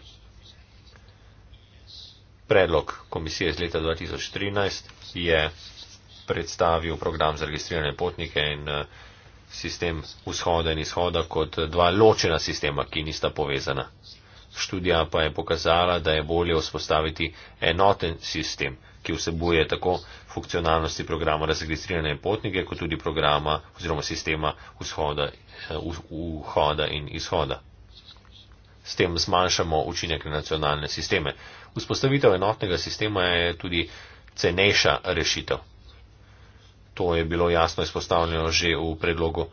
Predlog komisije iz leta 2013 je predstavil program za registrirane potnike in uh, sistem vzhoda in izhoda kot dva ločena sistema, ki nista povezana. Študija pa je pokazala, da je bolje vzpostaviti enoten sistem, ki vsebuje tako funkcionalnosti programa razregistrirane potnike, kot tudi programa oziroma sistema vzhoda, eh, vhoda in izhoda. S tem zmanjšamo učinek na nacionalne sisteme. Vzpostavitev enotnega sistema je tudi cenejša rešitev. To je bilo jasno izpostavljeno že v predlogu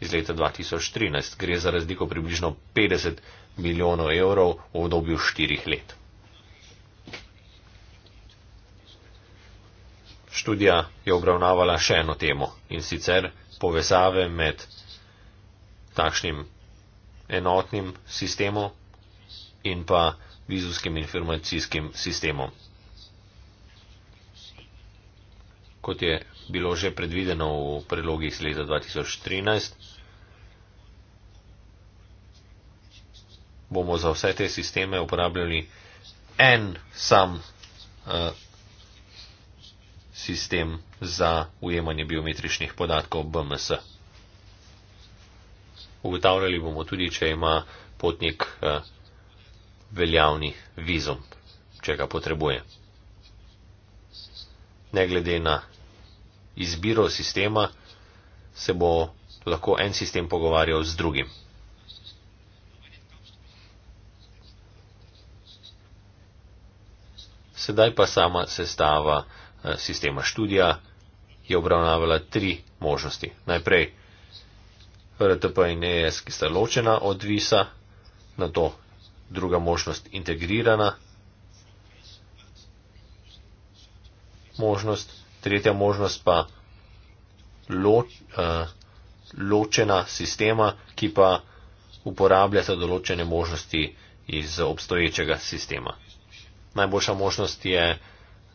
iz leta 2013. Gre za razliko približno 50 milijonov evrov v obdobju štirih let. Študija je obravnavala še eno temo in sicer povezave med takšnim enotnim sistemom in pa vizumskim informacijskim sistemom. Kot je bilo že predvideno v prelogih z leta 2013. Bomo za vse te sisteme uporabljali en sam uh, sistem za ujemanje biometričnih podatkov BMS. Ugotavljali bomo tudi, če ima potnik uh, veljavni vizum, če ga potrebuje. Ne glede na izbiro sistema, se bo lahko en sistem pogovarjal z drugim. Sedaj pa sama sestava eh, sistema študija je obravnavala tri možnosti. Najprej RTP in ES, ki sta ločena od visa, na to druga možnost integrirana možnost tretja možnost pa loč, uh, ločena sistema, ki pa uporabljata določene možnosti iz obstoječega sistema. Najboljša možnost je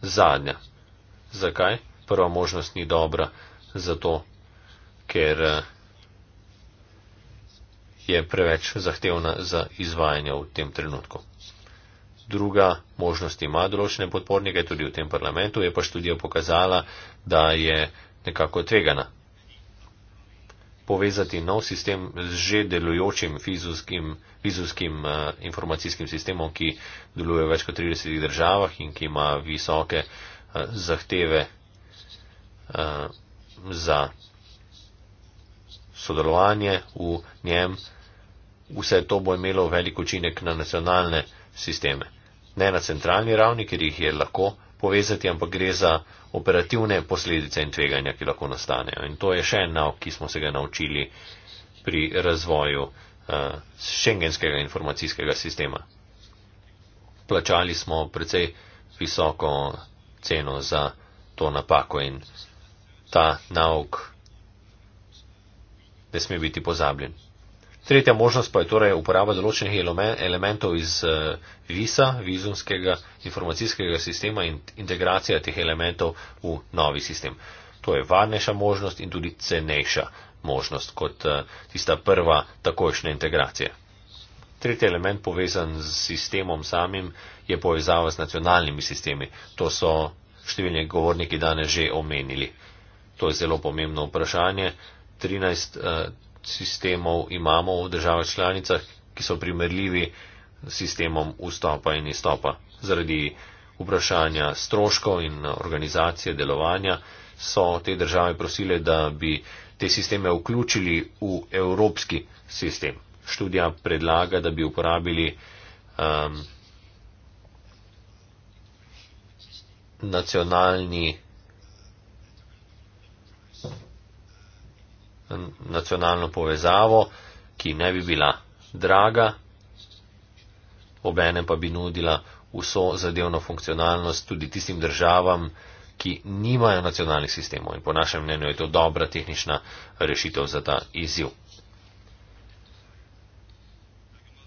zadnja. Zakaj? Prva možnost ni dobra, zato ker eh, je preveč zahtevna za izvajanje v tem trenutku druga možnost ima določene podpornike, tudi v tem parlamentu je pa študija pokazala, da je nekako tvegana povezati nov sistem z že delujočim fizuskim, fizuskim uh, eh, informacijskim sistemom, ki deluje v več kot 30 državah in ki ima visoke uh, zahteve uh, za sodelovanje v njem. Vse to bo imelo velik učinek na nacionalne sisteme ne na centralni ravni, ker jih je lahko povezati, ampak gre za operativne posledice in tveganja, ki lahko nastanejo. In to je še en nauk, ki smo se ga naučili pri razvoju uh, šengenskega informacijskega sistema. Plačali smo precej visoko ceno za to napako in ta nauk ne sme biti pozabljen. Tretja možnost pa je torej uporaba določenih elementov iz eh, visa, vizumskega informacijskega sistema in integracija teh elementov v novi sistem. To je varnejša možnost in tudi cenejša možnost kot eh, tista prva takojšnja integracija. Tretji element povezan z sistemom samim je povezava z nacionalnimi sistemi. To so številni govorniki danes že omenili. To je zelo pomembno vprašanje. 13, sistemov imamo v državah članicah, ki so primerljivi s sistemom vstopa in izstopa. Zaradi vprašanja stroškov in organizacije delovanja so te države prosile, da bi te sisteme vključili v evropski sistem. Študija predlaga, da bi uporabili um, nacionalni nacionalno povezavo, ki ne bi bila draga, obenem pa bi nudila vso zadevno funkcionalnost tudi tistim državam, ki nimajo nacionalnih sistemov. In po našem mnenju je to dobra tehnična rešitev za ta izziv.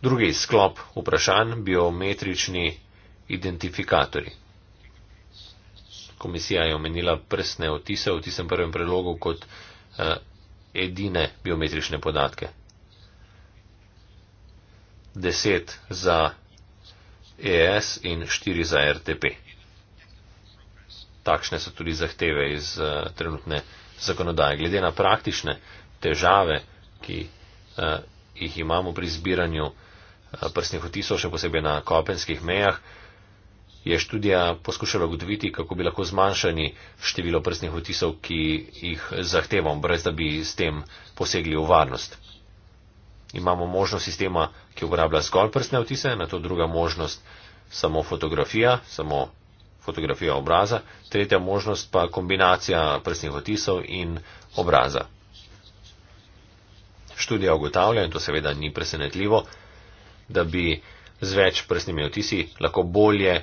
Drugi sklop vprašanj - biometrični identifikatori. Komisija je omenila prstne otise v tistem prvem predlogu kot eh, edine biometrične podatke. Deset za ES in štiri za RTP. Takšne so tudi zahteve iz eh, trenutne zakonodaje. Glede na praktične težave, ki eh, jih imamo pri zbiranju eh, prstnih otisov, še posebej na kopenskih mejah, je študija poskušala ugotoviti, kako bi lahko zmanjšali število prstnih otisov, ki jih zahtevamo, brez da bi s tem posegli v varnost. Imamo možnost sistema, ki uporablja zgolj prstne otise, na to druga možnost samo fotografija, samo fotografija obraza, tretja možnost pa kombinacija prstnih otisov in obraza. Študija ugotavlja, in to seveda ni presenetljivo, da bi z več prstnimi otisi lahko bolje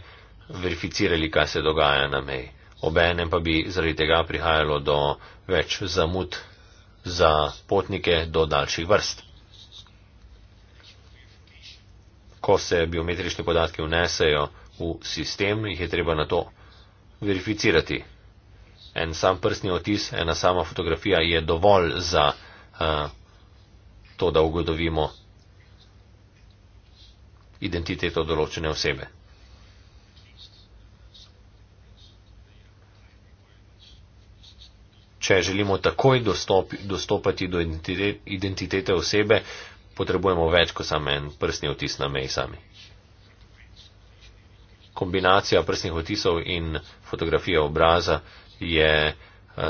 verificirali, kaj se dogaja na meji. Obenem pa bi zaradi tega prihajalo do več zamud za potnike do daljših vrst. Ko se biometrični podatki vnesejo v sistem, jih je treba na to verificirati. En sam prstni otis, ena sama fotografija je dovolj za uh, to, da ugodovimo identiteto določene osebe. če želimo takoj dostop, dostopati do identitete osebe, potrebujemo več kot samo en prsni otis na meji sami. Kombinacija prsnih otisov in fotografija obraza je eh,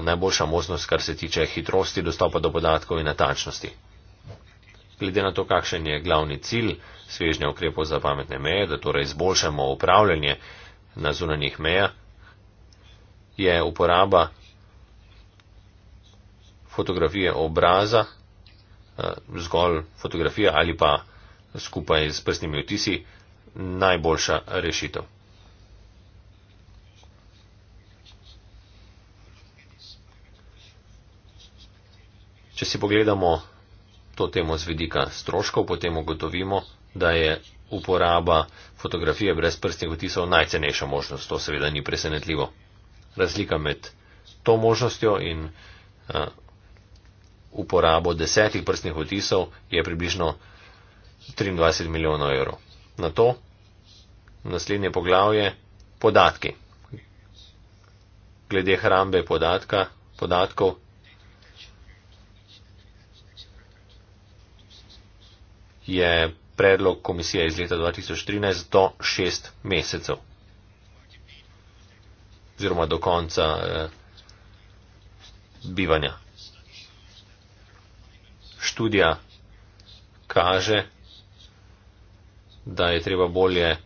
najboljša možnost, kar se tiče hitrosti dostopa do podatkov in natačnosti. Glede na to, kakšen je glavni cilj svežnja ukrepov za pametne meje, da torej izboljšamo upravljanje na zunanjih meja, je uporaba fotografije obraza, eh, zgolj fotografija ali pa skupaj z prstnimi vtisi najboljša rešitev. Če si pogledamo to temo z vidika stroškov, potem ugotovimo, da je uporaba fotografije brez prstnih vtisov najcenejša možnost. To seveda ni presenetljivo. Razlika med to možnostjo in eh, uporabo desetih prstnih otisov je približno 23 milijonov evrov. Na to naslednje poglavje podatki. Glede hrambe podatka, podatkov. je predlog komisije iz leta 2013 do 6 mesecev oziroma do konca eh, bivanja študija kaže, da je treba bolje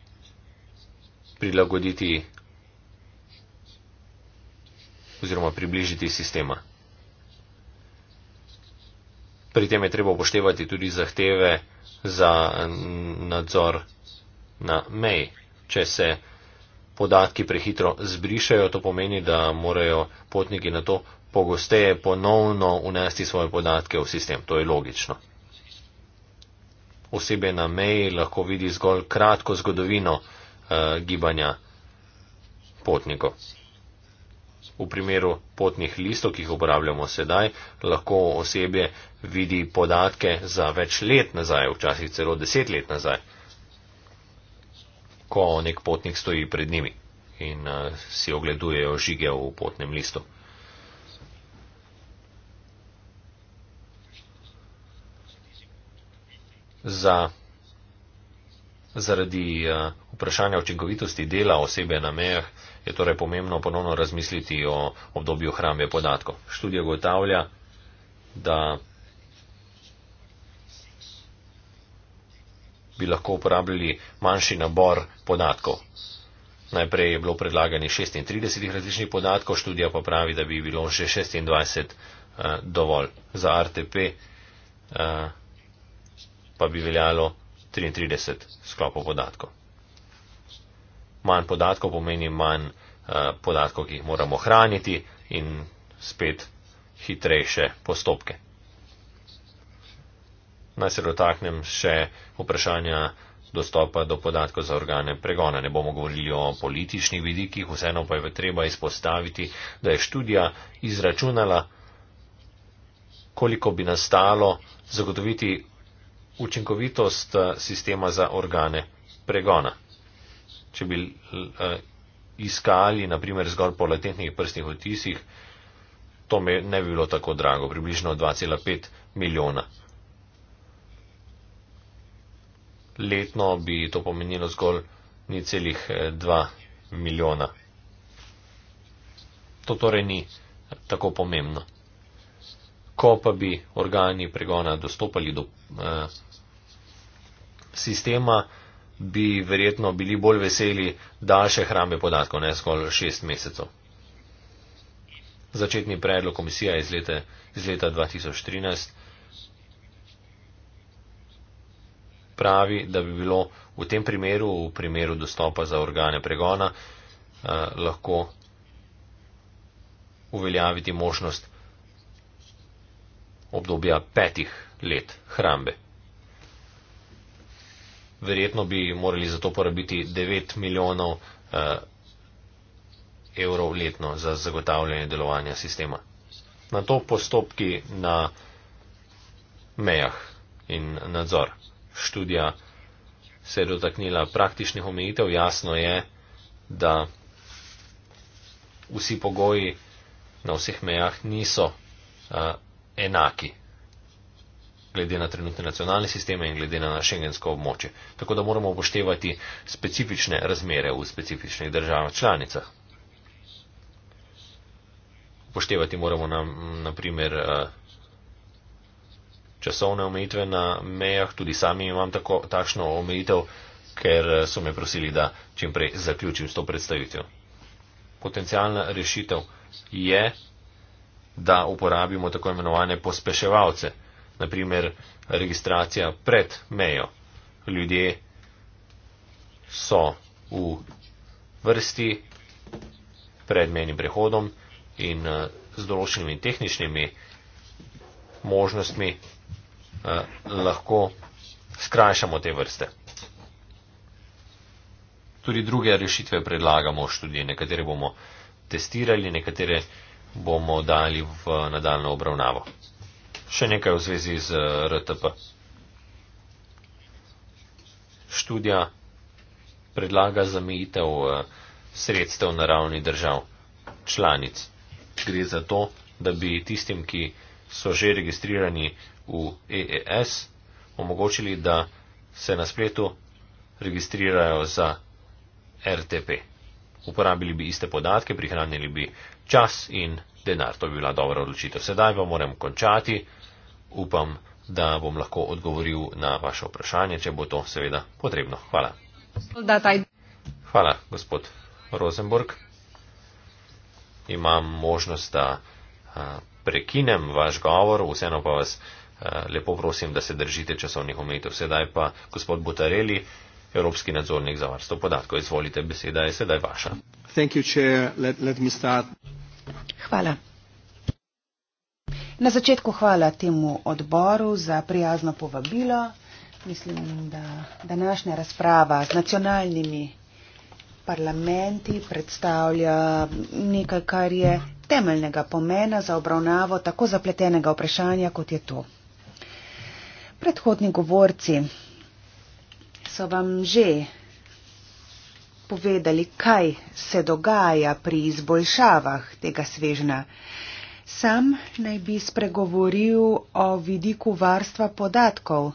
prilagoditi oziroma približiti sistema. Pri tem je treba upoštevati tudi zahteve za nadzor na meji. Če se podatki prehitro zbrišajo, to pomeni, da morajo potniki na to pogosteje ponovno unesti svoje podatke v sistem. To je logično. Osebe na meji lahko vidi zgolj kratko zgodovino uh, gibanja potnikov. V primeru potnih listov, ki jih uporabljamo sedaj, lahko osebe vidi podatke za več let nazaj, včasih celo deset let nazaj ko nek potnik stoji pred njimi in uh, si ogledujejo žige v potnem listu. Za, zaradi uh, vprašanja očinkovitosti dela osebe na mejah je torej pomembno ponovno razmisliti o obdobju hrambe podatkov. Študija gotavlja, da bi lahko uporabljali manjši nabor podatkov. Najprej je bilo predlagani 36 različnih podatkov, študija pa pravi, da bi bilo še 26 uh, eh, dovolj. Za RTP uh, eh, pa bi veljalo 33 sklopov podatkov. Manj podatkov pomeni manj uh, podatkov, ki jih moramo hraniti in spet hitrejše postopke naj se dotaknem še vprašanja dostopa do podatkov za organe pregona. Ne bomo govorili o političnih vidikih, vseeno pa je treba izpostaviti, da je študija izračunala, koliko bi nastalo zagotoviti učinkovitost eh, sistema za organe pregona. Če bi eh, iskali, naprimer, zgolj po latentnih prstnih otisih, to me ne bi bilo tako drago, približno 2,5 milijona. letno bi to pomenilo zgolj 0,2 eh, milijona. To torej ni tako pomembno. Ko pa bi organi pregona dostopali do eh, sistema, bi verjetno bili bolj veseli daljše hrambe podatkov, ne skolj šest mesecev. Začetni predlog komisija iz, lete, iz leta 2013 pravi, da bi bilo v tem primeru, v primeru dostopa za organe pregona, eh, lahko uveljaviti možnost obdobja petih let hrambe. Verjetno bi morali za to porabiti 9 milijonov eh, evrov letno za zagotavljanje delovanja sistema. Na to postopki na mejah in nadzor študija se je dotaknila praktičnih omejitev, jasno je, da vsi pogoji na vseh mejah niso uh, enaki glede na trenutne nacionalne sisteme in glede na šengensko območje. Tako da moramo upoštevati specifične razmere v specifičnih državah članicah. Upoštevati moramo nam, naprimer, uh, časovne omejitve na mejah, tudi sami imam tako, takšno omejitev, ker eh, so me prosili, da čim prej zaključim s to predstavitev. Potencijalna rešitev je, da uporabimo tako imenovane pospeševalce, naprimer registracija pred mejo. Ljudje so v vrsti pred menim prehodom in eh, z določenimi tehničnimi možnostmi Eh, lahko skrajšamo te vrste. Tudi druge rešitve predlagamo v študiji. Nekatere bomo testirali, nekatere bomo dali v nadaljno obravnavo. Še nekaj v zvezi z eh, RTP. Študija predlaga zamejitev eh, sredstev na ravni držav članic. Gre za to, da bi tistim, ki so že registrirani v EES, omogočili, da se na spletu registrirajo za RTP. Uporabili bi iste podatke, prihranili bi čas in denar. To bi bila dobra odločitev. Sedaj pa moram končati. Upam, da bom lahko odgovoril na vaše vprašanje, če bo to seveda potrebno. Hvala. Hvala, gospod Rosenborg. Imam možnost, da. A, prekinem vaš govor, vseeno pa vas eh, lepo prosim, da se držite časovnih omejitev. Sedaj pa gospod Butareli, Evropski nadzornik za varstvo podatkov. Izvolite, beseda je sedaj vaša. You, let, let hvala. Na začetku hvala temu odboru za prijazno povabilo. Mislim, da današnja razprava z nacionalnimi parlamenti predstavlja nekaj, kar je temeljnega pomena za obravnavo tako zapletenega vprašanja, kot je to. Predhodni govorci so vam že povedali, kaj se dogaja pri izboljšavah tega svežna. Sam naj bi spregovoril o vidiku varstva podatkov,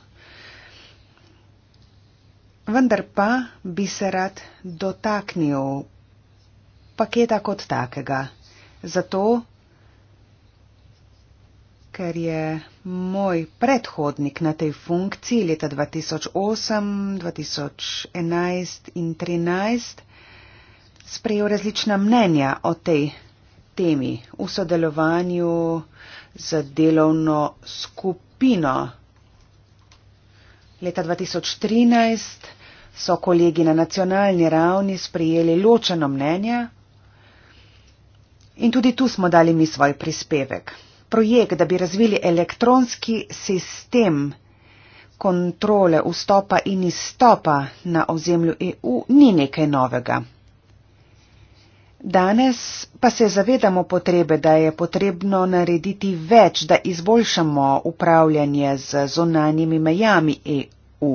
vendar pa bi se rad dotaknil paketa kot takega zato, ker je moj predhodnik na tej funkciji leta 2008, 2011 in 2013 sprejel različna mnenja o tej temi v sodelovanju z delovno skupino. Leta 2013 so kolegi na nacionalni ravni sprejeli ločeno mnenje In tudi tu smo dali mi svoj prispevek. Projekt, da bi razvili elektronski sistem kontrole vstopa in izstopa na ozemlju EU, ni nekaj novega. Danes pa se zavedamo potrebe, da je potrebno narediti več, da izboljšamo upravljanje z zonanjimi mejami EU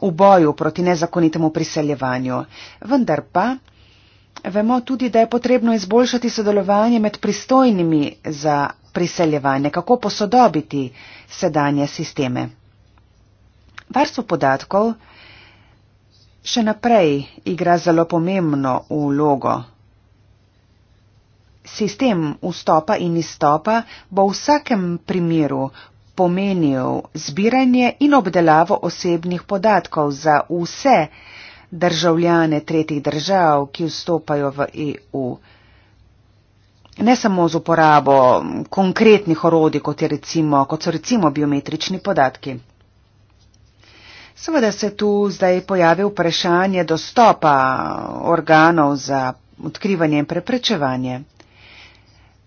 v boju proti nezakonitemu priseljevanju. Vendar pa Vemo tudi, da je potrebno izboljšati sodelovanje med pristojnimi za priseljevanje, kako posodobiti sedanje sisteme. Varstvo podatkov še naprej igra zelo pomembno vlogo. Sistem vstopa in izstopa bo v vsakem primeru pomenil zbiranje in obdelavo osebnih podatkov za vse, državljane tretjih držav, ki vstopajo v EU. Ne samo z uporabo konkretnih orodij, kot, je recimo, kot so recimo biometrični podatki. Seveda se tu zdaj pojavi vprašanje dostopa organov za odkrivanje in preprečevanje.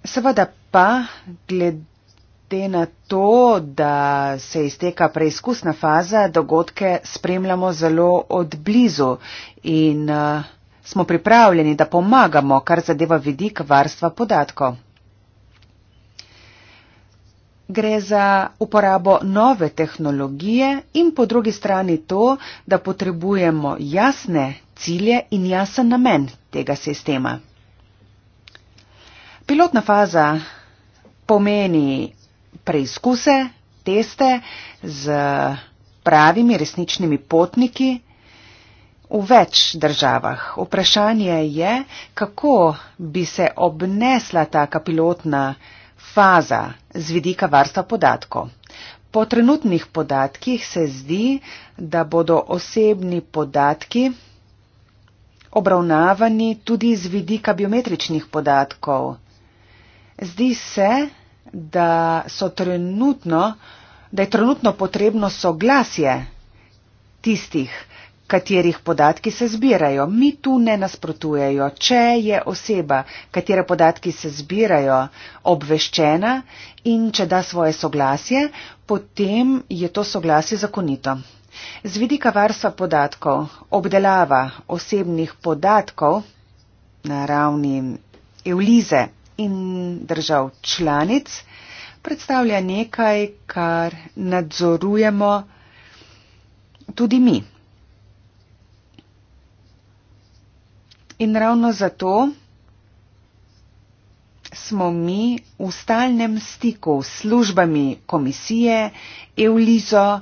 Seveda pa glede glede na to, da se izteka preizkusna faza, dogodke spremljamo zelo od blizu in uh, smo pripravljeni, da pomagamo, kar zadeva vidik varstva podatkov. Gre za uporabo nove tehnologije in po drugi strani to, da potrebujemo jasne cilje in jasen namen tega sistema. Pilotna faza pomeni preizkuse, teste z pravimi resničnimi potniki v več državah. Vprašanje je, kako bi se obnesla taka pilotna faza z vidika varstva podatkov. Po trenutnih podatkih se zdi, da bodo osebni podatki obravnavani tudi z vidika biometričnih podatkov. Zdi se, da, trenutno, da je trenutno potrebno soglasje tistih, katerih podatki se zbirajo. Mi tu ne nasprotujejo. Če je oseba, katere podatki se zbirajo, obveščena in če da svoje soglasje, potem je to soglasje zakonito. Z vidika varstva podatkov, obdelava osebnih podatkov na ravni Eulize in držav članic predstavlja nekaj, kar nadzorujemo tudi mi. In ravno zato smo mi v stalnem stiku s službami komisije, EULIZO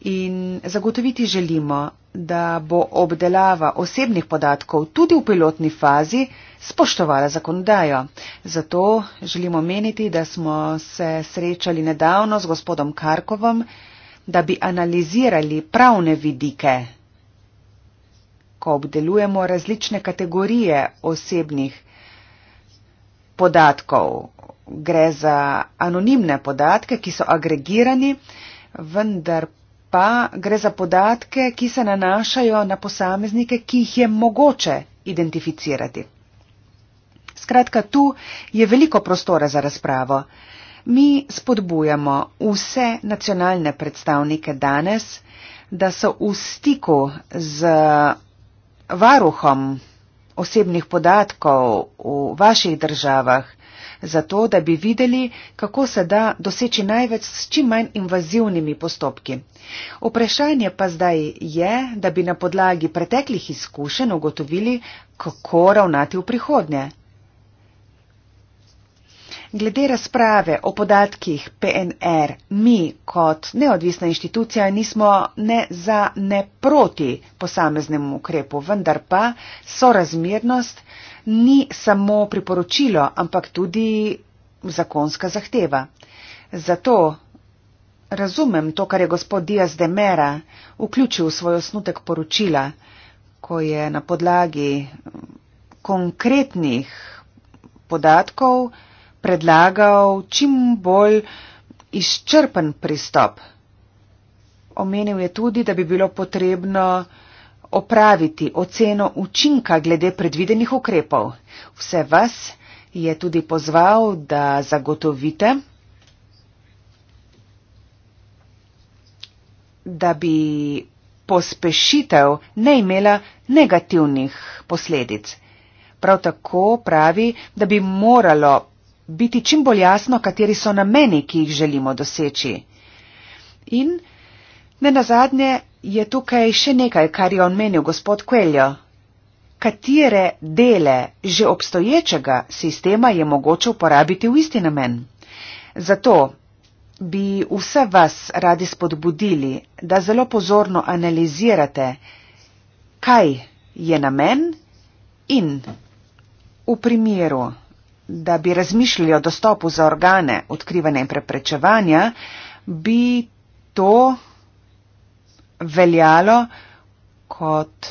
in zagotoviti želimo, da bo obdelava osebnih podatkov tudi v pilotni fazi spoštovala zakonodajo. Zato želimo meniti, da smo se srečali nedavno z gospodom Karkovom, da bi analizirali pravne vidike, ko obdelujemo različne kategorije osebnih podatkov. Gre za anonimne podatke, ki so agregirani, vendar pa gre za podatke, ki se nanašajo na posameznike, ki jih je mogoče identificirati. Skratka, tu je veliko prostora za razpravo. Mi spodbujamo vse nacionalne predstavnike danes, da so v stiku z varuhom osebnih podatkov v vaših državah, zato da bi videli, kako se da doseči največ s čim manj invazivnimi postopki. Vprašanje pa zdaj je, da bi na podlagi preteklih izkušenj ugotovili, kako ravnati v prihodnje. Glede razprave o podatkih PNR, mi kot neodvisna inštitucija nismo ne za ne proti posameznemu ukrepu, vendar pa sorazmernost ni samo priporočilo, ampak tudi zakonska zahteva. Zato razumem to, kar je gospod Diaz de Mera vključil v svoj osnutek poročila, ko je na podlagi mm, konkretnih podatkov, predlagal čim bolj izčrpen pristop. Omenil je tudi, da bi bilo potrebno opraviti oceno učinka glede predvidenih ukrepov. Vse vas je tudi pozval, da zagotovite, da bi pospešitev ne imela negativnih posledic. Prav tako pravi, da bi moralo biti čim bolj jasno, kateri so nameni, ki jih želimo doseči. In ne nazadnje je tukaj še nekaj, kar je omenil gospod Kueljo. Katere dele že obstoječega sistema je mogoče uporabiti v isti namen? Zato bi vse vas radi spodbudili, da zelo pozorno analizirate, kaj je namen in v primeru da bi razmišljali o dostopu za organe odkrivanja in preprečevanja, bi to veljalo kot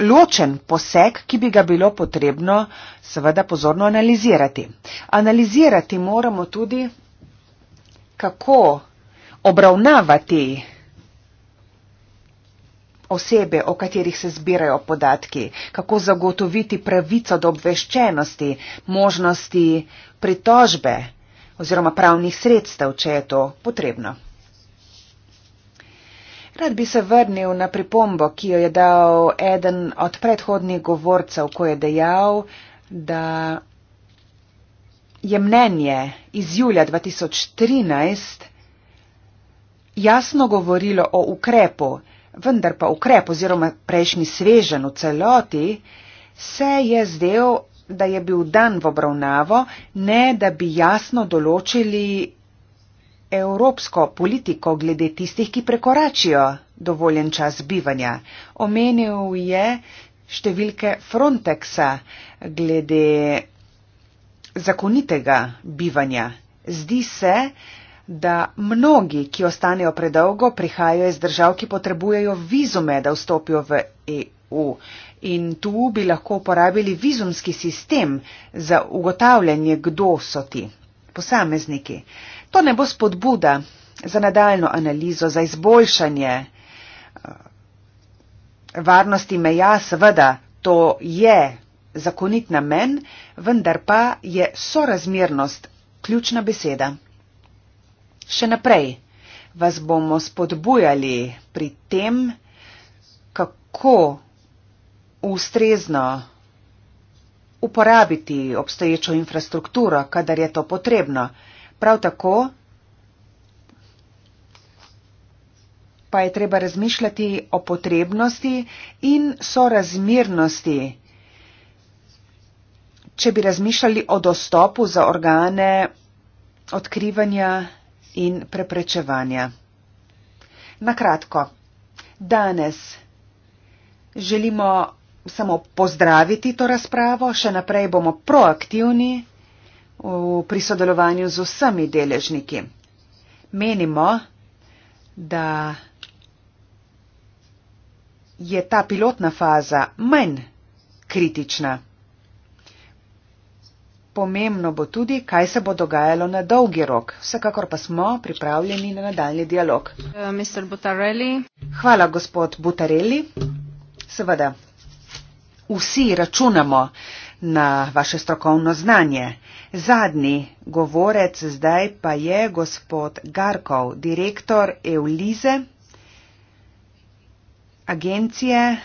ločen poseg, ki bi ga bilo potrebno seveda pozorno analizirati. Analizirati moramo tudi, kako obravnavati osebe, o katerih se zbirajo podatki, kako zagotoviti pravico do obveščenosti, možnosti pritožbe oziroma pravnih sredstev, če je to potrebno. Rad bi se vrnil na pripombo, ki jo je dal eden od predhodnih govorcev, ko je dejal, da je mnenje iz julija 2013 jasno govorilo o ukrepu, vendar pa ukrep oziroma prejšnji svežen v celoti se je zdel, da je bil dan v obravnavo, ne da bi jasno določili evropsko politiko glede tistih, ki prekoračijo dovoljen čas bivanja. Omenil je številke Frontexa glede zakonitega bivanja. Zdi se, da mnogi, ki ostanejo predolgo, prihajajo iz držav, ki potrebujejo vizume, da vstopijo v EU. In tu bi lahko uporabili vizumski sistem za ugotavljanje, kdo so ti posamezniki. To ne bo spodbuda za nadaljno analizo, za izboljšanje eh, varnosti meja, seveda to je zakonit namen, vendar pa je sorazmernost ključna beseda še naprej. Vas bomo spodbujali pri tem, kako ustrezno uporabiti obstoječo infrastrukturo, kadar je to potrebno. Prav tako pa je treba razmišljati o potrebnosti in sorazmirnosti. Če bi razmišljali o dostopu za organe odkrivanja, in preprečevanja. Na kratko, danes želimo samo pozdraviti to razpravo, še naprej bomo proaktivni v, pri sodelovanju z vsemi deležniki. Menimo, da je ta pilotna faza manj kritična. Pomembno bo tudi, kaj se bo dogajalo na dolgi rok. Vsekakor pa smo pripravljeni na nadaljni dialog. Eh, Hvala, gospod Butarelli. Seveda, vsi računamo na vaše strokovno znanje. Zadnji govorec zdaj pa je gospod Garkov, direktor Eulize, agencije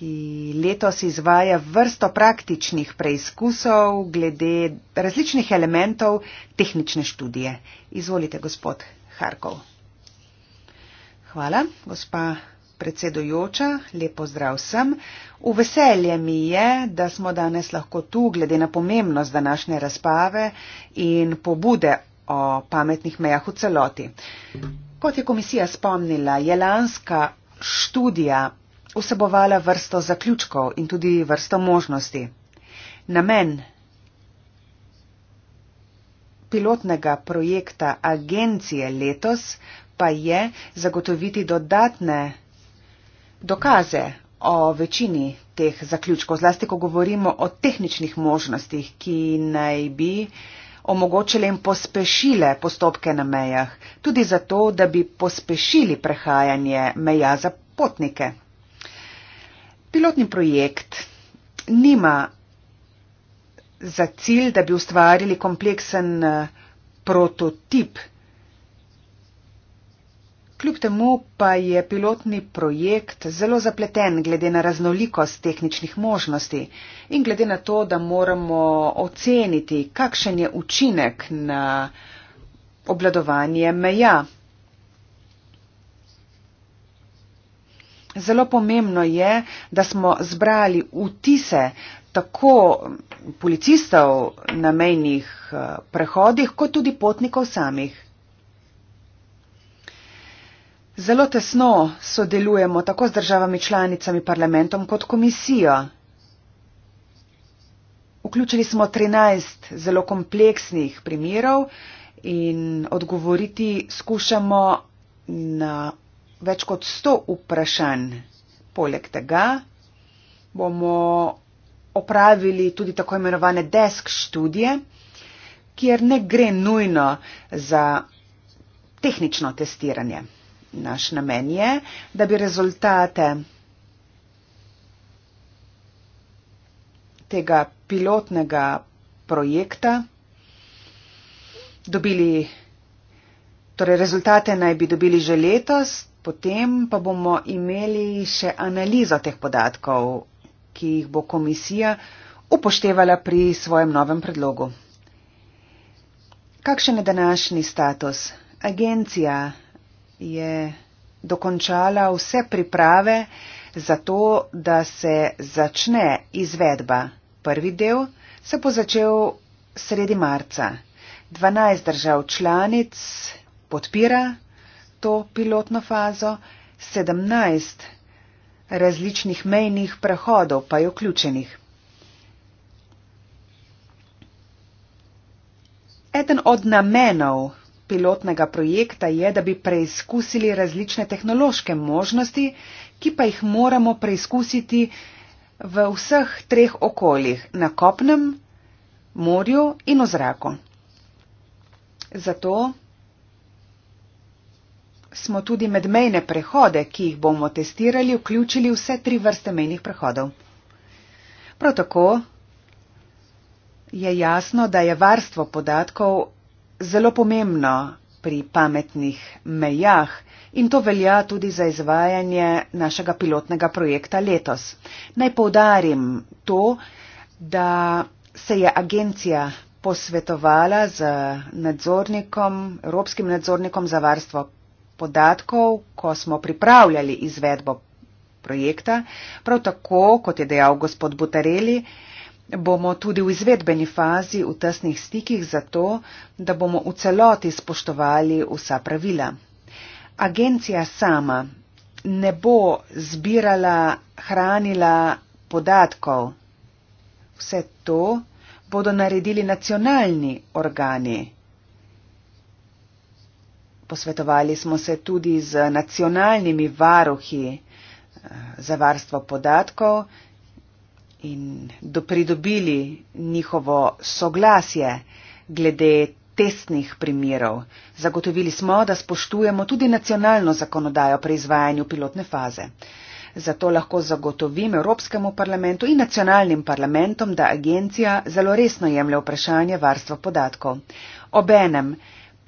ki letos izvaja vrsto praktičnih preizkusov glede različnih elementov tehnične študije. Izvolite, gospod Harkov. Hvala, gospa predsedojoča, lepo zdrav sem. V veselje mi je, da smo danes lahko tu, glede na pomembnost današnje razprave in pobude o pametnih mejah v celoti. Kot je komisija spomnila, je lanska študija vsebovala vrsto zaključkov in tudi vrsto možnosti. Namen pilotnega projekta agencije letos pa je zagotoviti dodatne dokaze o večini teh zaključkov, zlasti ko govorimo o tehničnih možnostih, ki naj bi omogočile in pospešile postopke na mejah, tudi zato, da bi pospešili prehajanje meja za potnike. Pilotni projekt nima za cilj, da bi ustvarili kompleksen eh, prototip. Kljub temu pa je pilotni projekt zelo zapleten glede na raznolikost tehničnih možnosti in glede na to, da moramo oceniti, kakšen je učinek na obladovanje meja. Zelo pomembno je, da smo zbrali vtise tako policistov na mejnih eh, prehodih, kot tudi potnikov samih. Zelo tesno sodelujemo tako z državami članicami, parlamentom kot komisijo. Vključili smo 13 zelo kompleksnih primerov in odgovoriti skušamo na več kot 100 vprašanj. Poleg tega bomo opravili tudi tako imenovane desk študije, kjer ne gre nujno za tehnično testiranje. Naš namen je, da bi rezultate tega pilotnega projekta dobili, torej rezultate naj bi dobili že letos, Potem pa bomo imeli še analizo teh podatkov, ki jih bo komisija upoštevala pri svojem novem predlogu. Kakšen je današnji status? Agencija je dokončala vse priprave za to, da se začne izvedba. Prvi del se bo začel sredi marca. 12 držav članic podpira to pilotno fazo, 17 različnih mejnih prehodov pa je vključenih. Eden od namenov pilotnega projekta je, da bi preizkusili različne tehnološke možnosti, ki pa jih moramo preizkusiti v vseh treh okoljih - na kopnem, morju in v zraku. Zato smo tudi medmejne prehode, ki jih bomo testirali, vključili vse tri vrste mejnih prehodov. Prav tako je jasno, da je varstvo podatkov zelo pomembno pri pametnih mejah in to velja tudi za izvajanje našega pilotnega projekta letos. Naj poudarim to, da se je agencija posvetovala z nadzornikom, Evropskim nadzornikom za varstvo podatkov, ko smo pripravljali izvedbo projekta. Prav tako, kot je dejal gospod Butareli, bomo tudi v izvedbeni fazi v tesnih stikih zato, da bomo v celoti spoštovali vsa pravila. Agencija sama ne bo zbirala, hranila podatkov. Vse to bodo naredili nacionalni organi. Posvetovali smo se tudi z nacionalnimi varuhi eh, za varstvo podatkov in dopridobili njihovo soglasje glede testnih primerov. Zagotovili smo, da spoštujemo tudi nacionalno zakonodajo pri izvajanju pilotne faze. Zato lahko zagotovim Evropskemu parlamentu in nacionalnim parlamentom, da agencija zelo resno jemlje vprašanje varstva podatkov. Obenem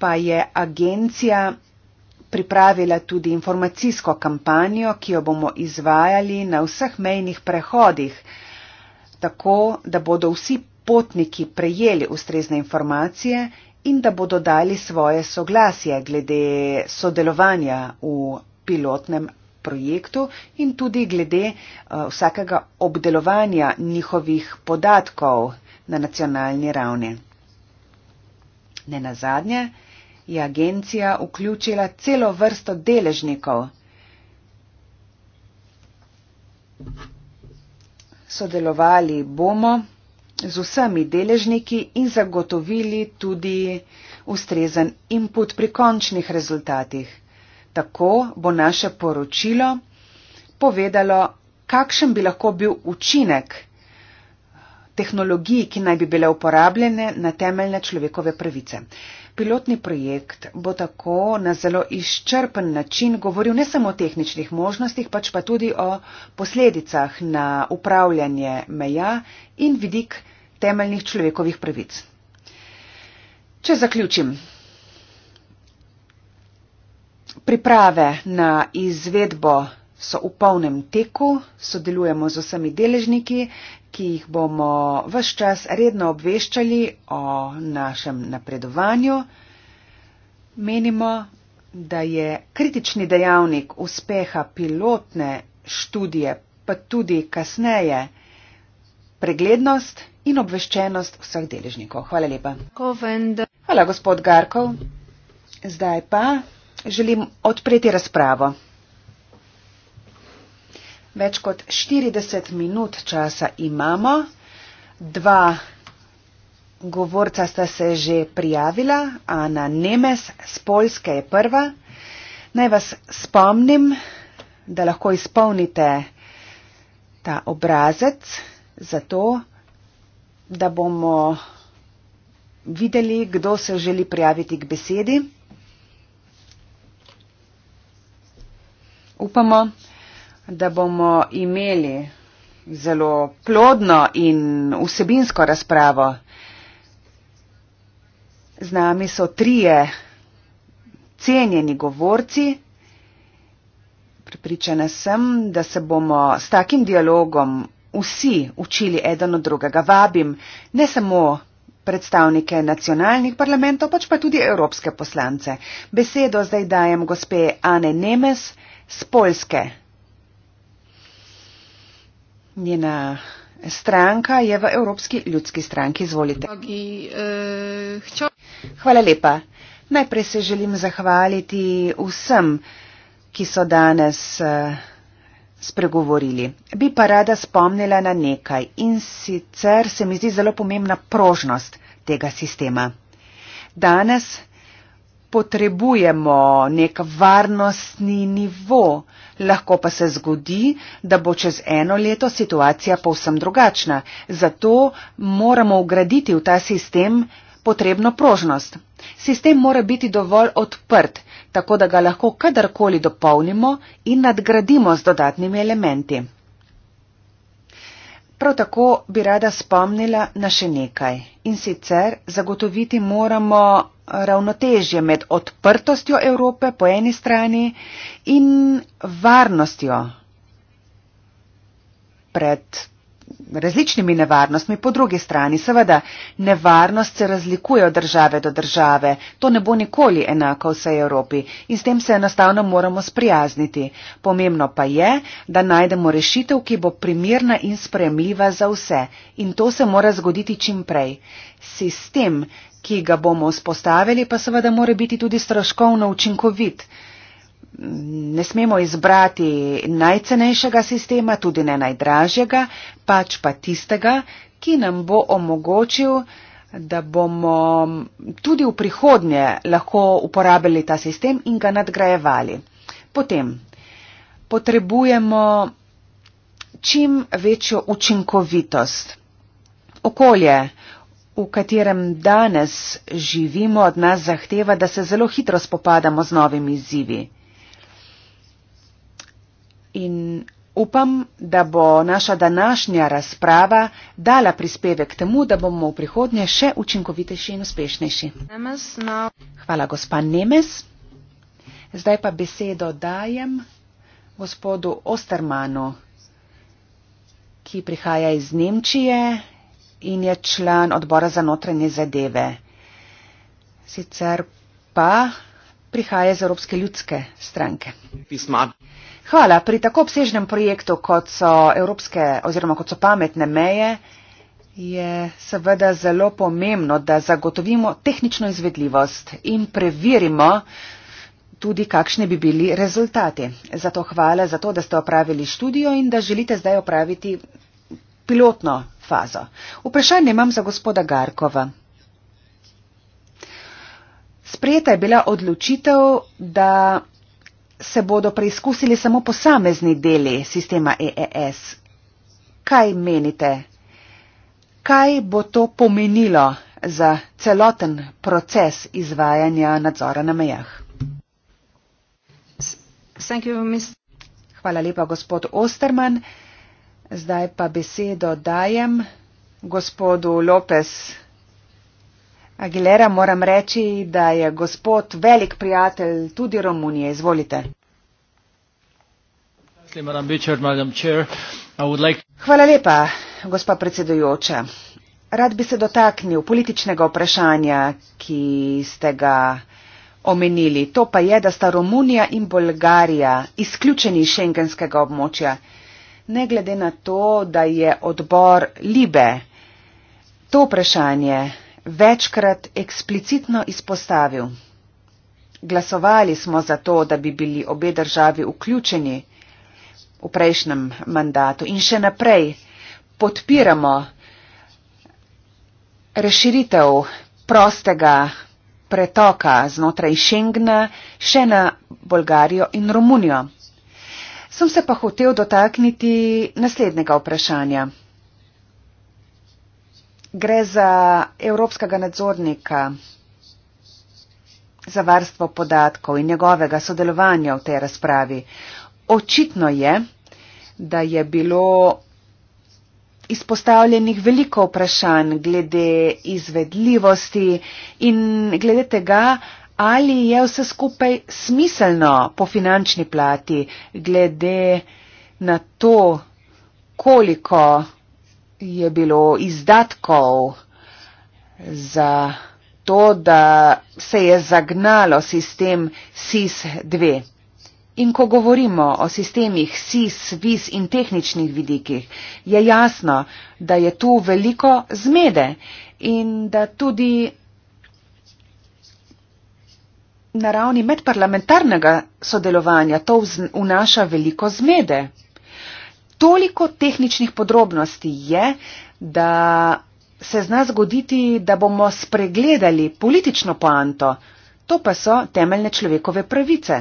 pa je agencija pripravila tudi informacijsko kampanjo, ki jo bomo izvajali na vseh mejnih prehodih, tako da bodo vsi potniki prejeli ustrezne informacije in da bodo dali svoje soglasje glede sodelovanja v pilotnem projektu in tudi glede eh, vsakega obdelovanja njihovih podatkov na nacionalni ravni. Ne nazadnje, je agencija vključila celo vrsto deležnikov. Sodelovali bomo z vsemi deležniki in zagotovili tudi ustrezen input pri končnih rezultatih. Tako bo naše poročilo povedalo, kakšen bi lahko bil učinek tehnologij, ki naj bi bile uporabljene na temeljne človekove pravice. Pilotni projekt bo tako na zelo izčrpen način govoril ne samo o tehničnih možnostih, pač pa tudi o posledicah na upravljanje meja in vidik temeljnih človekovih pravic. Če zaključim. Priprave na izvedbo so v polnem teku, sodelujemo z vsemi deležniki, ki jih bomo vse čas redno obveščali o našem napredovanju. Menimo, da je kritični dejavnik uspeha pilotne študije, pa tudi kasneje, preglednost in obveščenost vseh deležnikov. Hvala lepa. Hvala, gospod Garkov. Zdaj pa želim odpreti razpravo več kot 40 minut časa imamo. Dva govorca sta se že prijavila, Ana Nemes z Poljske je prva. Naj vas spomnim, da lahko izpolnite ta obrazec, zato da bomo videli, kdo se želi prijaviti k besedi. Upamo, da bomo imeli zelo plodno in vsebinsko razpravo. Z nami so trije cenjeni govorci. Pričana sem, da se bomo s takim dialogom vsi učili eden od drugega. Vabim ne samo predstavnike nacionalnih parlamentov, pač pa tudi evropske poslance. Besedo zdaj dajem gospe Ane Nemes z Poljske. Njena stranka je v Evropski ljudski stranki. Izvolite. Eh, Hvala lepa. Najprej se želim zahvaliti vsem, ki so danes eh, spregovorili. Bi pa rada spomnila na nekaj in sicer se mi zdi zelo pomembna prožnost tega sistema. Danes potrebujemo nek varnostni nivo, lahko pa se zgodi, da bo čez eno leto situacija povsem drugačna. Zato moramo ugraditi v ta sistem potrebno prožnost. Sistem mora biti dovolj odprt, tako da ga lahko kadarkoli dopolnimo in nadgradimo z dodatnimi elementi. Prav tako bi rada spomnila na še nekaj. In sicer zagotoviti moramo ravnotežje med odprtostjo Evrope po eni strani in varnostjo pred različnimi nevarnostmi. Po drugi strani, seveda, nevarnost se razlikuje od države do države. To ne bo nikoli enako v vsej Evropi in s tem se enostavno moramo sprijazniti. Pomembno pa je, da najdemo rešitev, ki bo primirna in sprejemljiva za vse. In to se mora zgoditi čim prej. Sistem, ki ga bomo vzpostavili, pa seveda mora biti tudi stroškovno učinkovit ne smemo izbrati najcenejšega sistema, tudi ne najdražjega, pač pa tistega, ki nam bo omogočil, da bomo tudi v prihodnje lahko uporabljali ta sistem in ga nadgrajevali. Potem potrebujemo čim večjo učinkovitost. Okolje, v katerem danes živimo, od nas zahteva, da se zelo hitro spopadamo z novimi izzivi in upam, da bo naša današnja razprava dala prispevek k temu, da bomo v prihodnje še učinkovitejši in uspešnejši. No. Hvala, gospa Nemes. Zdaj pa besedo dajem gospodu Ostermanu, ki prihaja iz Nemčije in je član odbora za notranje zadeve. Sicer pa prihaja iz Evropske ljudske stranke. Pismar. Hvala. Pri tako obsežnem projektu, kot so evropske oziroma kot so pametne meje, je seveda zelo pomembno, da zagotovimo tehnično izvedljivost in preverimo tudi, kakšne bi bili rezultati. Zato hvala za to, da ste opravili študijo in da želite zdaj opraviti pilotno fazo. Vprašanje imam za gospoda Garkova. Sprejeta je bila odločitev, da se bodo preizkusili samo posamezni deli sistema EES. Kaj menite? Kaj bo to pomenilo za celoten proces izvajanja nadzora na mejah? Hvala lepa, gospod Osterman. Zdaj pa besedo dajem gospodu Lopez. Aguilera, moram reči, da je gospod velik prijatelj tudi Romunije. Izvolite. Hvala lepa, gospa predsedujoča. Rad bi se dotaknil političnega vprašanja, ki ste ga omenili. To pa je, da sta Romunija in Bolgarija izključeni iz šengenskega območja. Ne glede na to, da je odbor Libe to vprašanje večkrat eksplicitno izpostavil. Glasovali smo za to, da bi bili obe državi vključeni v prejšnjem mandatu in še naprej podpiramo reširitev prostega pretoka znotraj Schengna še na Bolgarijo in Romunijo. Sem se pa hotel dotakniti naslednjega vprašanja gre za evropskega nadzornika za varstvo podatkov in njegovega sodelovanja v tej razpravi. Očitno je, da je bilo izpostavljenih veliko vprašanj glede izvedljivosti in glede tega, ali je vse skupaj smiselno po finančni plati glede na to, koliko je bilo izdatkov za to, da se je zagnalo sistem SIS-2. In ko govorimo o sistemih SIS, VIS in tehničnih vidikih, je jasno, da je tu veliko zmede in da tudi na ravni medparlamentarnega sodelovanja to vnaša veliko zmede toliko tehničnih podrobnosti je, da se zna zgoditi, da bomo spregledali politično poanto. To pa so temeljne človekove pravice.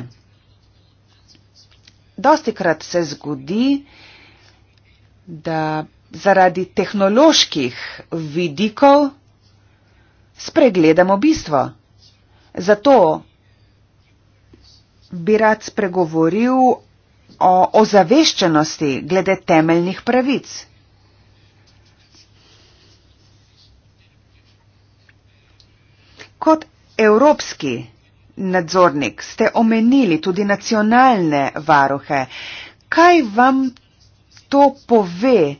Dosti krat se zgodi, da zaradi tehnoloških vidikov spregledamo bistvo. Zato bi rad spregovoril o ozaveščenosti glede temeljnih pravic. Kot evropski nadzornik ste omenili tudi nacionalne varuhe. Kaj vam to pove?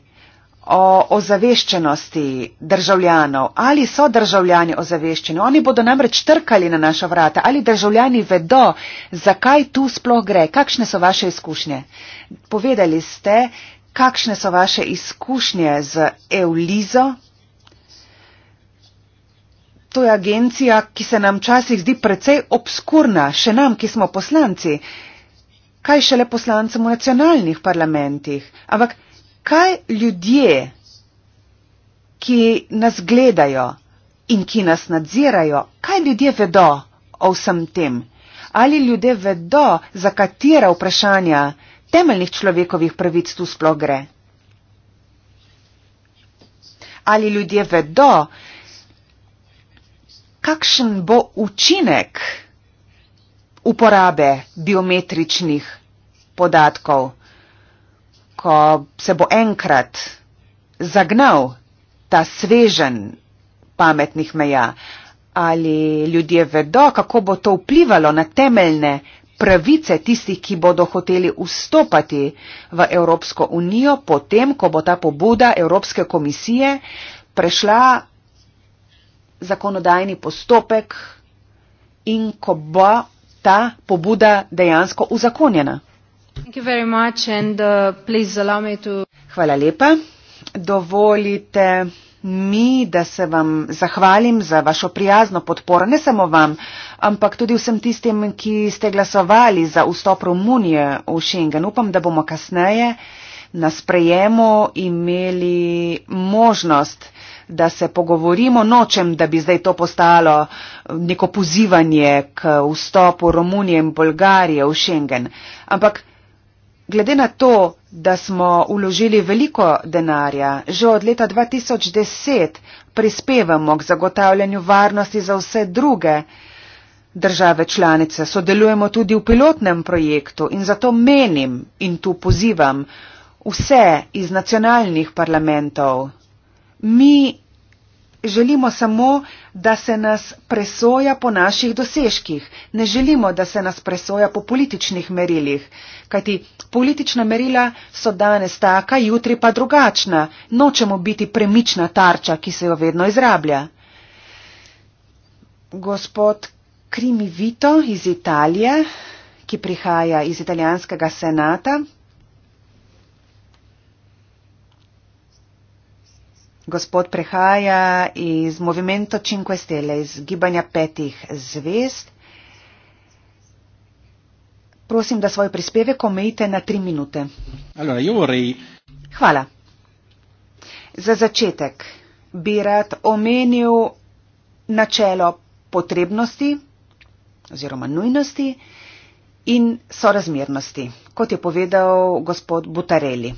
o ozaveščenosti državljanov. Ali so državljani ozaveščeni? Oni bodo namreč trkali na naša vrata. Ali državljani vedo, zakaj tu sploh gre? Kakšne so vaše izkušnje? Povedali ste, kakšne so vaše izkušnje z Eulizo? To je agencija, ki se nam včasih zdi precej obskurna, še nam, ki smo poslanci. Kaj šele poslancem v nacionalnih parlamentih? Ampak kaj ljudje, ki nas gledajo in ki nas nadzirajo, kaj ljudje vedo o vsem tem? Ali ljudje vedo, za katera vprašanja temeljnih človekovih pravic tu sploh gre? Ali ljudje vedo, kakšen bo učinek uporabe biometričnih podatkov? ko se bo enkrat zagnal ta svežen pametnih meja, ali ljudje vedo, kako bo to vplivalo na temeljne pravice tistih, ki bodo hoteli vstopati v Evropsko unijo, potem, ko bo ta pobuda Evropske komisije prešla zakonodajni postopek in ko bo ta pobuda dejansko uzakonjena. Uh, Hvala lepa. Dovolite mi, da se vam zahvalim za vašo prijazno podporo, ne samo vam, ampak tudi vsem tistim, ki ste glasovali za vstop Romunije v Schengen. Upam, da bomo kasneje na sprejemu imeli možnost, da se pogovorimo nočem, da bi zdaj to postalo neko pozivanje k vstopu Romunije in Bolgarije v Schengen. Ampak Glede na to, da smo uložili veliko denarja, že od leta 2010 prispevamo k zagotavljanju varnosti za vse druge države članice, sodelujemo tudi v pilotnem projektu in zato menim in tu pozivam vse iz nacionalnih parlamentov. Mi želimo samo, da se nas presoja po naših dosežkih, ne želimo, da se nas presoja po političnih merilih, kajti Politična merila so danes taka, jutri pa drugačna. Nočemo biti premična tarča, ki se jo vedno izrablja. Gospod Krimi Vito iz Italije, ki prihaja iz italijanskega senata. Gospod prihaja iz Movimento Cinque Stele, iz Gibanja petih zvest. Prosim, da svoj prispevek omejite na tri minute. Allora, vorrei... Hvala. Za začetek bi rad omenil načelo potrebnosti oziroma nujnosti in sorazmernosti, kot je povedal gospod Butareli.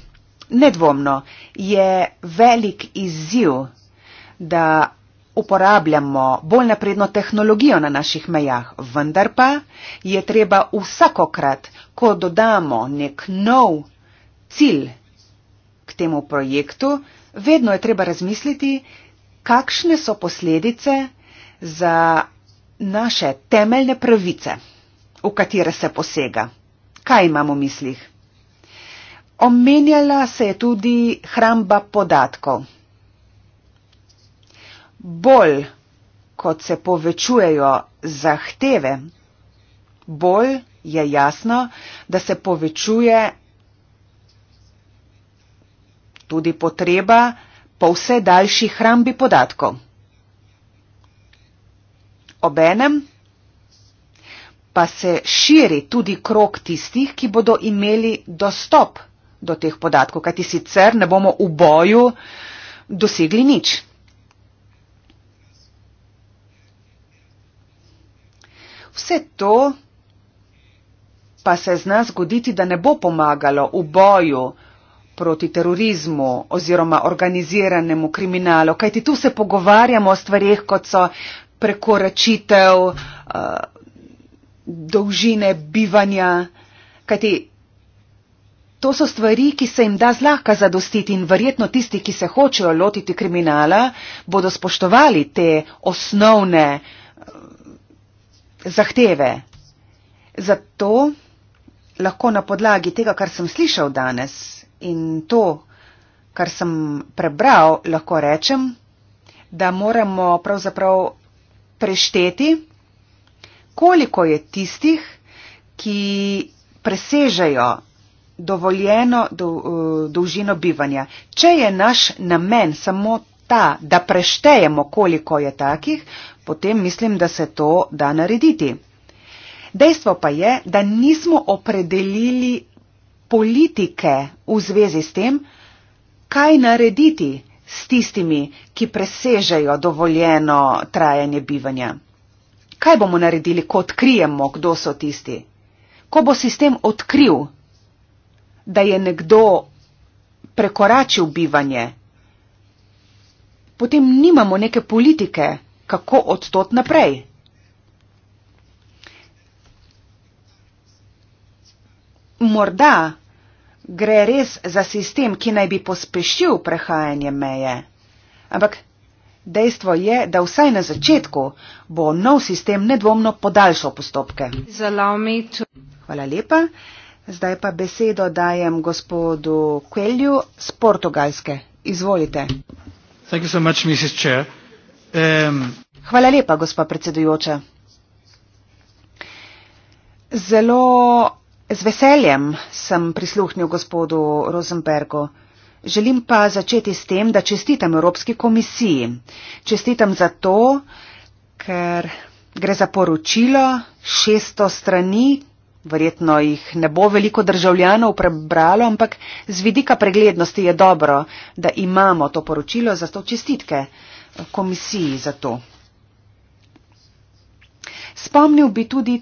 Nedvomno je velik izziv, da uporabljamo bolj napredno tehnologijo na naših mejah, vendar pa je treba vsakokrat, ko dodamo nek nov cilj k temu projektu, vedno je treba razmisliti, kakšne so posledice za naše temeljne pravice, v katere se posega. Kaj imamo v mislih? Omenjala se je tudi hramba podatkov bolj kot se povečujejo zahteve, bolj je jasno, da se povečuje tudi potreba po vse daljši hrambi podatkov. Obenem pa se širi tudi krok tistih, ki bodo imeli dostop do teh podatkov, kajti sicer ne bomo v boju dosegli nič. Vse to pa se zna zgoditi, da ne bo pomagalo v boju proti terorizmu oziroma organiziranemu kriminalu, kajti tu se pogovarjamo o stvarih, kot so prekoračitev uh, dolžine bivanja, kajti to so stvari, ki se jim da zlahka zadostiti in verjetno tisti, ki se hočejo lotiti kriminala, bodo spoštovali te osnovne uh, zahteve. Zato lahko na podlagi tega, kar sem slišal danes in to, kar sem prebral, lahko rečem, da moramo pravzaprav prešteti, koliko je tistih, ki presežejo dovoljeno eh, dolžino bivanja. Če je naš namen samo ta, da preštejemo, koliko je takih, potem mislim, da se to da narediti. Dejstvo pa je, da nismo opredelili politike v zvezi s tem, kaj narediti s tistimi, ki presežejo dovoljeno trajanje bivanja. Kaj bomo naredili, ko odkrijemo, kdo so tisti? Ko bo sistem odkril, da je nekdo prekoračil bivanje, potem nimamo neke politike, kako od tot naprej. Morda gre res za sistem, ki naj bi pospešil prehajanje meje, ampak dejstvo je, da vsaj na začetku bo nov sistem nedvomno podaljšal postopke. Hvala lepa. Zdaj pa besedo dajem gospodu Kuelju z Portugalske. Izvolite. Thank you so much, Mrs. Chair. Um, Hvala lepa, gospa predsedujoča. Zelo z veseljem sem prisluhnil gospodu Rosenbergu. Želim pa začeti s tem, da čestitam Evropski komisiji. Čestitam zato, ker gre za poročilo 600 strani. Verjetno jih ne bo veliko državljanov prebralo, ampak z vidika preglednosti je dobro, da imamo to poročilo, zato čestitke komisiji za to. Spomnil bi tudi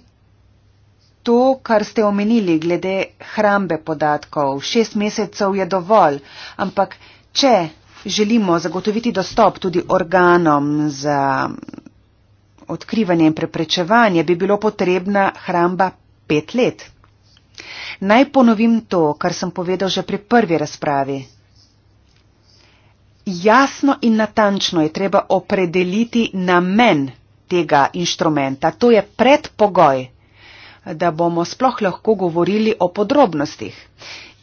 to, kar ste omenili glede hrambe podatkov. Šest mesecev je dovolj, ampak če želimo zagotoviti dostop tudi organom za odkrivanje in preprečevanje, bi bilo potrebna hramba pet let. Naj ponovim to, kar sem povedal že pri prvi razpravi jasno in natančno je treba opredeliti namen tega inštrumenta. To je predpogoj, da bomo sploh lahko govorili o podrobnostih.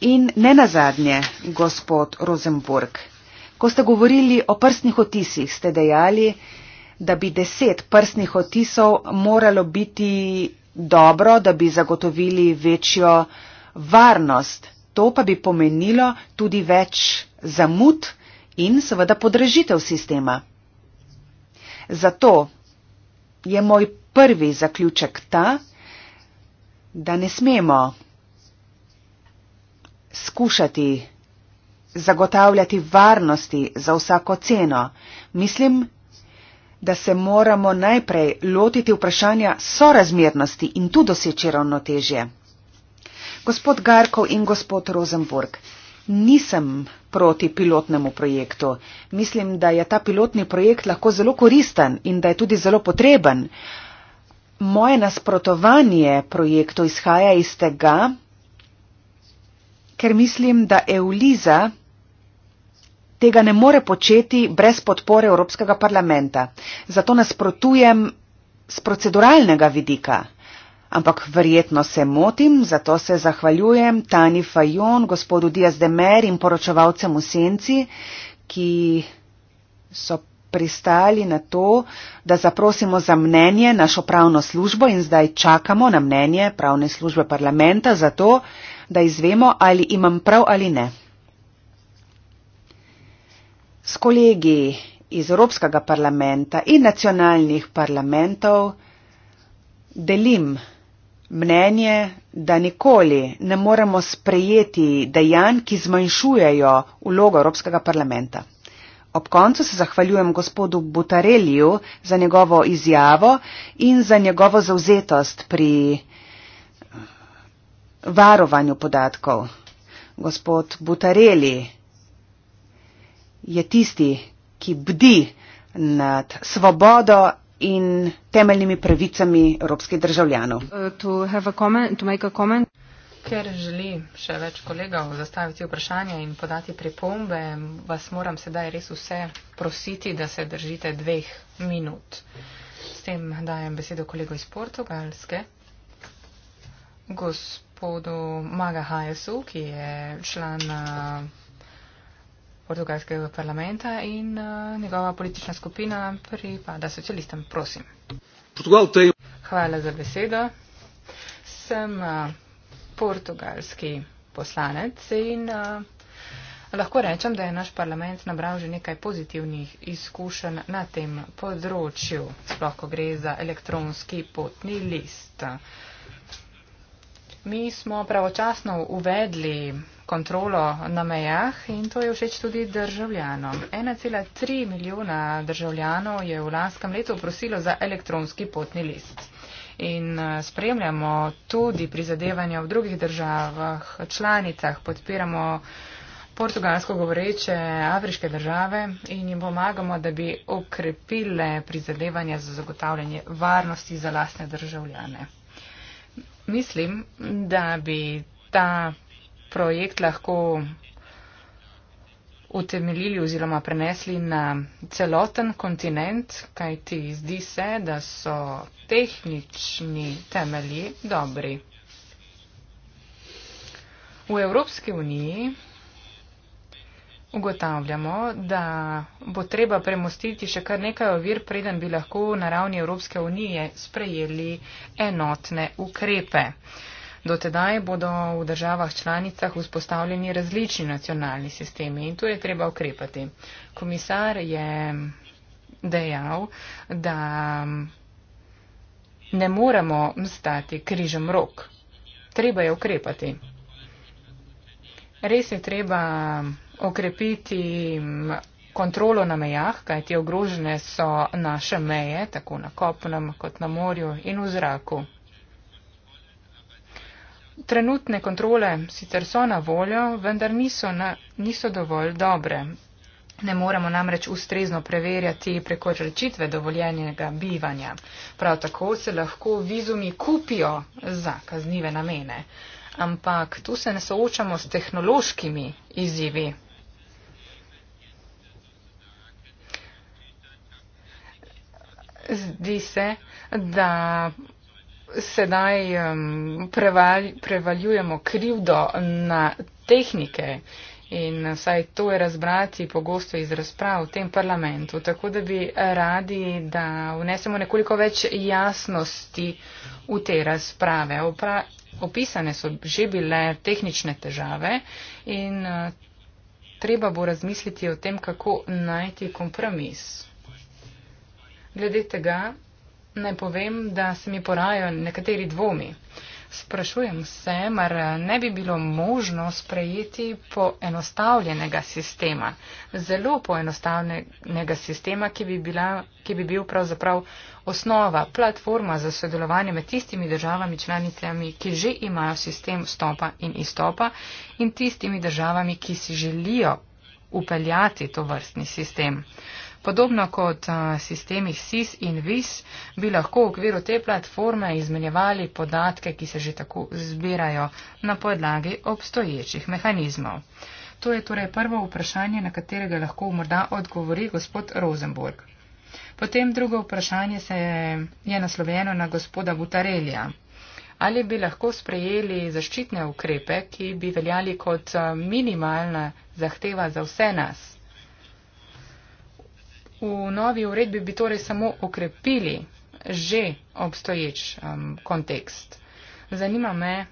In ne nazadnje, gospod Rosenburg, ko ste govorili o prstnih otisih, ste dejali, da bi deset prstnih otisov moralo biti dobro, da bi zagotovili večjo varnost. To pa bi pomenilo tudi več zamud, in seveda podrežitev sistema. Zato je moj prvi zaključek ta, da ne smemo skušati zagotavljati varnosti za vsako ceno. Mislim, da se moramo najprej lotiti vprašanja sorazmernosti in tu doseči ravnotežje. Gospod Garkov in gospod Rosenburg, nisem proti pilotnemu projektu. Mislim, da je ta pilotni projekt lahko zelo koristen in da je tudi zelo potreben. Moje nasprotovanje projektu izhaja iz tega, ker mislim, da Euliza tega ne more početi brez podpore Evropskega parlamenta. Zato nasprotujem z proceduralnega vidika. Ampak verjetno se motim, zato se zahvaljujem Tani Fajon, gospodu Diaz de Mer in poročevalcem v Senci, ki so pristali na to, da zaprosimo za mnenje našo pravno službo in zdaj čakamo na mnenje pravne službe parlamenta za to, da izvemo, ali imam prav ali ne. S kolegi iz Evropskega parlamenta in nacionalnih parlamentov delim mnenje, da nikoli ne moremo sprejeti dejanj, ki zmanjšujejo vlogo Evropskega parlamenta. Ob koncu se zahvaljujem gospodu Butareliju za njegovo izjavo in za njegovo zauzetost pri varovanju podatkov. Gospod Butareli je tisti, ki bdi nad svobodo in temeljnimi pravicami evropskih državljanov. Uh, comment, Ker želi še več kolegov zastaviti vprašanje in podati pripombe, vas moram sedaj res vse prositi, da se držite dveh minut. S tem dajem besedo kolego iz Portugalske, gospodu Maga Hajesu, ki je član. Uh, portugalskega parlamenta in eh, njegova politična skupina pripada socialistom. Prosim. Hvala za besedo. Sem eh, portugalski poslanec in eh, lahko rečem, da je naš parlament nabral že nekaj pozitivnih izkušenj na tem področju, sploh ko gre za elektronski potni list. Mi smo pravočasno uvedli kontrolo na mejah in to je všeč tudi državljanom. 1,3 milijona državljanov je v lanskem letu prosilo za elektronski potni list. In eh, spremljamo tudi prizadevanja v drugih državah, članicah, podpiramo portugalsko govoreče afriške države in jim pomagamo, da bi okrepile prizadevanja za zagotavljanje varnosti za lastne državljane. Mislim, da bi ta projekt lahko utemeljili oziroma prenesli na celoten kontinent, kajti zdi se, da so tehnični temelji dobri. V Evropski uniji ugotavljamo, da bo treba premostiti še kar nekaj ovir, preden bi lahko na ravni Evropske unije sprejeli enotne ukrepe. Do tedaj bodo v državah članicah vzpostavljeni različni nacionalni sistemi in tu je treba ukrepati. Komisar je dejal, da ne moremo stati križem rok. Treba je ukrepati. Res je treba okrepiti kontrolo na mejah, kajti ogrožene so naše meje, tako na kopnem kot na morju in v zraku. Trenutne kontrole sicer so na voljo, vendar niso, na, niso dovolj dobre. Ne moremo namreč ustrezno preverjati preko rečitve dovoljenega bivanja. Prav tako se lahko vizumi kupijo za kaznive namene. Ampak tu se ne soočamo s tehnološkimi izzivi. Zdi se, da sedaj um, preval, prevaljujemo krivdo na tehnike in saj to je razbrati pogosto iz razprav v tem parlamentu, tako da bi radi, da vnesemo nekoliko več jasnosti v te razprave. Opra, opisane so že bile tehnične težave in treba bo razmisliti o tem, kako najti kompromis. Glede tega, Naj povem, da se mi porajo nekateri dvomi. Sprašujem se, mar ne bi bilo možno sprejeti poenostavljenega sistema, zelo poenostavljenega sistema, ki bi, bila, ki bi bil pravzaprav osnova, platforma za sodelovanje med tistimi državami članicami, ki že imajo sistem stopa in izstopa in tistimi državami, ki si želijo upeljati to vrstni sistem. Podobno kot sistemih SIS in VIS bi lahko v okviru te platforme izmenjevali podatke, ki se že tako zbirajo na podlagi obstoječih mehanizmov. To je torej prvo vprašanje, na katerega lahko morda odgovori gospod Rosenborg. Potem drugo vprašanje se je, je naslovljeno na gospoda Butarelija. Ali bi lahko sprejeli zaščitne ukrepe, ki bi veljali kot minimalna zahteva za vse nas? V novi uredbi bi torej samo okrepili že obstoječ um, kontekst. Zanima me,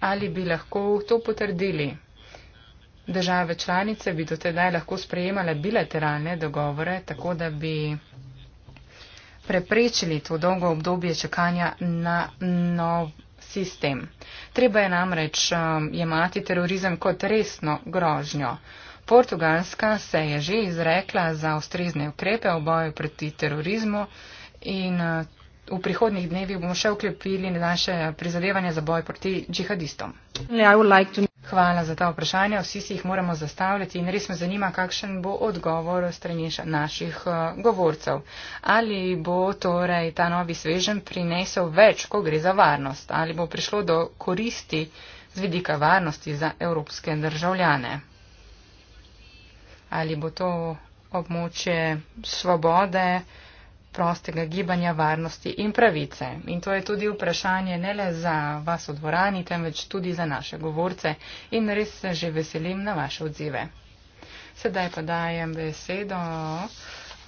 ali bi lahko to potrdili. Države članice bi dotedaj lahko sprejemale bilateralne dogovore, tako da bi preprečili to dolgo obdobje čakanja na nov sistem. Treba je namreč um, jemati terorizem kot resno grožnjo. Portugalska se je že izrekla za ustrezne ukrepe v boju proti terorizmu in eh, v prihodnih dnevih bomo še ukrepili naše prizadevanje za boj proti džihadistom. Hvala za ta vprašanja. Vsi si jih moramo zastavljati in res me zanima, kakšen bo odgovor strani naših eh, govorcev. Ali bo torej ta novi svežen prinesel več, ko gre za varnost? Ali bo prišlo do koristi z vidika varnosti za evropske državljane? ali bo to območje svobode, prostega gibanja, varnosti in pravice. In to je tudi vprašanje ne le za vas v dvorani, temveč tudi za naše govorce in res se že veselim na vaše odzive. Sedaj pa dajem besedo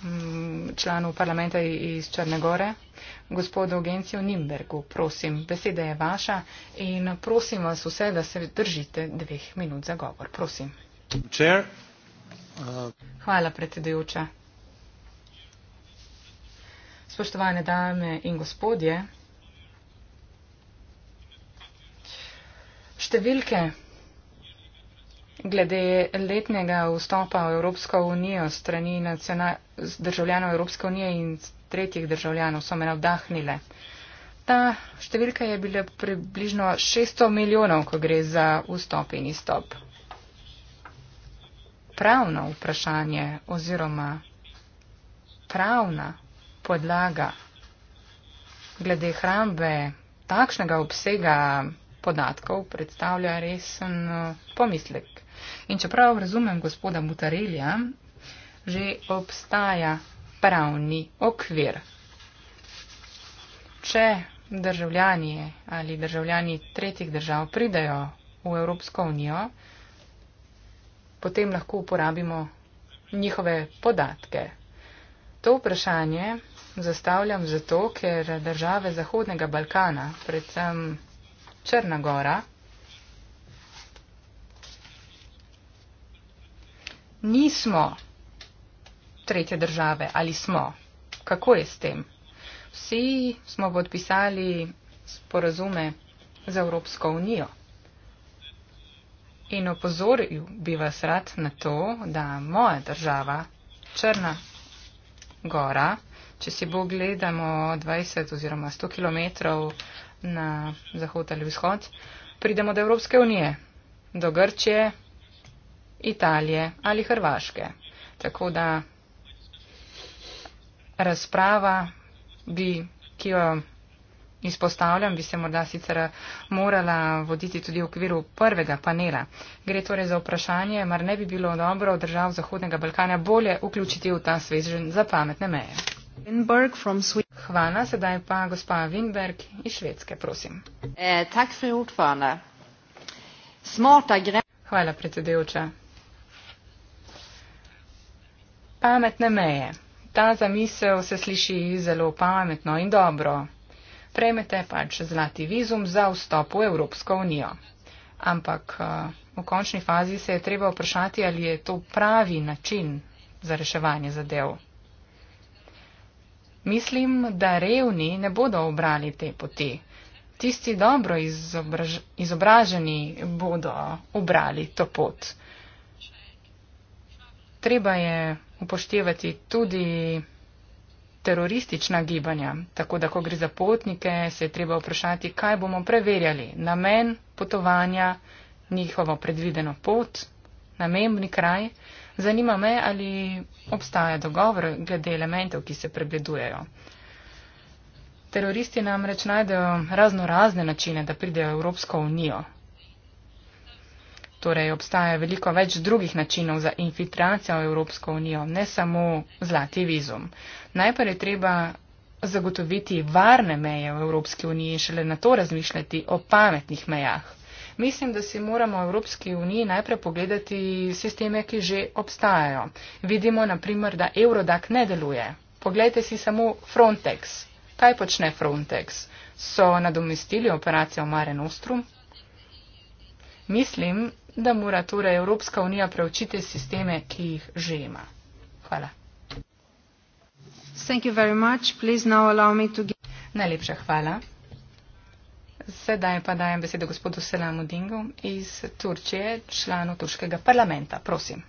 mm, članu parlamenta iz Črne Gore, gospodu Gencijo Nimbergu. Prosim, beseda je vaša in prosim vas vse, da se držite dveh minut za govor. Prosim. Chair. Hvala, predsedujoča. Spoštovane dame in gospodje, številke glede letnega vstopa v Evropsko unijo strani državljanov Evropske unije in tretjih državljanov so me navdahnile. Ta številka je bila približno 600 milijonov, ko gre za vstop in izstop pravno vprašanje oziroma pravna podlaga glede hrambe takšnega obsega podatkov predstavlja resen uh, pomislek. In čeprav razumem gospoda Mutarelja, že obstaja pravni okvir. Če državljani ali državljani tretjih držav pridajo v Evropsko unijo, potem lahko uporabimo njihove podatke. To vprašanje zastavljam zato, ker države Zahodnega Balkana, predvsem Črna Gora, nismo tretje države ali smo. Kako je s tem? Vsi smo podpisali sporazume za Evropsko unijo. In opozoril bi vas rad na to, da moja država, Črna Gora, če si bo gledamo 20 oziroma 100 km na zahod ali vzhod, pridemo do Evropske unije, do Grčije, Italije ali Hrvaške. Tako da razprava bi, ki jo izpostavljam, bi se morda sicer morala voditi tudi v okviru prvega panela. Gre torej za vprašanje, mar ne bi bilo dobro držav Zahodnega Balkana bolje vključiti v ta svežen za pametne meje. Hvala, sedaj pa gospa Winberg iz Švedske, prosim. Eh, Hvala, predsedujoča. Pametne meje. Ta zamisel se sliši zelo pametno in dobro prejmete pač zlati vizum za vstop v Evropsko unijo. Ampak eh, v končni fazi se je treba vprašati, ali je to pravi način za reševanje zadev. Mislim, da revni ne bodo obrali te poti. Tisti dobro izobraž izobraženi bodo obrali to pot. Treba je upoštevati tudi teroristična gibanja, tako da ko gre za potnike, se je treba vprašati, kaj bomo preverjali, namen potovanja, njihovo predvideno pot, namembni kraj. Zanima me, ali obstaja dogovor glede elementov, ki se pregledujejo. Teroristi namreč najdejo razno razne načine, da pridejo v Evropsko unijo. Torej obstaja veliko več drugih načinov za infiltracijo v Evropsko unijo, ne samo zlati vizum. Najprej je treba zagotoviti varne meje v Evropski uniji in šele na to razmišljati o pametnih mejah. Mislim, da si moramo v Evropski uniji najprej pogledati sisteme, ki že obstajajo. Vidimo, naprimer, da Eurodac ne deluje. Poglejte si samo Frontex. Kaj počne Frontex? So nadomestili operacijo Mare Nostrum? Mislim, da mora torej Evropska unija preučiti sisteme, ki jih že ima. Hvala. Najlepša hvala. Sedaj pa dajem besedo gospodu Selamu Dingu iz Turčije, članu turškega parlamenta. Prosim.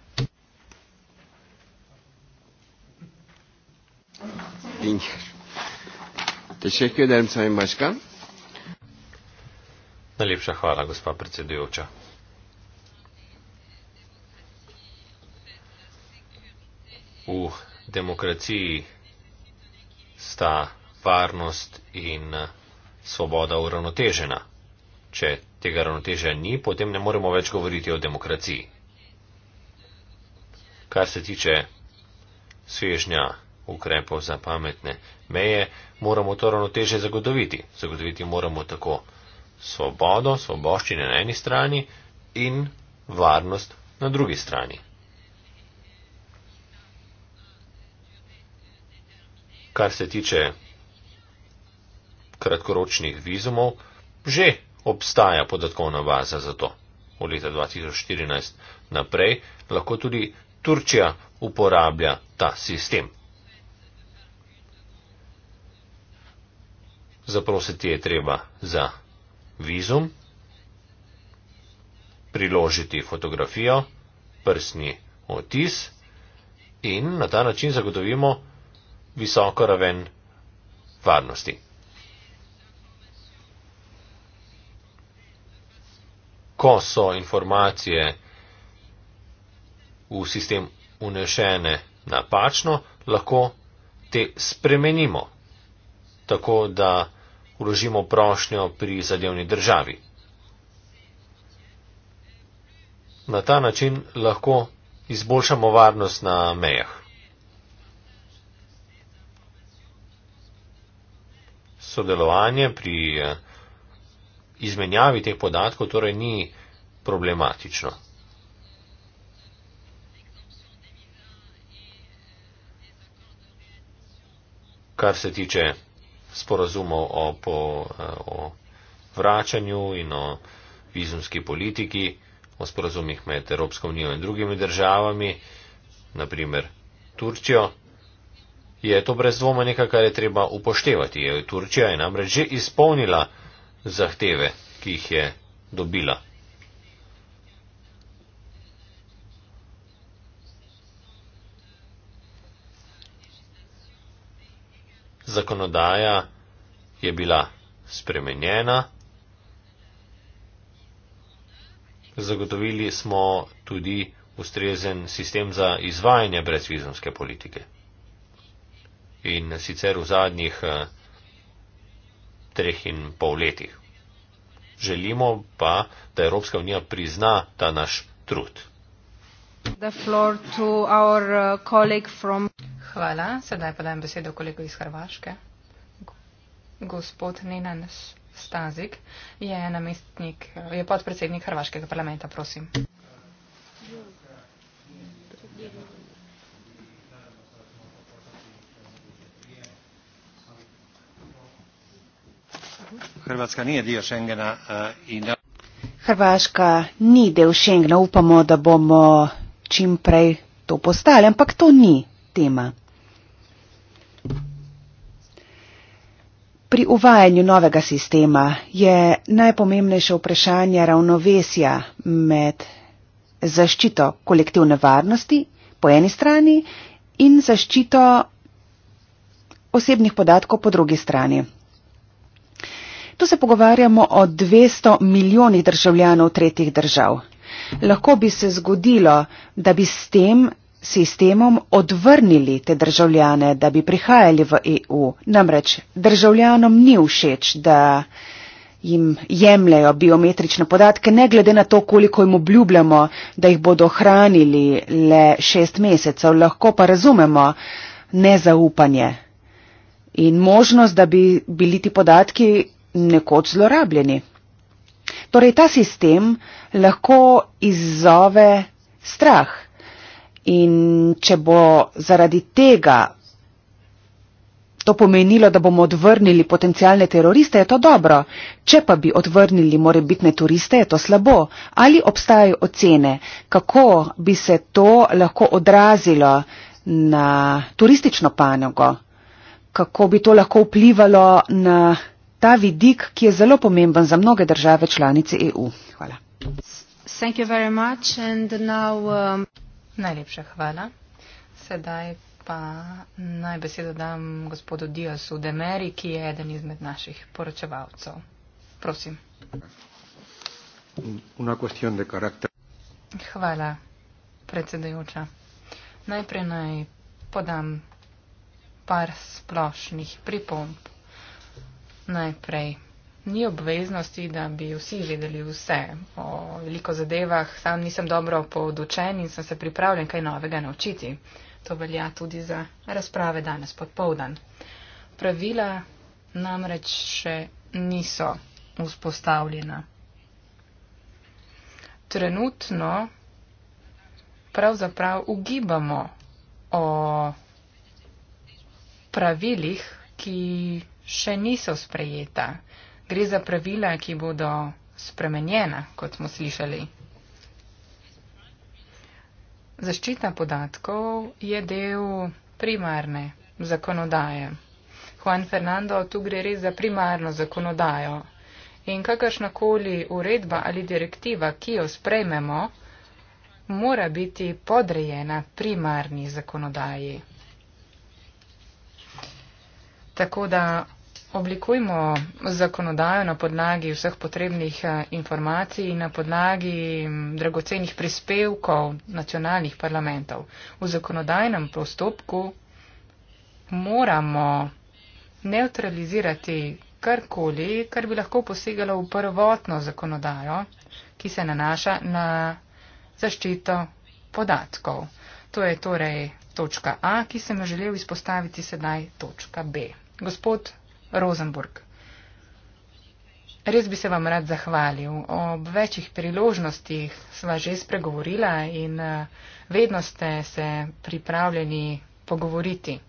Najlepša hvala, gospa predsedujoča. v demokraciji sta varnost in eh, svoboda uravnotežena. Če tega ravnotežja ni, potem ne moremo več govoriti o demokraciji. Kar se tiče svežnja ukrepov za pametne meje, moramo to ravnoteže zagotoviti. Zagotoviti moramo tako svobodo, svoboščine na eni strani in varnost na drugi strani. kar se tiče kratkoročnih vizumov, že obstaja podatkovna baza za to. Od leta 2014 naprej lahko tudi Turčija uporablja ta sistem. Zaprositi je treba za vizum, priložiti fotografijo, prsni otis in na ta način zagotovimo, da visoko raven varnosti. Ko so informacije v sistem unešene napačno, lahko te spremenimo, tako da uložimo prošnjo pri zadevni državi. Na ta način lahko izboljšamo varnost na mejah. sodelovanje pri eh, izmenjavi teh podatkov torej ni problematično. Kar se tiče sporazumov o, po, eh, o vračanju in o vizumski politiki, o sporazumih med Evropsko unijo in drugimi državami, naprimer Turčijo, je to brez dvoma nekaj, kar je treba upoštevati. Turčija je namreč že izpolnila zahteve, ki jih je dobila. Zakonodaja je bila spremenjena. Zagotovili smo tudi ustrezen sistem za izvajanje brezvizumske politike in sicer v zadnjih eh, treh in pol letih. Želimo pa, da Evropska unija prizna ta naš trud. Eh, Hvala, sedaj pa dajem besedo kolegu iz Hrvaške. Gospod Nenan Stazik je, namestnik, eh, je podpredsednik Hrvaškega parlamenta, prosim. Hrvatska nije dio Schengena eh, i ne... Hrvaška ni del Schengena, upamo, da bomo čim prej to postali, ampak to ni tema. Pri uvajanju novega sistema je najpomembnejše vprašanje ravnovesja med zaščito kolektivne varnosti po eni strani in zaščito osebnih podatkov po drugi strani. Tu se pogovarjamo o 200 milijonih državljanov tretjih držav. Lahko bi se zgodilo, da bi s tem sistemom odvrnili te državljane, da bi prihajali v EU. Namreč državljanom ni všeč, da jim jemljajo biometrične podatke, ne glede na to, koliko jim obljubljamo, da jih bodo hranili le šest mesecev. Lahko pa razumemo nezaupanje in možnost, da bi bili ti podatki nekoč zlorabljeni. Torej ta sistem lahko izzove strah in če bo zaradi tega to pomenilo, da bomo odvrnili potencijalne teroriste, je to dobro. Če pa bi odvrnili morebitne turiste, je to slabo. Ali obstajajo ocene, kako bi se to lahko odrazilo na turistično panogo? Kako bi to lahko vplivalo na ta vidik, ki je zelo pomemben za mnoge države članice EU. Hvala. Now, um... Najlepša hvala. Sedaj pa naj besedo dam gospodu Diasu Demeri, ki je eden izmed naših poročevalcev. Prosim. Hvala, predsedajoča. Najprej naj podam par splošnih pripomp najprej. Ni obveznosti, da bi vsi vedeli vse o veliko zadevah. Sam nisem dobro podučen in sem se pripravljen kaj novega naučiti. To velja tudi za razprave danes podpovdan. Pravila namreč še niso vzpostavljena. Trenutno pravzaprav ugibamo o pravilih, ki še niso sprejeta. Gre za pravila, ki bodo spremenjena, kot smo slišali. Zaščita podatkov je del primarne zakonodaje. Juan Fernando, tu gre res za primarno zakonodajo. In kakršnakoli uredba ali direktiva, ki jo sprejmemo, mora biti podrejena primarni zakonodaji. Tako da oblikujmo zakonodajo na podlagi vseh potrebnih eh, informacij in na podlagi mm, dragocenih prispevkov nacionalnih parlamentov. V zakonodajnem postopku moramo neutralizirati karkoli, kar bi lahko posegalo v prvotno zakonodajo, ki se nanaša na zaščito podatkov. To je torej točka A, ki sem jo želel izpostaviti sedaj točka B. Gospod Rosenburg. Res bi se vam rad zahvalil. Ob večjih priložnostih sva že spregovorila in eh, vedno ste se pripravljeni pogovoriti.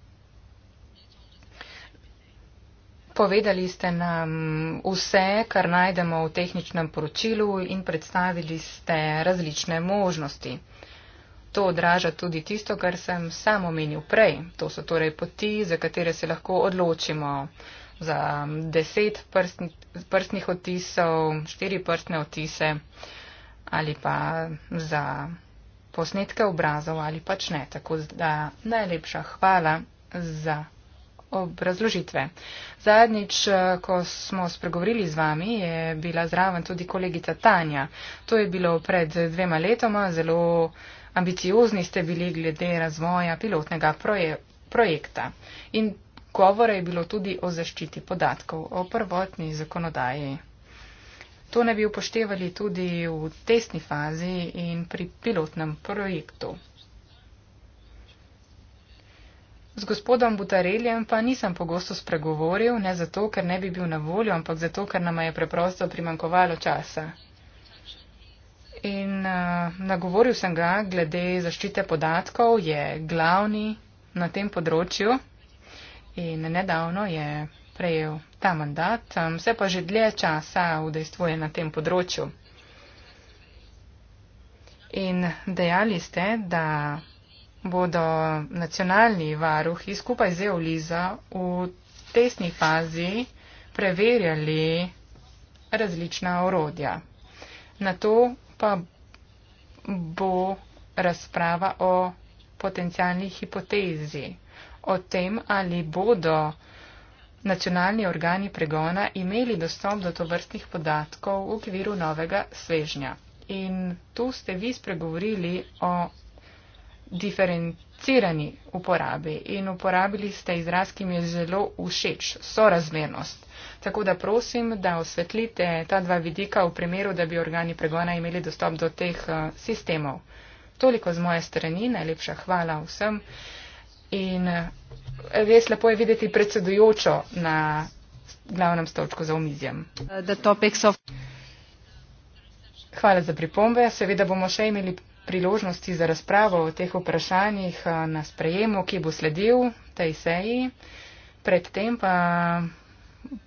Povedali ste nam vse, kar najdemo v tehničnem poročilu in predstavili ste različne možnosti. To odraža tudi tisto, kar sem sam omenil prej. To so torej poti, za katere se lahko odločimo za deset prst, prstnih odtisov, štiri prstne odtise ali pa za posnetke obrazov ali pač ne. Tako da najlepša hvala za obrazložitve. Zadnjič, ko smo spregovorili z vami, je bila zraven tudi kolegica Tanja. To je bilo pred dvema letoma. Zelo ambiciozni ste bili glede razvoja pilotnega proje, projekta. In Govora je bilo tudi o zaščiti podatkov, o prvotni zakonodaji. To ne bi upoštevali tudi v testni fazi in pri pilotnem projektu. Z gospodom Butareljem pa nisem pogosto spregovoril, ne zato, ker ne bi bil na voljo, ampak zato, ker nam je preprosto primankovalo časa. In uh, nagovoril sem ga, glede zaščite podatkov je glavni na tem področju in nedavno je prejel ta mandat, um, se pa že dlje časa vdejstvuje na tem področju. In dejali ste, da bodo nacionalni varuhi skupaj z Euliza v tesni fazi preverjali različna orodja. Na to pa bo razprava o potencijalni hipotezi o tem, ali bodo nacionalni organi pregona imeli dostop do tovrstnih podatkov v okviru novega svežnja. In tu ste vi spregovorili o diferencirani uporabi in uporabili ste izraz, ki mi je zelo všeč, sorazmernost. Tako da prosim, da osvetlite ta dva vidika v primeru, da bi organi pregona imeli dostop do teh eh, sistemov. Toliko z moje strani, najlepša hvala vsem. In eh, res lepo je videti predsedujočo na glavnem stolčku za omizjem. Uh, Hvala za pripombe. Seveda bomo še imeli priložnosti za razpravo o teh vprašanjih eh, na sprejemu, ki bo sledil tej seji. Predtem pa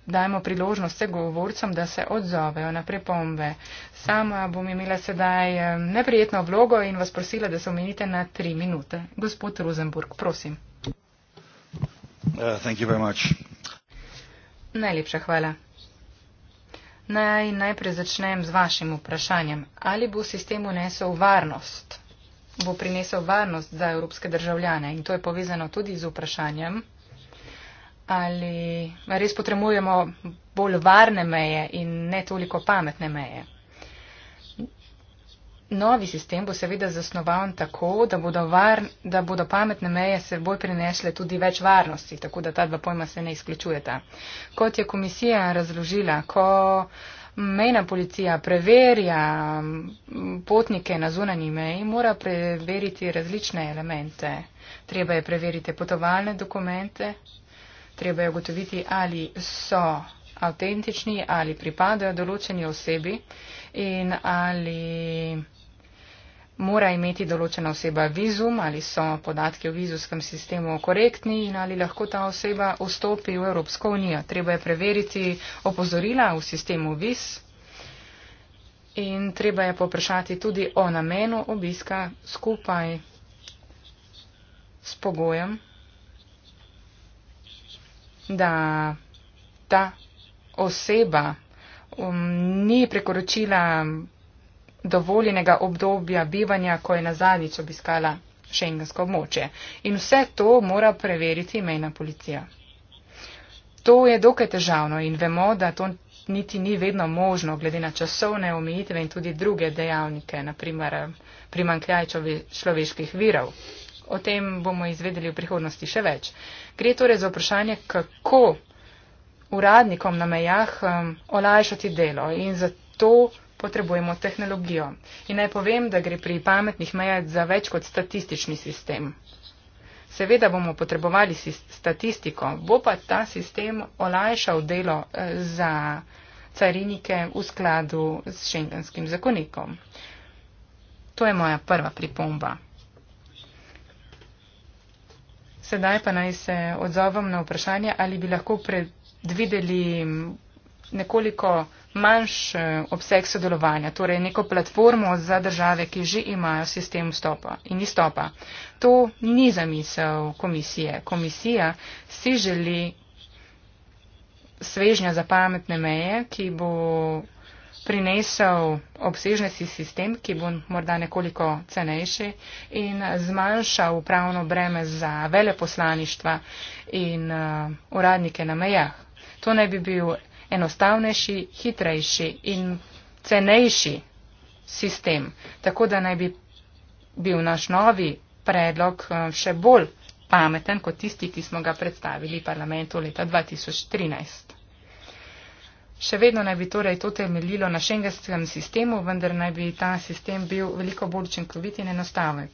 dajmo priložnost vse govorcem, da se odzovejo na prepombe. Sama bom imela sedaj neprijetno vlogo in vas prosila, da se omenite na tri minute. Gospod Rosenburg, prosim. Uh, Najlepša hvala. Naj najprej začnem z vašim vprašanjem. Ali bo sistem unesel varnost? Bo prinesel varnost za evropske državljane? In to je povezano tudi z vprašanjem, ali res potrebujemo bolj varne meje in ne toliko pametne meje. Novi sistem bo seveda zasnovan tako, da bodo, var, da bodo pametne meje se bolj prinesle tudi več varnosti, tako da ta dva pojma se ne izključujeta. Kot je komisija razložila, ko mejna policija preverja potnike na zunanji meji, mora preveriti različne elemente. Treba je preveriti potovalne dokumente, Treba je ugotoviti, ali so avtentični, ali pripadajo določeni osebi in ali mora imeti določena oseba vizum, ali so podatki v vizumskem sistemu korektni in ali lahko ta oseba vstopi v Evropsko unijo. Treba je preveriti opozorila v sistemu viz in treba je poprašati tudi o namenu obiska skupaj s pogojem da ta oseba um, ni prekoročila dovoljenega obdobja bivanja, ko je nazadnjič obiskala šengensko območje. In vse to mora preveriti mejna policija. To je dokaj težavno in vemo, da to niti ni vedno možno, glede na časovne omejitve in tudi druge dejavnike, naprimer primankljaj človeških virov. O tem bomo izvedeli v prihodnosti še več. Gre torej za vprašanje, kako uradnikom na mejah um, olajšati delo in zato potrebujemo tehnologijo. In naj povem, da gre pri pametnih mejah za več kot statistični sistem. Seveda bomo potrebovali statistiko, bo pa ta sistem olajšal delo eh, za carinike v skladu s šengenskim zakonikom. To je moja prva pripomba. Sedaj pa naj se odzovem na vprašanje, ali bi lahko predvideli nekoliko manjš eh, obseg sodelovanja, torej neko platformo za države, ki že imajo sistem vstopa in izstopa. To ni zamisel komisije. Komisija si želi svežnja za pametne meje, ki bo prinesel obsežen sistem, ki bo morda nekoliko cenejši in zmanjšal upravno breme za veleposlaništva in uh, uradnike na mejah. To naj bi bil enostavnejši, hitrejši in cenejši sistem, tako da naj bi bil naš novi predlog uh, še bolj pameten kot tisti, ki smo ga predstavili parlamentu leta 2013. Še vedno naj bi torej to temeljilo na šengenskem sistemu, vendar naj bi ta sistem bil veliko bolj učinkovit in enostaven.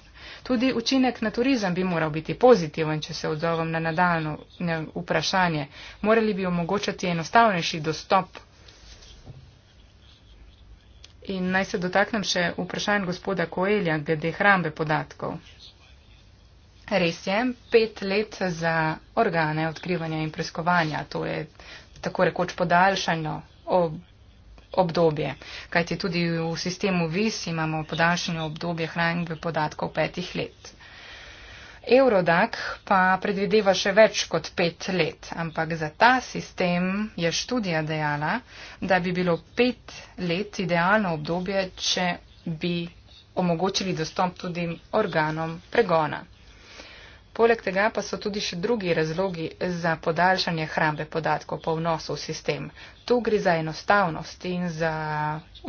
Tudi učinek na turizem bi moral biti pozitiven, če se odzovem na nadaljno vprašanje. Morali bi omogočati enostavnejši dostop. In naj se dotaknem še vprašanj gospoda Koelja glede hrambe podatkov. Res je, pet let za organe odkrivanja in preiskovanja, to je tako rekoč podaljšano ob, obdobje. Kajti tudi v sistemu VIS imamo podaljšano obdobje hranjenja podatkov petih let. Eurodak pa predvideva še več kot pet let, ampak za ta sistem je študija dejala, da bi bilo pet let idealno obdobje, če bi omogočili dostop tudi organom pregona. Poleg tega pa so tudi še drugi razlogi za podaljšanje hrambe podatkov po vnosu v sistem. Tu gre za enostavnost in za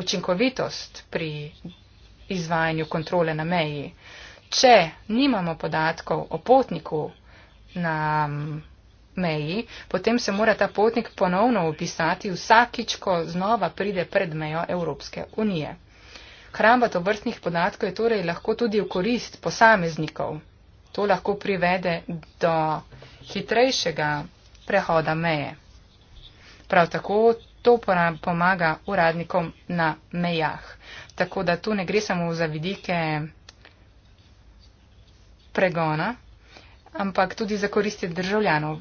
učinkovitost pri izvajanju kontrole na meji. Če nimamo podatkov o potniku na meji, potem se mora ta potnik ponovno upisati vsakič, ko znova pride pred mejo Evropske unije. Hramba to vrstnih podatkov je torej lahko tudi v korist posameznikov. To lahko privede do hitrejšega prehoda meje. Prav tako to pomaga uradnikom na mejah. Tako da tu ne gre samo za vidike pregona, ampak tudi za koristi državljanov.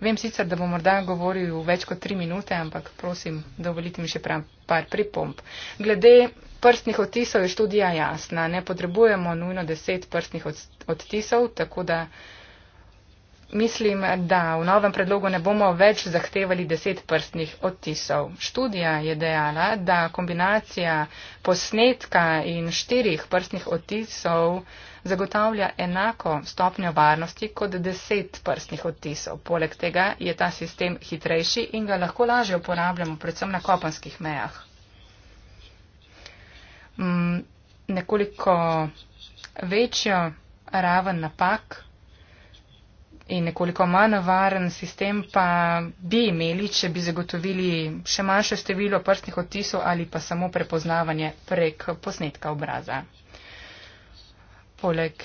Vem sicer, da bom morda govoril več kot tri minute, ampak prosim, dovolite mi še par pripomp. Glede prstnih odtisov je študija jasna. Ne potrebujemo nujno deset prstnih odtisov, tako da mislim, da v novem predlogu ne bomo več zahtevali deset prstnih odtisov. Študija je dejala, da kombinacija posnetka in štirih prstnih odtisov zagotavlja enako stopnjo varnosti kot deset prstnih odtisov. Poleg tega je ta sistem hitrejši in ga lahko lažje uporabljamo, predvsem na kopanskih mejah m, mm, nekoliko večjo raven napak in nekoliko manj varen sistem pa bi imeli, če bi zagotovili še manjše število prstnih odtisov ali pa samo prepoznavanje prek posnetka obraza. Poleg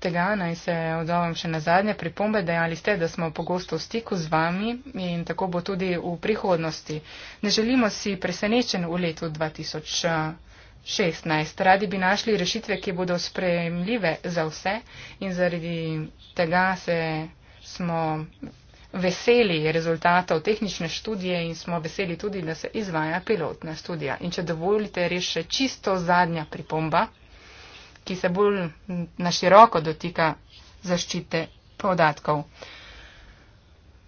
tega naj se odzovem še na zadnje pripombe, dejali ste, da smo pogosto v stiku z vami in tako bo tudi v prihodnosti. Ne želimo si presenečen v letu 2020. 16. Radi bi našli rešitve, ki bodo sprejemljive za vse in zaradi tega se smo veseli rezultatov tehnične študije in smo veseli tudi, da se izvaja pilotna študija. In če dovolite, res še čisto zadnja pripomba, ki se bolj na široko dotika zaščite podatkov.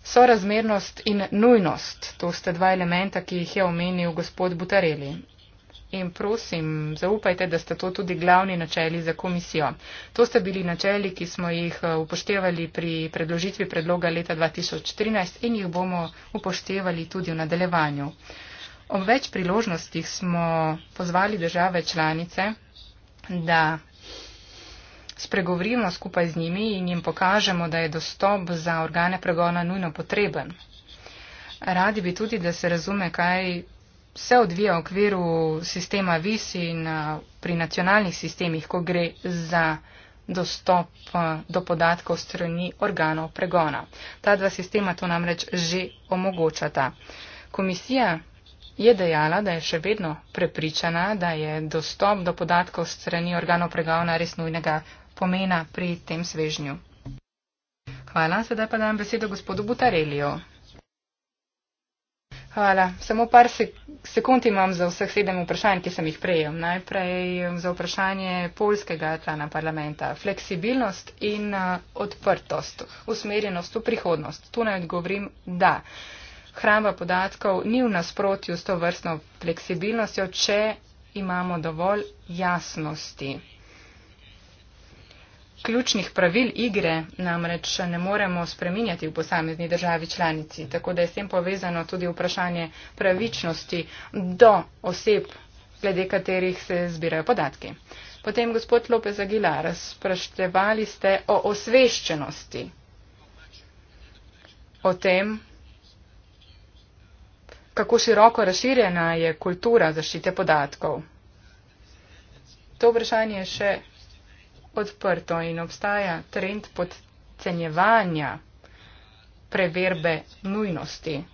Sorazmernost in nujnost, to sta dva elementa, ki jih je omenil gospod Butareli in prosim, zaupajte, da ste to tudi glavni načeli za komisijo. To ste bili načeli, ki smo jih eh, upoštevali pri predložitvi predloga leta 2013 in jih bomo upoštevali tudi v nadaljevanju. Ob več priložnostih smo pozvali države članice, da spregovorimo skupaj z njimi in jim pokažemo, da je dostop za organe pregona nujno potreben. Radi bi tudi, da se razume, kaj se odvija v okviru sistema VIS in eh, pri nacionalnih sistemih, ko gre za dostop eh, do podatkov strani organov pregona. Ta dva sistema to namreč že omogočata. Komisija je dejala, da je še vedno prepričana, da je dostop do podatkov strani organov pregona res nujnega pomena pri tem svežnju. Hvala, sedaj pa dajem besedo gospodu Butareliju. Hvala. Samo par sekund imam za vseh sedem vprašanj, ki sem jih prejel. Najprej um, za vprašanje polskega člana parlamenta. Fleksibilnost in uh, odprtost, usmerjenost v prihodnost. Tu naj odgovorim, da hramba podatkov ni v nasprotju s to vrstno fleksibilnostjo, če imamo dovolj jasnosti ključnih pravil igre namreč ne moremo spreminjati v posamezni državi članici, tako da je s tem povezano tudi vprašanje pravičnosti do oseb, glede katerih se zbirajo podatki. Potem gospod Lopez Aguilar, spraševali ste o osveščenosti, o tem, kako široko razširjena je kultura zaščite podatkov. To vprašanje je še odprto in obstaja trend podcenjevanja preverbe nujnosti.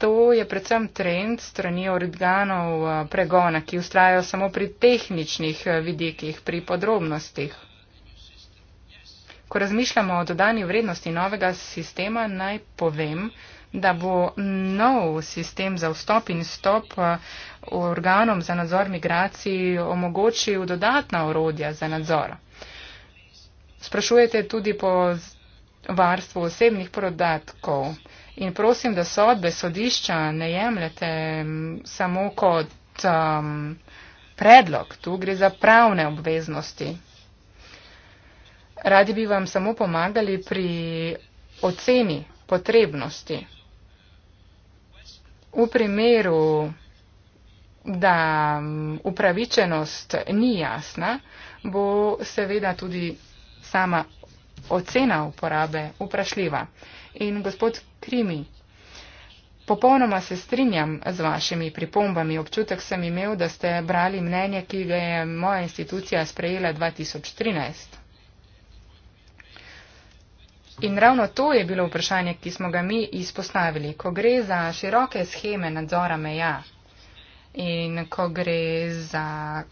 To je predvsem trend strani organov eh, pregona, ki ustrajajo samo pri tehničnih eh, vidikih, pri podrobnostih. Ko razmišljamo o dodani vrednosti novega sistema, naj povem, da bo nov sistem za vstop in stop eh, organom za nadzor migracij omogočil dodatna orodja za nadzor. Sprašujete tudi po varstvu osebnih podatkov in prosim, da sodbe sodišča ne jemljete mm, samo kot um, predlog. Tu gre za pravne obveznosti. Radi bi vam samo pomagali pri oceni potrebnosti v primeru, da upravičenost ni jasna, bo seveda tudi sama ocena uporabe vprašljiva. In gospod Krimi, popolnoma se strinjam z vašimi pripombami. Občutek sem imel, da ste brali mnenje, ki ga je moja institucija sprejela 2013. In ravno to je bilo vprašanje, ki smo ga mi izpostavili, ko gre za široke scheme nadzora meja in ko gre za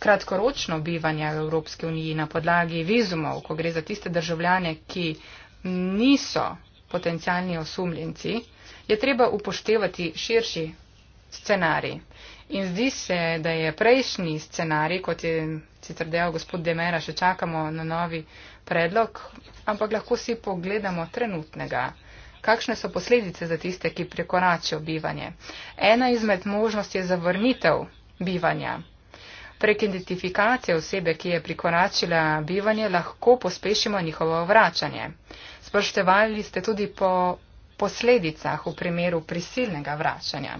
kratkoročno bivanje v Evropski uniji na podlagi vizumov, ko gre za tiste državljane, ki niso potencijalni osumljenci, je treba upoštevati širši scenarij. In zdi se, da je prejšnji scenarij, kot je sicer dejal gospod Demera, še čakamo na novi predlog, ampak lahko si pogledamo trenutnega. Kakšne so posledice za tiste, ki prekoračijo bivanje? Ena izmed možnosti je zavrnitev bivanja. Prek identifikacije osebe, ki je prikoračila bivanje, lahko pospešimo njihovo vračanje. Spoštevali ste tudi po posledicah v primeru prisilnega vračanja.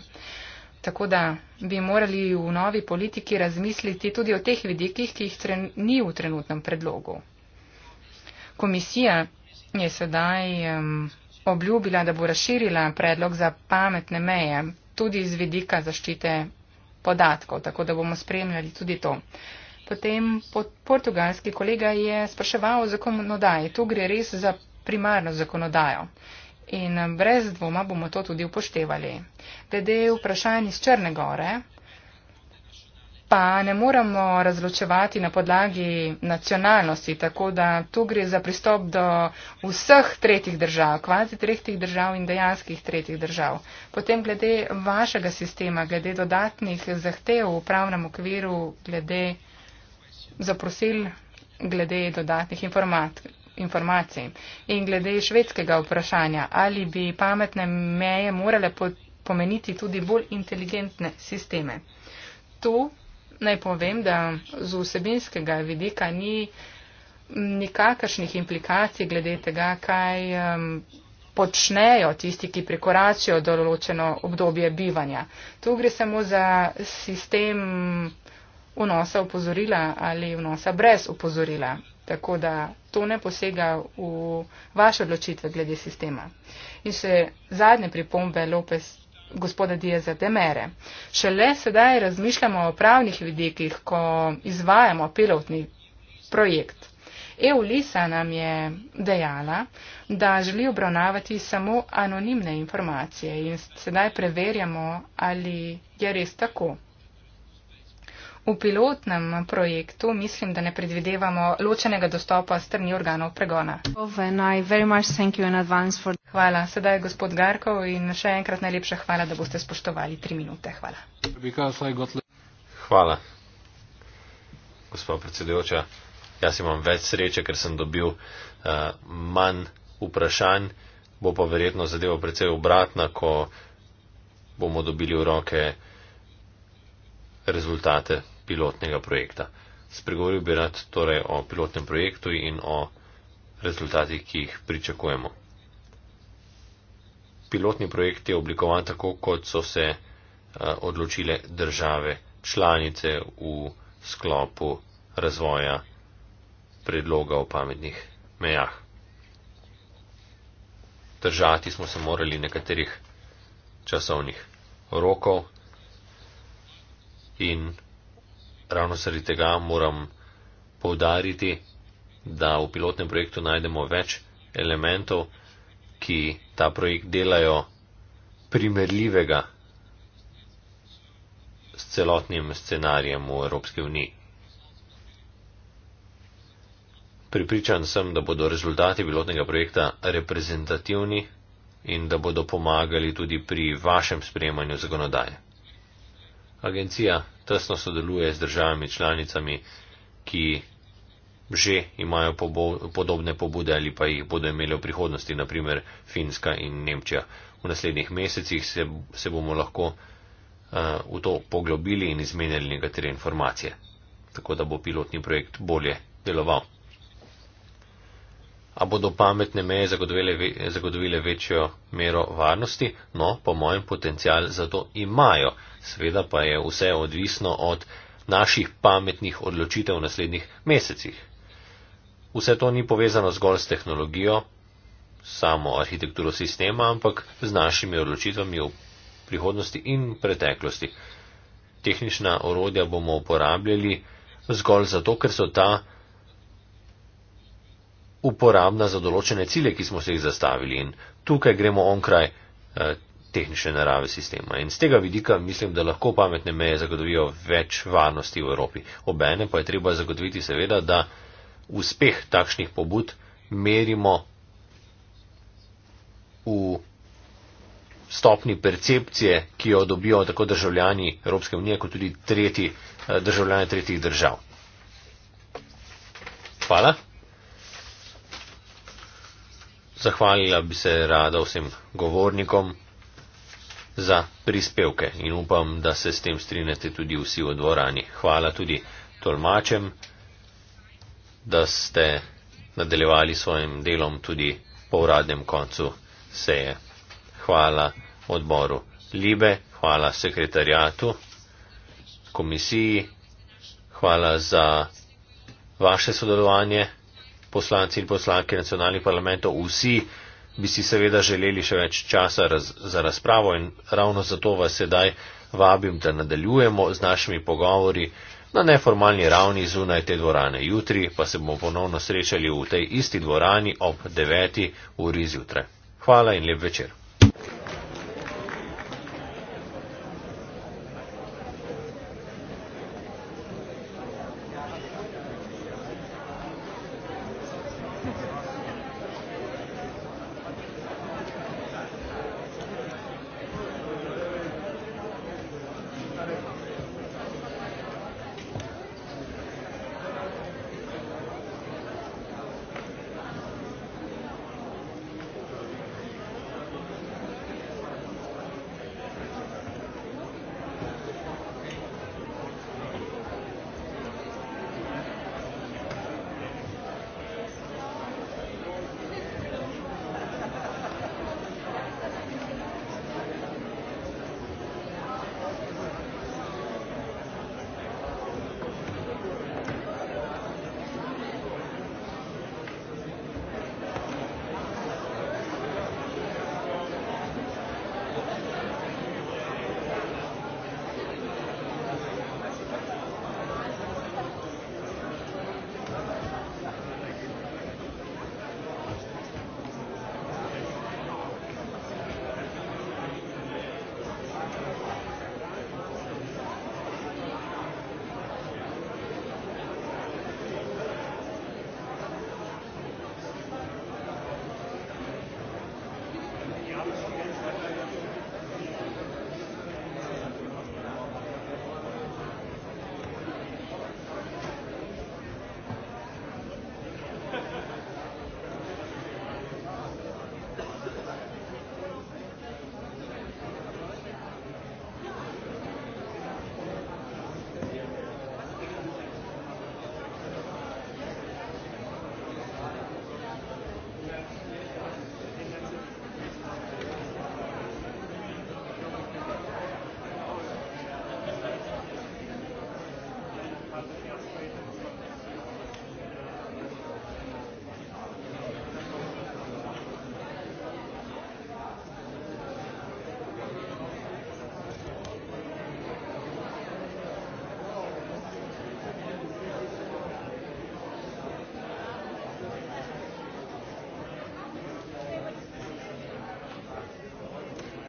Tako da bi morali v novi politiki razmisliti tudi o teh vidikih, ki jih tren, ni v trenutnem predlogu. Komisija je sedaj um, obljubila, da bo razširila predlog za pametne meje tudi z vidika zaščite podatkov, tako da bomo spremljali tudi to. Potem portugalski kolega je spraševal o zakonodaji. Tu gre res za primarno zakonodajo in brez dvoma bomo to tudi upoštevali. Glede vprašanj iz Črne gore pa ne moramo razločevati na podlagi nacionalnosti, tako da tu gre za pristop do vseh tretjih držav, kvazi tretjih držav in dejanskih tretjih držav. Potem glede vašega sistema, glede dodatnih zahtev v pravnem okviru, glede zaprosil, glede dodatnih informacij informacij. In glede švedskega vprašanja, ali bi pametne meje morale pomeniti tudi bolj inteligentne sisteme. Tu naj povem, da z vsebinskega vidika ni nikakršnih implikacij glede tega, kaj počnejo tisti, ki prekoračijo določeno obdobje bivanja. Tu gre samo za sistem vnosa opozorila ali vnosa brez opozorila. Tako da to ne posega v vaše odločitve glede sistema. In še zadnje pripombe Lopez gospoda Diaza de Mere. Šele sedaj razmišljamo o pravnih vidikih, ko izvajamo pilotni projekt. EU Lisa nam je dejala, da želi obravnavati samo anonimne informacije in sedaj preverjamo, ali je res tako. V pilotnem projektu mislim, da ne predvidevamo ločenega dostopa strani organov pregona. Hvala, sedaj je gospod Garkov in še enkrat najlepša hvala, da boste spoštovali tri minute. Hvala. Hvala, gospod predsedujoča. Jaz imam več sreče, ker sem dobil uh, manj vprašanj, bo pa verjetno zadeva predvsej obratna, ko bomo dobili v roke rezultate pilotnega projekta. Spregovoril bi rad torej o pilotnem projektu in o rezultatih, ki jih pričakujemo. Pilotni projekt je oblikovan tako, kot so se eh, odločile države članice v sklopu razvoja predloga o pametnih mejah. Držati smo se morali nekaterih časovnih rokov, in ravno sredi tega moram povdariti, da v pilotnem projektu najdemo več elementov, ki ta projekt delajo primerljivega s celotnim scenarijem v Evropski uniji. Pripričan sem, da bodo rezultati pilotnega projekta reprezentativni in da bodo pomagali tudi pri vašem sprejemanju zakonodaje. Agencija tesno sodeluje z državami članicami, ki že imajo podobne pobude ali pa jih bodo imeli v prihodnosti, naprimer Finska in Nemčija. V naslednjih mesecih se, se bomo lahko uh, v to poglobili in izmenjali nekatere informacije, tako da bo pilotni projekt bolje deloval. A bodo pametne meje zagotovile, ve, zagotovile večjo mero varnosti? No, po mojem potencial za to imajo. Sveda pa je vse odvisno od naših pametnih odločitev v naslednjih mesecih. Vse to ni povezano zgolj s tehnologijo, samo arhitekturo sistema, ampak z našimi odločitvami v prihodnosti in preteklosti. Tehnična orodja bomo uporabljali zgolj zato, ker so ta uporabna za določene cilje, ki smo se jih zastavili in tukaj gremo onkraj eh, tehnične narave sistema. In z tega vidika mislim, da lahko pametne meje zagotovijo več varnosti v Evropi. Obene pa je treba zagotoviti seveda, da uspeh takšnih pobud merimo v stopni percepcije, ki jo dobijo tako državljani Evropske unije, kot tudi tretji, eh, državljani tretjih držav. Hvala. Zahvalila bi se rada vsem govornikom za prispevke in upam, da se s tem strinjate tudi vsi v dvorani. Hvala tudi tolmačem, da ste nadaljevali svojim delom tudi po uradnem koncu seje. Hvala odboru Libe, hvala sekretarjatu, komisiji, hvala za vaše sodelovanje poslanci in poslanke nacionalnih parlamentov, vsi bi si seveda želeli še več časa raz, za razpravo in ravno zato vas sedaj vabim, da nadaljujemo z našimi pogovori na neformalni ravni zunaj te dvorane. Jutri pa se bomo ponovno srečali v tej isti dvorani ob 9. uri zjutraj. Hvala in lep večer.